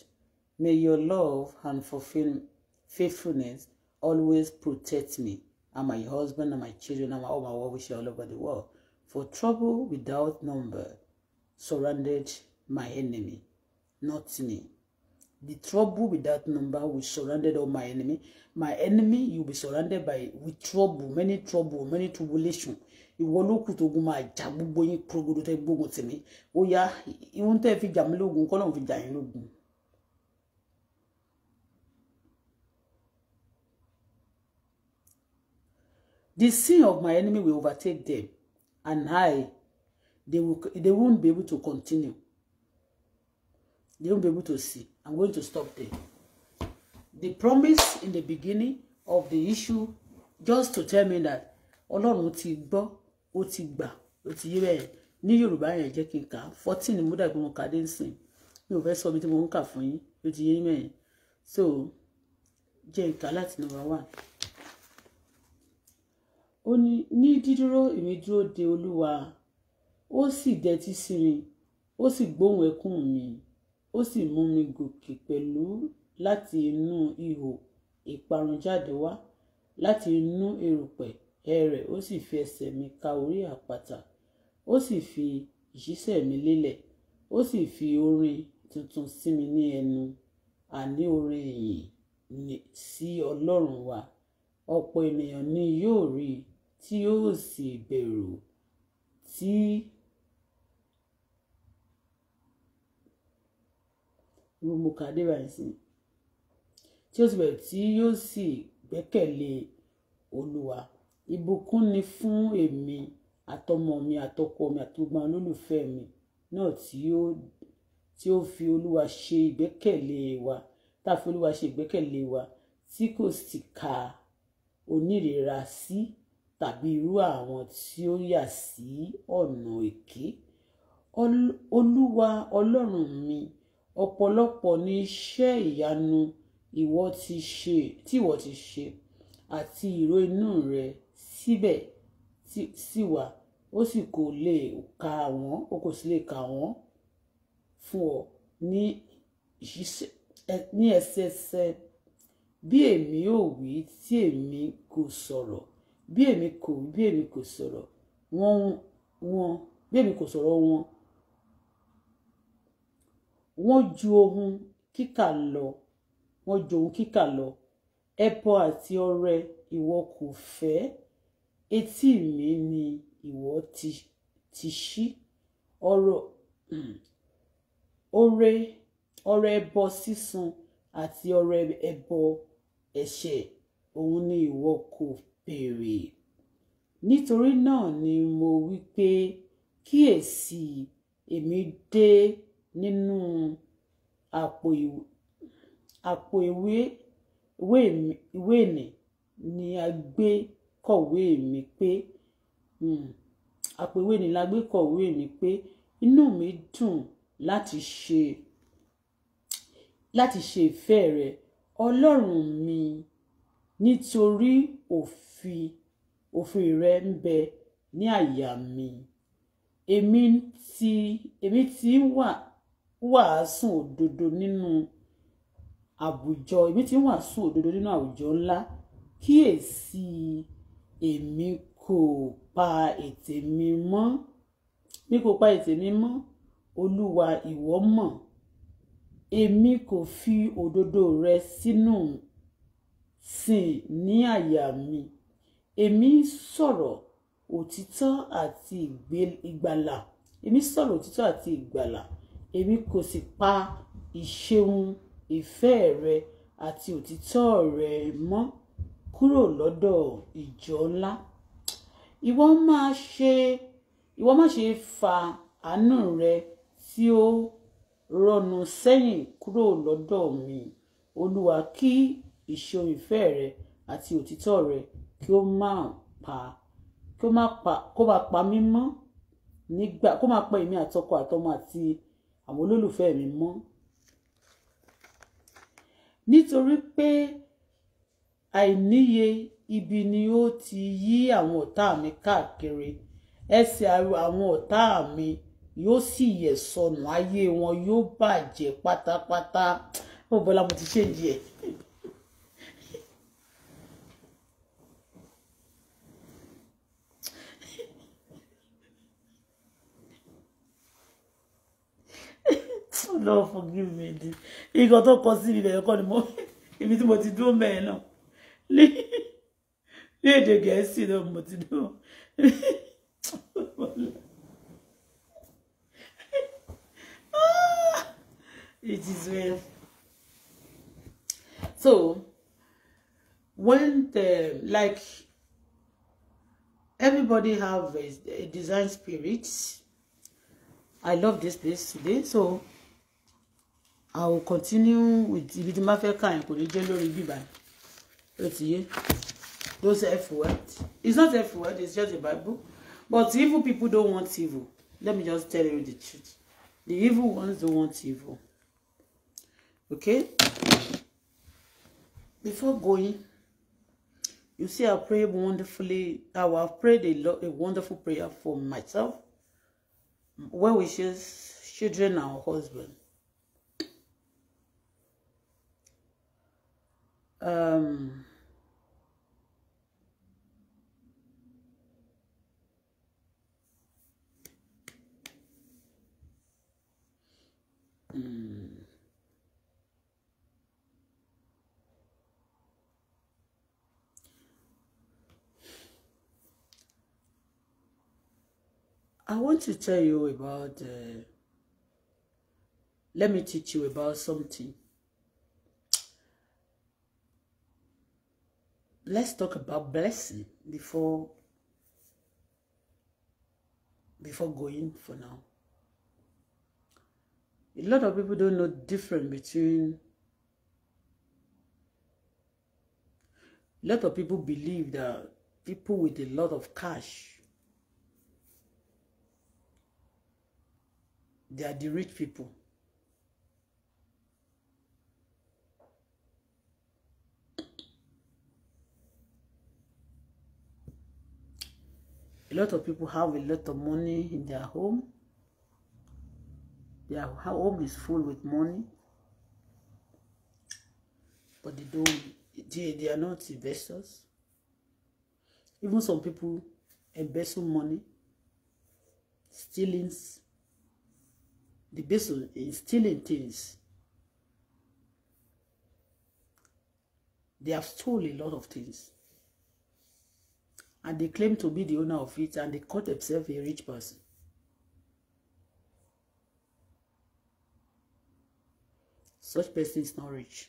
May your love and fulfill faithfulness always protect me and my husband and my children and my all my well-wishers all over the world. For trouble without number surrounded my enemy, not me. The trouble without number will surrounded all my enemy. My enemy, you'll be surrounded by with trouble, many trouble, many tribulation. Ìwọ ló kù tógun máa jà gbogbo yín kúrògbòdò tẹ́ gbógun tèmi. Ó yá, ìwọ́n tẹ́ fi jà mí lógun, kọ́lọ́run fi jà yín lógun. The sin of my enemy will overtake them, and I, they, will, they won't be able to continue. They won't be able to see. I'm going to stop there. The promise in the beginning of the issue, just to tell me that Ọlọ́run ti gbọ́, ó ti gbà, ó ti yé bẹ́ẹ̀. Ní Yorùbá yẹn jẹ́ kí n kà á. Fourteen ni mo dàgbé mo kà dé nsìn. Mi ò fẹ́ sọ ibi tí mo ń kà fún yín, ti yé mẹ́yìn. So, jẹ́ n kà number one ó ní ní dídúró èmi dúró de olúwa ó sì dẹ́tí sí mi ó sì gbóhùn ẹkún mi ó sì mú mi gòkè pẹ̀lú láti inú ihò ìparun jáde wá láti inú erùpẹ̀ ẹrẹ̀ ó sì fi ẹsẹ̀ mi ka orí àpáta ó sì fi ìṣísẹ̀ mi lélẹ̀ ó sì fi orin tuntun sí mi ní ẹnu àní orin ìyìn sí ọlọ́run wa ọ̀pọ̀ ènìyàn ni yóò rí i tí ó sì bẹ̀rù tí mo kà dé báyìí sí tí ó sì bẹ̀rù tí yóò sì gbẹ́kẹ̀lé olúwa ìbùkún ni fún èmi àtọmọ mi àtọkọ mi àtọgbọn olólùfẹ́ mi náà tí ó tí ó fi olúwa ṣe ìgbẹ́kẹ̀lé wa tá a fi olúwa ṣe ìgbẹ́kẹ̀lé wa tí kò sì ka onírera sí. Si tàbí irú àwọn tí ó yà sí ọ̀nà èké olúwa ọlọ́run mi ọ̀pọ̀lọpọ̀ ni iṣẹ́ ìyanu ìwọ ti ṣe tí ìwọ ti ṣe àti ìró inú rẹ síbẹ̀ sì wà ó sì kò lè kà wọ́n ó kò sì lè kà wọ́n fún ọ ní ẹsẹẹsẹ bí èmi ò wí tí èmi kò sọ̀rọ̀ bí èmi kò bí èmi kò sọ̀rọ̀ wọ́n wọ́n bí èmi kò sọ̀rọ̀ wọ́n wọ́n ju ohun kíkà lọ wọ́n ju ohun kíkà lọ ẹ̀pọ̀ àti ọrẹ ìwọ kò fẹ́ etí mi ni ìwọ ti ti ṣí ọ̀rọ̀ hmm, ọrẹ ọrẹ ẹbọ sísun àti ọrẹ ẹbọ ẹ̀ṣẹ̀ òun ni ìwọ kò béèrè nítorí náà ni mo wí pé kíyèsí èmi dé nínú àpò ìwé ìwé ni ni a gbé kọ̀wé mi pé hmm, àpò ìwé ni la gbé kọ̀wé mi pé inú mi dùn láti ṣe láti ṣe ìfẹ́ rẹ ọlọ́run mi nítorí òfin òfin rẹ ń bẹ ní àyà mi èmi ti èmi ti wà wàásù òdodo nínú àwùjọ èmi ti ń wàásù òdodo nínú àwùjọ ńlá kíyèsí èmi kò pa ètè mi mọ́ mi kò pa ètè mi mọ́ olúwa ìwọ mọ̀ èmi kò fi òdodo rẹ sínú sì ní àyà mi èmi sọ̀rọ̀ òtítọ́ àti ìgbàlà èmi sọ̀rọ̀ òtítọ́ àti ìgbàlà èmi kò sì pa ìṣeun ìfẹ́ rẹ àti òtítọ́ rẹ mọ́ kúrò lọ́dọ̀ ìjọ ńlá ìwọ máa ṣe fa àánú rẹ tí ó rọnu sẹ́yìn kúrò lọ́dọ̀ mi olúwa kí ìṣeun ìfẹ́ rẹ àti òtítọ́ rẹ kí ó máa pa kí ó máa pa kó máa pa mí mọ́ nígbà kó máa pa èmi àtọkọ àtọmọ àti àwọn olólùfẹ́ mi mọ́ nítorí pé àìníye ibi ni ó ti yí àwọn ọ̀tá mi káàkiri ẹsẹ̀ àwọn ọ̀tá mi yóò sì yẹ̀ sọnù ayé wọn yóò bàjẹ́ pátápátá ó bọ́lá mo ti ṣèǹjì ẹ̀. oh Lord forgive me He got tó kọ sí ibẹ̀ ẹ̀kọ́ ni mo ibi tí mo man, no. mẹ́rin náà ní èdè gẹ̀ẹ́sì náà mo ti it is well so when the like everybody have a, a design spirit I love this place today so. I will continue with ibi tí n bá fẹ́ kà yẹn kò ní jẹ́ lórí bíbá ó ti yé those f words it's not f word it's just a bible but evil people don't want evil let me just tell you the truth the evil ones don't want evil okay before going you see I pray wonderfully I will pray a, a wonderful prayer for myself well wishes children and husband Um, hmm. I want to tell you about, uh, let me teach you about something. let's talk about blessing before before going for now. A lot of people don't know different between a lot of people believe that people with a lot of cash they are the rich people A lot of people have a lot of money in their home. Their home is full with money. But they don't, they, they are not investors. Even some people embezzle money, stealings. The base in stealing things. They have stole a lot of things and they claim to be the owner of it and they call themselves a rich person. Such person is not rich.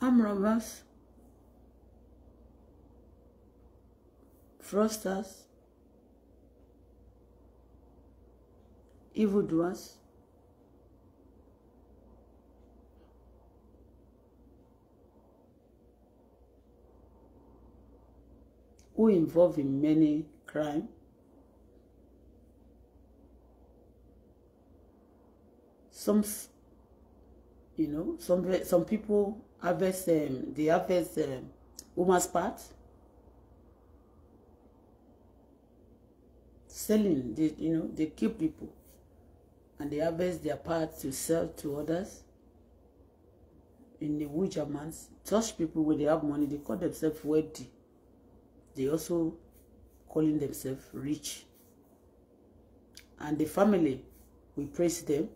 arm fraudsters, evildoers, who involved in many crime, some you know some some people harvest um, the harvest um, woman's part selling they you know they kill people and they harvest their part to sell to others in the huge amounts such people when they have money they call themselves wealthy they also calling themselves rich and the family we praise them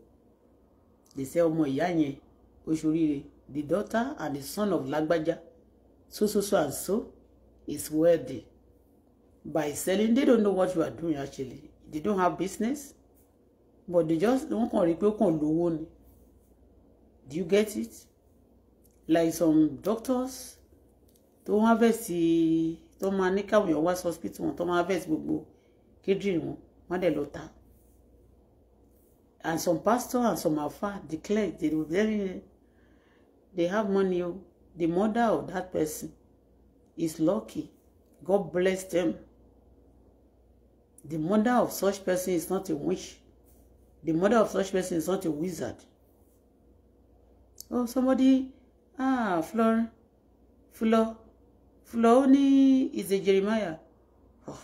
they say ọmọ ìyá yẹn ó the daughter and the son of Lagbaja, so, so, so, and so, is worthy. By selling, they don't know what you are doing actually. They don't have business, but they just don't want to pé ó kàn lówó Do you get it? Like some doctors don't have a see, don't ní káwọn your wá sí hospital don't have a harvest gbogbo kidney wọn wọ́n dẹ̀ lọ ta. And some pastor and some alfa declare they were very they have money. Oh. The mother of that person is lucky. God bless them. The mother of such person is not a witch. The mother of such person is not a wizard. Oh, somebody, ah, Flor, Flor, Floroni is a Jeremiah. Oh.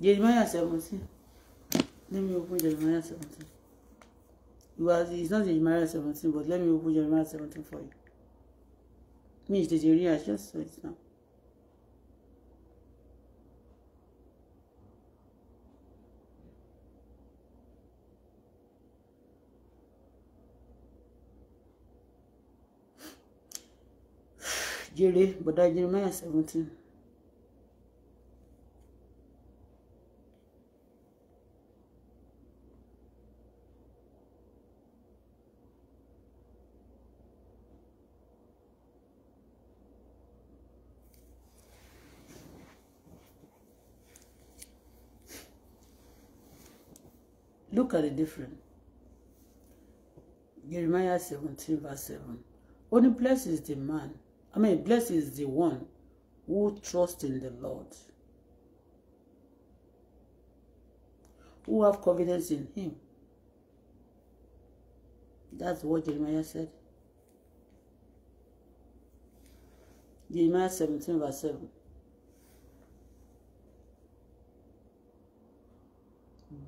Jeremiah 17. Let me open Jeremiah 17. Was it's not the Jeremiah seventeen but let me open Jeremiah seventeen for you me it's the Jeremiah just so it's now. Jerry, but I Jeremiah seventeen. Look at the difference. Jeremiah 17, verse 7. Only blessed is the man, I mean, blessed is the one who trusts in the Lord, who have confidence in him. That's what Jeremiah said. Jeremiah 17, verse 7.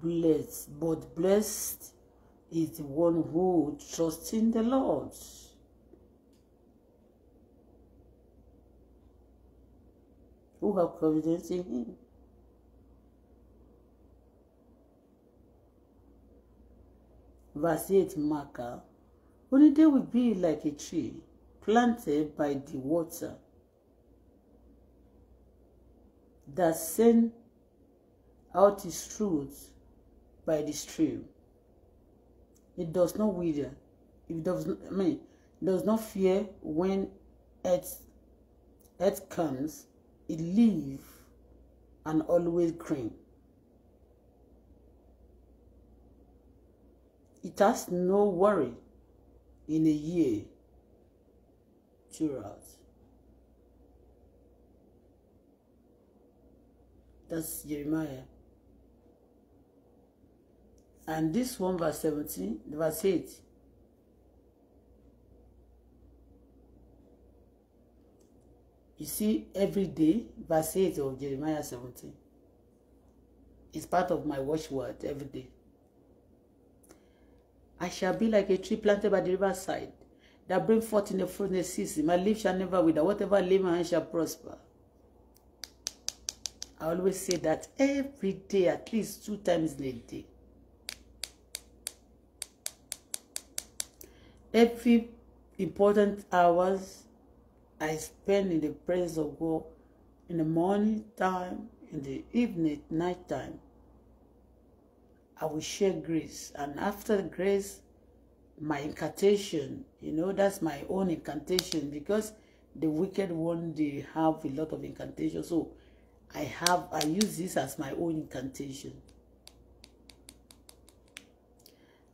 blessed, but blessed is the one who trusts in the Lord. Who have confidence in him. Verse 8 marker, only they will be like a tree planted by the water that sends out its roots by the stream. It does not wither. It does not, I mean, does not fear when earth, earth comes, it live and always green. It has no worry in a year throughout. That's Jeremiah and this one, verse 17, verse 8. You see, every day, verse 8 of Jeremiah 17 is part of my watchword every day. I shall be like a tree planted by the riverside that bring forth in the fullness season. My leaf shall never wither. Whatever I lay my hand shall prosper. I always say that every day, at least two times in a day. Every important hours I spend in the presence of God in the morning time, in the evening, night time. I will share grace. And after grace, my incantation, you know, that's my own incantation because the wicked one, they have a lot of incantation. So I have, I use this as my own incantation.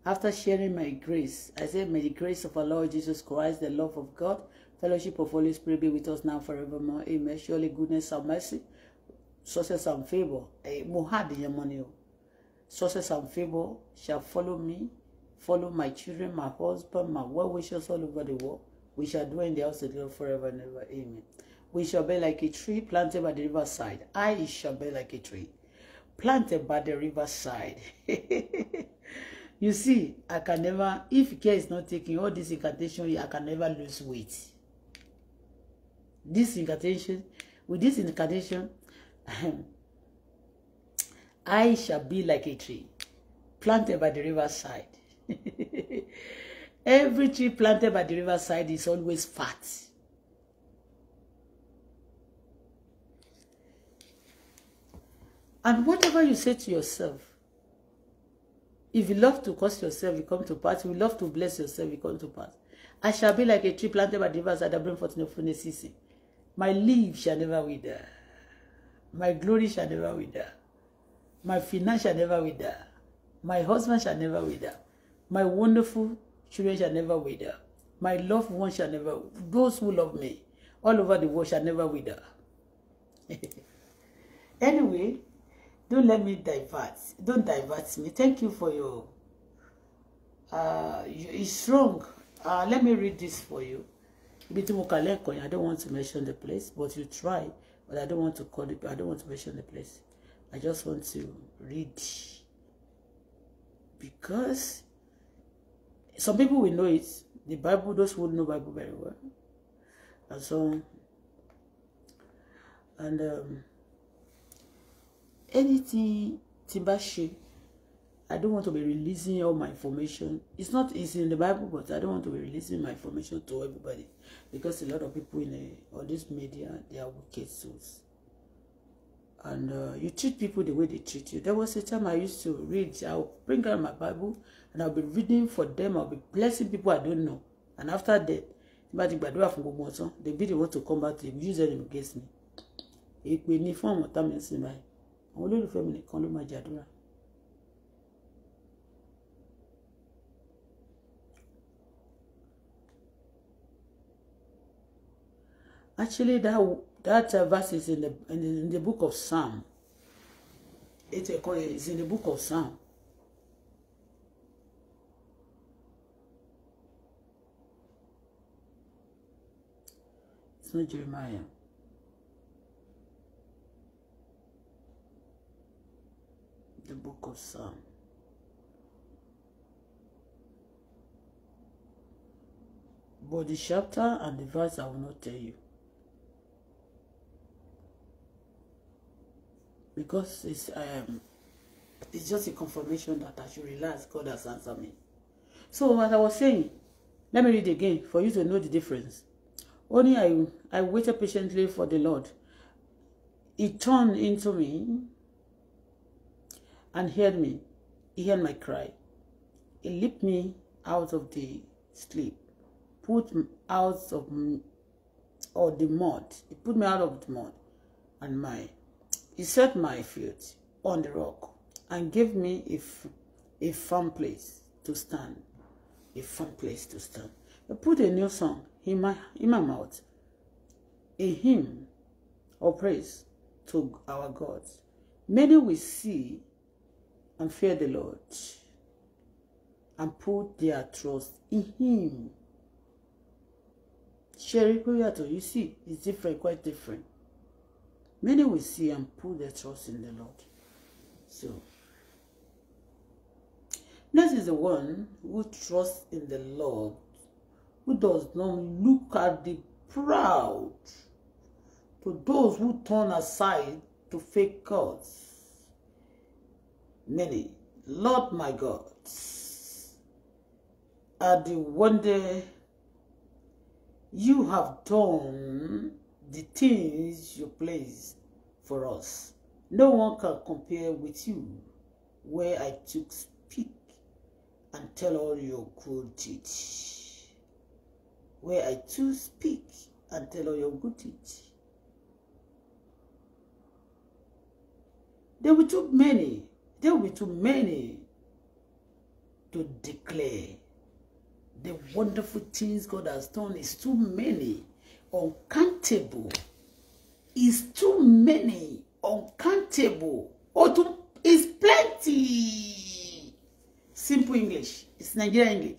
After sharing my grace, I say, May the grace of our Lord Jesus Christ, the love of God, fellowship of Holy Spirit be with us now forevermore. Amen. Surely goodness and mercy, success and favor. Eh, oh. Success and favor shall follow me, follow my children, my husband, my well wishers all over the world. We shall dwell in the house of the Lord forever and ever. Amen. We shall be like a tree planted by the riverside. I shall be like a tree planted by the riverside. You see, I can never, if care is not taking all this incantation, I can never lose weight. This incantation, with this incantation, I shall be like a tree planted by the riverside. Every tree planted by the riverside is always fat. And whatever you say to yourself, If you love to curse yourself, you come to pass. If you love to bless yourself, you come to pass. I shall be like a tree planted by the rivers that bring forth no fullness season. My leaves shall never wither. My glory shall never wither. My finance shall never wither. My husband shall never wither. My wonderful children shall never wither. My loved ones shall never, those who love me all over the world shall never wither. anyway, don't let me divert don't divert me thank you for your uh you, it's wrong uh let me read this for you ibi tí mo i don't want to mention the place but you try but i don't want to call it i don't want to mention the place i just want to read because some people will know it the bible those who know bible very well and so and um anything timba ṣe I don't want to be releasing all my information. It's not it's in the Bible, but I don't want to be releasing my information to everybody because a lot of people in the, eh, all this media they are wicked souls. And uh, you treat people the way they treat you. There was a time I used to read. I'll bring out my Bible and I'll be reading for them. I'll be blessing people I don't know. And after that, nígbà they be the one to come back to use them against me. It will ni form ọ̀mọ̀ta time in my àwọn olólùfẹ́ mi nìkan ló máa jàdúrà. Actually, that that verse is in the, in the in the book of Psalm. It's a, in the book of Psalm. It's not Jeremiah. the book of Psalm. But the chapter and the verse I will not tell you. Because it's um it's just a confirmation that I should realize God has answered me. So as I was saying, let me read again for you to know the difference. Only I I waited patiently for the Lord. He turned into me and heard me. He heard my cry. He lifted me out of the sleep, put me out of or the mud. He put me out of the mud, and my he set my feet on the rock and gave me a, a firm place to stand, a firm place to stand. He put a new song in my in my mouth, a hymn of praise to our God. Many will see and fear the Lord and put their trust in Him. Sharing prayer to you see, it's different, quite different. Many will see and put their trust in the Lord. So, next is the one who trusts in the Lord, who does not look at the proud, to those who turn aside to fake gods Nelly, Lord my God, at the wonder you have done the things you placed for us. No one can compare with you where I took speak and tell all your good deeds. Where I to speak and tell all your good deeds. There were too many there will be too many to declare the wonderful things God has done is too many, uncountable. Is too many, uncountable. Or too, is plenty. Simple English. It's Nigerian English.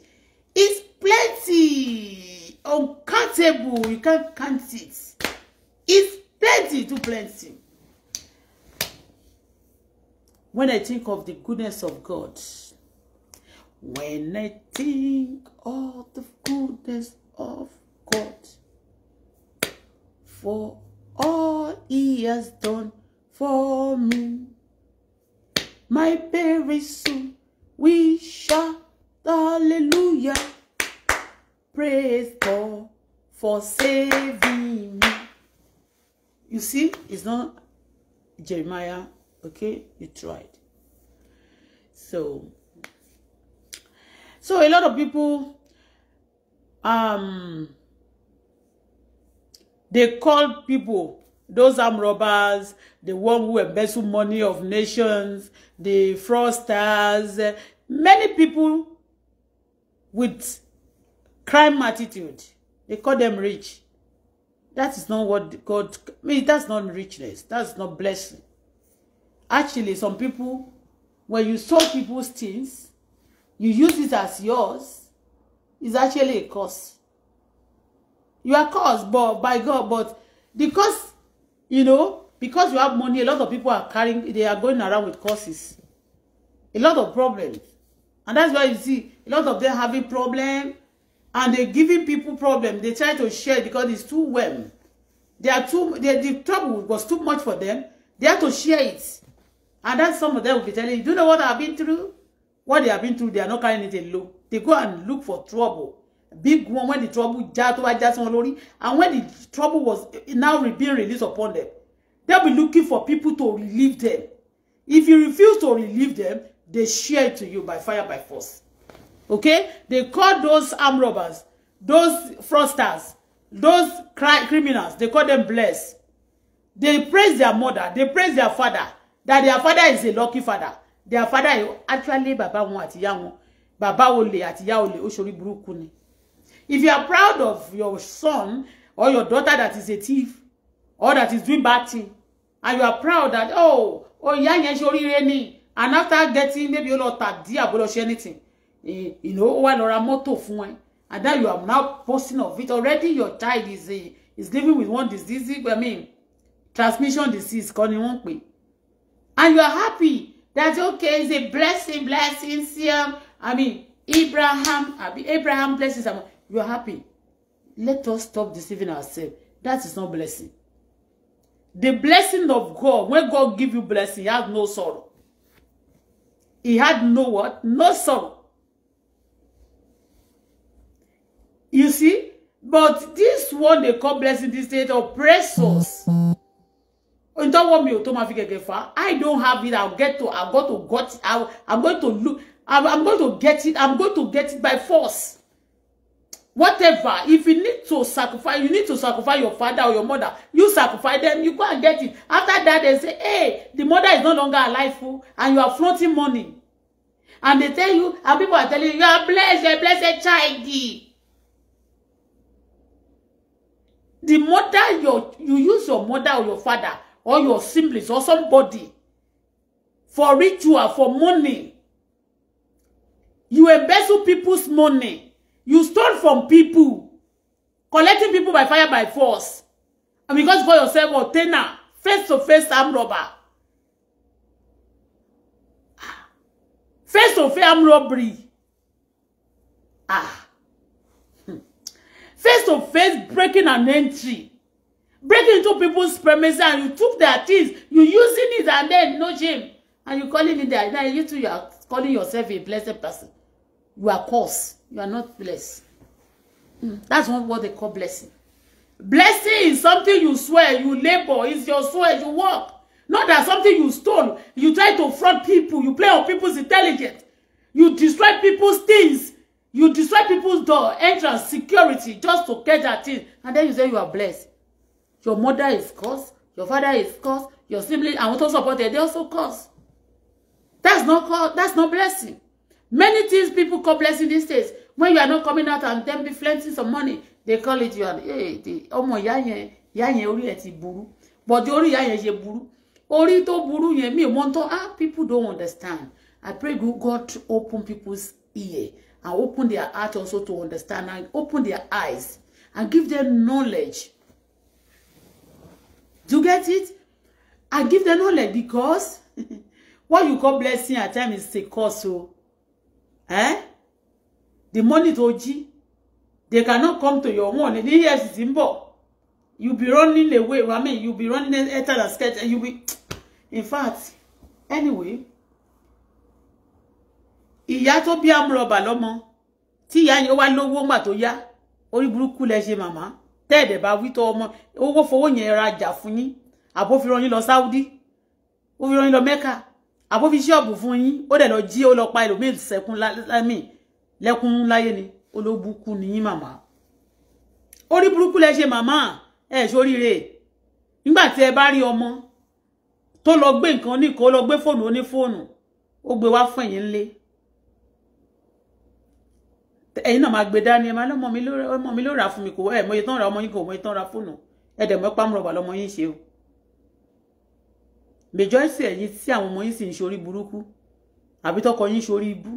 It's plenty, uncountable. You can't count it. It's plenty, too plenty. When I think of the goodness of God, when I think of the goodness of God, for all he has done for me, my very soul we shout hallelujah, praise God for saving me. You see, it's not Jeremiah okay you tried so so a lot of people um they call people those armed robbers the one who embezzle money of nations the fraudsters many people with crime attitude they call them rich that is not what God I mean that's not richness that's not blessing actually some people when you sold people's things you use it as yours is actually a curse you are cursed but by God but the curse you know because you have money a lot of people are carrying they are going around with curses a lot of problems and that's why you see a lot of them having problem and they giving people problem they try to share because it's too well they are too they, the trouble was too much for them they had to share it And then some of them will be telling you, do you know what I've been through? What they have been through, they are not carrying it alone. They go and look for trouble. Big one when the trouble já tó bá já sí And when the trouble was now being released upon them, they'll be looking for people to relieve them. If you refuse to relieve them, they share it to you by fire, by force. Okay? They call those arm robbers, those fraudsters, those criminals, they call them blessed. They praise their mother, they praise their father that their father is a lucky father their father actually bàbá wọn àti ìyá wọn bàbá olè àti ìyá olè ó ṣorí burúkú ni if you are proud of your son or your daughter that is a thief or that is doing bad thing and you are proud that oh oh ìyá yẹn ṣoríire ni and after getting maybe ó lọ tà dí àbó lọ anything eh, you know ó wá lọ ra mọ́tò fún ẹ and then you are now posting of it already your child is a, eh, is living with one disease i mean transmission disease kọ́ ni wọ́n and you are happy that okay it's a blessing blessing Siam I mean Abraham Abraham blesses. Siam you are happy let us stop deceiving ourselves that is not blessing the blessing of God when God give you blessing he has no sorrow he had no what no sorrow you see but this one they call blessing this state oppressors. Mm -hmm. Oh, don't want me tó máa fi gẹ̀gẹ̀ fà I i don't have it i'll get to i'll go to got i i'm going to look i'm i'm going to get it i'm going to get it by force whatever if you need to sacrifice you need to sacrifice your father or your mother you sacrifice them you go and get it after that they say hey the mother is no longer alive fool." Oh, and you are flaunting money and they tell you and people are telling you you are blessed you are blessed child. The mother your you use your mother or your father or your siblings or somebody for ritual, for money. You embezzle people's money. You stole from people, collecting people by fire by force. And because you call yourself tenor, face-to-face arm robber. Face-to-face ah. arm robbery. Ah. Face-to-face hmm. breaking an entry. Break into people's premises and you took their things, you using it and then no shame. And you calling it that. Now you too, you are calling yourself a blessed person. You are cursed. You are not blessed. Mm. That's not what they call blessing. Blessing is something you swear, you labor, it's your swear, you work. Not that something you stole, you try to fraud people, you play on people's intelligence, you destroy people's things, you destroy people's door, entrance, security, just to get that thing, and then you say you are blessed your mother is cursed your father is cursed your sibling and tó support ẹ they also curse that's not cause. that's not blessing many things people call blessing these days when you are not coming out and then be flirting some money they call it your hey the ọmọ yanye yanye ori eti buru, but the ori yanye yẹn buru. Ori to buru burú yẹn mi ah people don't understand I pray God to open people's ear and open their heart also to understand and open their eyes and give them knowledge Do you get it? I give them knowledge because what you call blessing at time is a curse. So, oh. eh? The money to og. they cannot come to your own. The years is in You be running away. I mean, you be running after the sketch. You be, in fact, anyway. Ìyá tó bí amúrọ̀bà lọ́mọ tí ìyá yẹn wá lówó ńgbà tó yá orí burúkú lẹ ṣe màmá tẹ́ẹ̀dẹ̀ bá wí tó ọmọ owó fowó yẹn rajà fún yín àbó fi rán yín lọ Saudi ó fi rán yín lọ Mẹ́kà àbó fi ṣọ́ọ̀bù fún yín ó dẹ̀ lọ jí ó lọ pa ẹlòmíì sẹ́kún lámì lẹ́kún láyé ni olóbùkún ni yín màmá orí burúkú lẹ ṣe màmá ẹ ṣoríire nígbà tí ẹ bá rí ọmọ tó lọ gbé nǹkan oníkan ó lọ gbé fóònù onífóònù ó gbé wá fún ẹ̀yin ńlé ẹ̀yin náà máa gbé dání ẹ máa lọ́mọ mi lọ́mọ mi ló rà fún mi kò ẹ̀ mọye tán ra ọmọ yín kò mọye tán ra fóònù ẹ dẹ̀ mọ́ pàmùrọ̀bà lọ́mọ yín ṣe o majority ẹ̀yin tí àwọn ọmọ yín sì ń ṣorí burúkú àbí tọkọ yín ṣorí ibú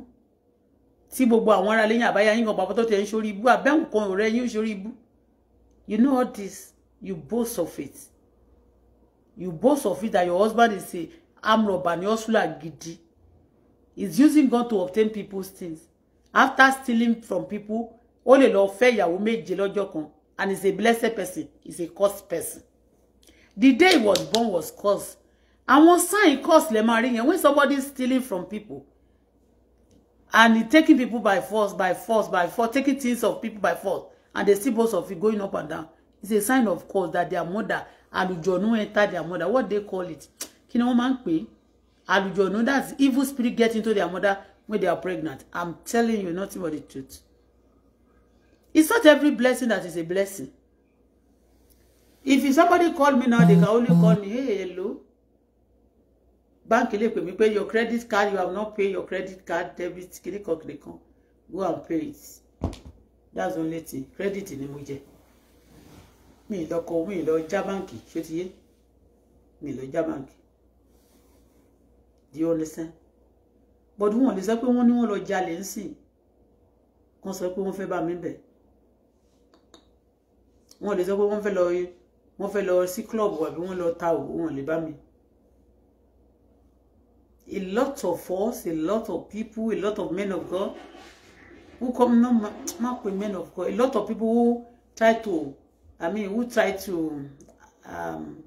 tí gbogbo àwọn ará lẹ́yìn àbáyá yín kan bàbá ń ṣorí ibú àbẹ́hùn kan ọ̀rẹ́ yín ṣorí ibú you know all this you boast of it you boast of it that your husband is a armed robber ni hustler gidi is using gun to obtain people's things after stealing from people ó lè lọ fẹ́ ìyàwó méje lọ́jọ́ kan and is a blessed person Is a cursed person the day he was born was cursed àwọn sign Cursed lè máa rí yẹn when somebody stealing from people and taking people by force by force by force taking things of people by force and they see both of it going up and down it's a sign of curse that their mother alujonu enter their mother what they call it kí ni wọ́n máa ń that's evil spirit get into their mother when they are pregnant. I'm telling you nothing but the truth. It's not every blessing that is a blessing. If somebody called me now, they can only call me, hey, hello. Bank ilé pè mí your credit card, you have not paid your credit card, debit, kìnìkan kìnìkan. Go and pay it. That's the only thing. Credit ni mo jẹ. Mi me. kọ, mi lọ já báǹkì, ṣé ti yé? Mi lọ já báǹkì. Do you understand? bọ́dú wọn lè sọ pé wọ́n ní wọ́n lọ jalè ń sìn wọ́n sọ pé wọ́n fẹ́ bá mi bẹ̀ wọ́n lè sọ pé wọ́n fẹ́ lọ wọ́n fẹ́ lọ sí club àbí wọ́n lọ ta òwò wọn lè bá mi. A lot of us, a lot of people, a lot of men of God who come no ma pe men of God, a lot of people who try to, I mean, who try to um,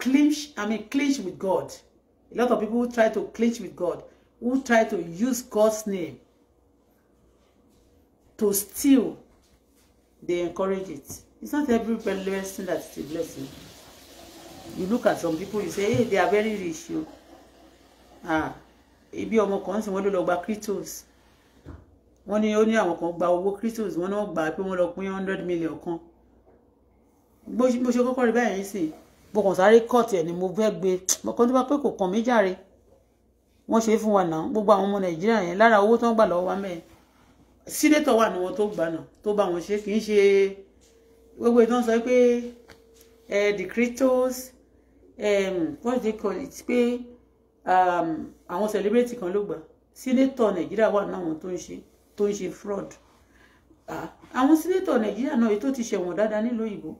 clinch, I mean, clinch with God. A lot of people who try to clinch with God, who try to use God's name to steal, they encourage it. It's not every blessing that's a blessing. You look at some people, you say, hey, they are very rich. You. Ah, ibi omo kan sì wọ́n ló lọ gba cryptos. Wọ́n ní ó ní àwọn kan gba owó cryptos, wọ́n náà gbà pé wọ́n lọ pín hundred million kan. Bó ṣe kọ́kọ́ rí báyìí sìn mo kàn sáré kọ́ọ̀tì ẹ̀ ni mo fẹ́ gbé mo kàn tó bá pé kò kàn mí jàre wọ́n ṣe é fún wa náà gbogbo àwọn ọmọ nàìjíríà yẹn lára owó tó ń gbà lọ́wọ́ wa mẹ́rin sínétọ̀ wà ní wọn tó gbà náà tó bá wọn ṣe kì í ṣe gbogbo ìtàn sọ pé the cryptos what do they call it pé um, àwọn celebrity kan ló gbà sínétọ̀ nàìjíríà wà náà wọn tó ń ṣe tó ń ṣe fraud àwọn sínétọ̀ nàìjíríà náà èyí tó ti ṣẹ̀wọ̀n dáadáa nílùú òyìnbó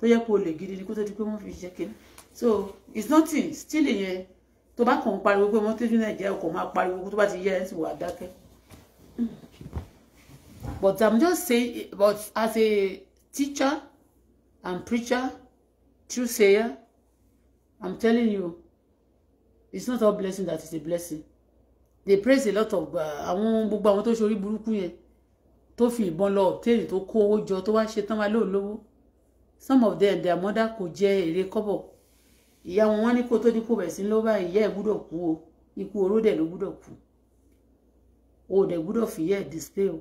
tó yẹ kó lè gidi ni kó tó di pé wọ́n fi ṣiṣẹ́ kí so it's nothing still yẹn tó bá kàn ń pariwo pé wọ́n tẹ́jú nàìjíríà ọkọ̀ máa pariwo tó bá ti yẹ ẹ̀ sì wà dákẹ́ but i'm just saying but as a teacher and preacher true sayer i'm telling you it's not all blessing that is a blessing they praise a lot of uh, àwọn gbogbo àwọn tó ṣorí burúkú yẹn tó fi ìbọn lọ obtain tó kó owó jọ tó wá ṣe tán wá lóòlówó some of them their mother kò jẹ èrè kọ́bọ̀ ìyá wọn wọ́n ní kó tó dípò bẹ̀ sí ló báyìí ìyá ẹ̀ gbúdọ̀ kú o ikú oró dẹ̀ ló gbúdọ̀ kú o dẹ̀ gbúdọ̀ fìyẹ́ ẹ̀ display o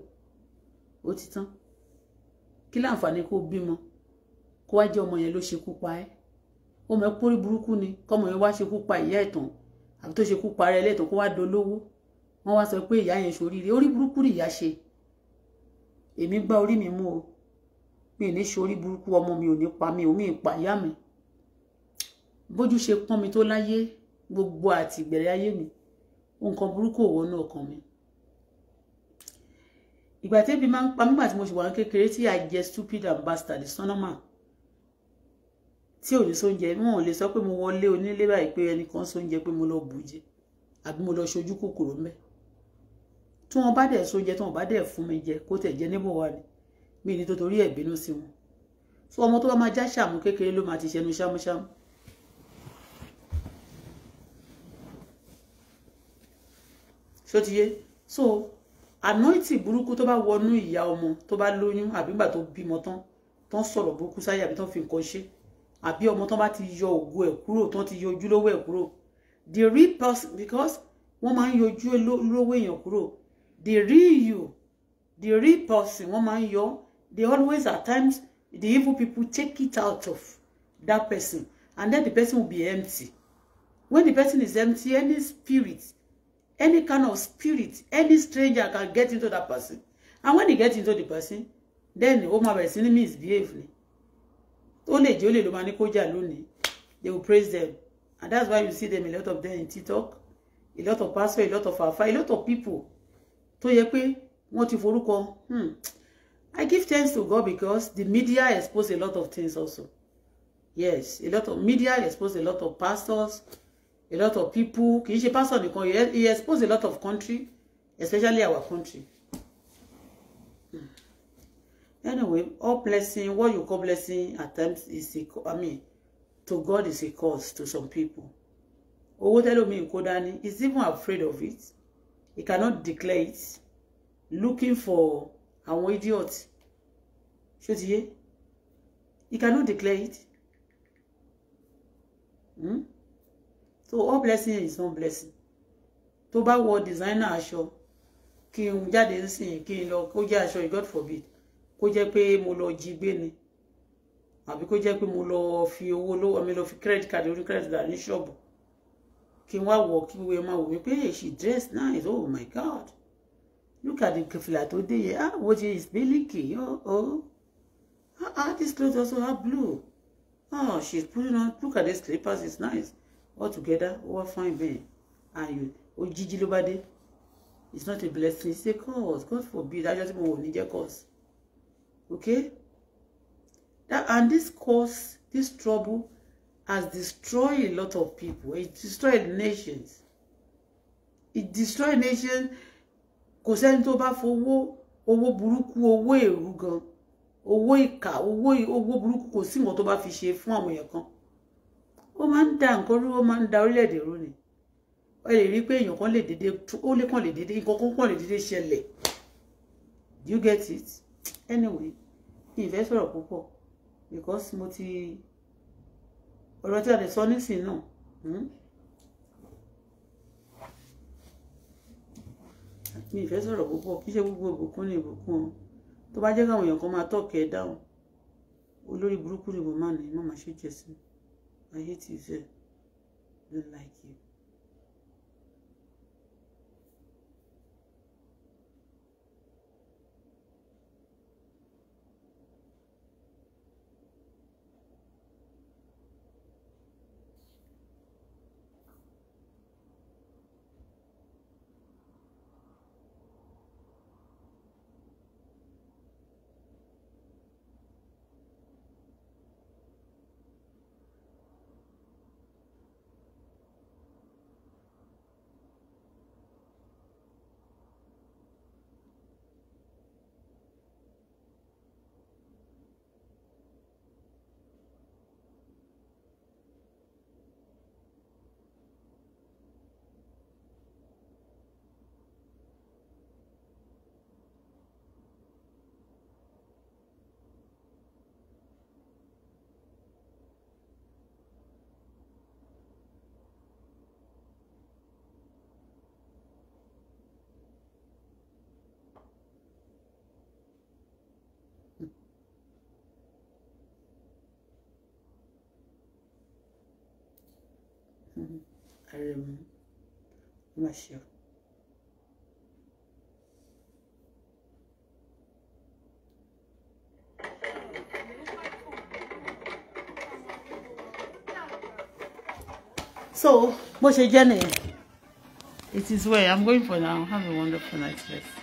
ó ti tán kí láǹfààní kó bímọ kó wá jẹ́ ọmọ yẹn ló ṣekú pa ẹ́ ó mọ̀ ẹ́ pórí burúkú ni kọ́mọ yẹn wá ṣekú pa ìyá ẹ̀ àbí tó ṣekú pa ara ẹ̀ lẹ́tọ̀ọ́ kó wá dolówó wọ́n wá sọ pé ìyá yẹn ṣoríire orí burúkú ni ìyá ṣe èmi gbá orí mi mú o mi ò ní ṣorí burúkú ọmọ mi ò ní pa mi omi ìpàyà mi bójú ṣe pọ́n mi tó láyé gbogbo àti ìgbẹ̀rẹ̀ ayé mi nǹkan burúkú ò wọnú ọkàn mi ìgbà tẹ́bi máa ń pa nígbà tí mo ṣì wà kékeré tí i jẹ stupid and bastard sọ́nọ́mà tí ò ní sóúnjẹ wọn ò lè sọ pé mo wọlé onílé báyìí pé ẹnìkan sóúnjẹ pé mo lọ bù jẹ àbí mo lọ ṣojú kòkòrò mẹ́ tí wọ́n bá dẹ̀ sóúnjẹ tí wọ́n bá dẹ̀ fún mi jẹ kó tẹ̀ jẹ́ níbò wà ní mi ní tòtórí ẹ̀ bínú sí wọn so ọmọ tó bá máa já ṣàmú kékeré ló máa ti ṣẹnu ṣámúṣámú. ṣótiyé so anointing burúkú tó bá wọnú ìyá ọmọ tó bá lóyún àbí nígbà tó bímọ tán tán sọ̀rọ̀ burúkú sáyé àbí tán fi nǹkan ṣe àbí ọmọ tán bá ti yọ ògo ẹ̀ kúrò tán ti yọ ojúlówó ẹ̀ kúrò the real person because wọ́n máa ń yọ ojúlówó èèyàn kúrò the real you the real person wọ́n máa ń yọ they always at times the evil people take it out of that person and then the person will be empty when the person is empty any spirit any kind of spirit any stranger can get into that person and when he get into the person then ó máa bẹ̀rẹ̀ sí ní misbehave ni ó they will praise them and that's why you see them a lot of them in tiktok a lot of pastor a lot of afa a lot of people tó yẹ pé wọ́n ti hmm, I give thanks to God because the media exposed a lot of things also. Yes, a lot of media exposed a lot of pastors, a lot of people. Kì í he exposed a lot of country, especially our country. Hmm. Anyway, all blessing, what you call blessing attempts is, a, I mean, to God is a cause to some people. Owó tẹ́lómi kó dání is even afraid of it. He cannot declare it, looking for àwọn idiot ṣó ti yé you cannot declare it hmm? so all blessing is one blessing tó bá wọ designer aṣọ kí n jáde nísìnyí kí n lọ kó jẹ́ aṣọ god forbid kó jẹ́ pé mo lọ jí gbé ni àbí kó jẹ́ pé mo lọ fi owó lọ́wọ́ mi lọ fi credit card orí credit card ní ṣọ́ọ̀bù kí n wá wọ̀ kí wọ́n máa wò mí she dress nice oh my god look at the fìlà tó dé yẹn ah wo is milky oh oh ah ah this clothes also have blue oh she's putting on look at the slippers it's nice all together ó wá fine man. And you, oh, bá dé it's not a blessing it's a curse God forbid I just want to need your cause. okay that and this cause, this trouble has destroyed a lot of people it destroyed nations it destroyed nations kò sẹ́ni tó bá fowó owó burúkú owó èrú gan owó ìkà owó owó burúkú kò sí nǹkan tó bá fi ṣe fún àwọn èèyàn kan ó máa ń da nǹkan rú ó máa ń da orílẹ̀-èdè rú ni ẹ lè rí pé èèyàn kan lè dédé ó lè kàn lè dédé nǹkan kan kàn lè dédé ṣẹlẹ̀ do you get it anyway mi ì fẹ́ sọ̀rọ̀ púpọ̀ because mo ti ọ̀rọ̀ tí a lè sọ nísìnyí náà. Hmm? mi ì sọ̀rọ̀ púpọ̀ kí ṣe gbogbo ìbùkún ni ìbùkún o tó bá jẹ́ káwọn èèyàn kan máa tọ̀kẹ́ ẹ dáhùn olórí burúkú ni mo máa ní màmá ṣe jẹ sí i I hate you sir I don't like you. I'm not sure. So, bó ṣe It is where I'm going for now. Have a wonderful night, rest.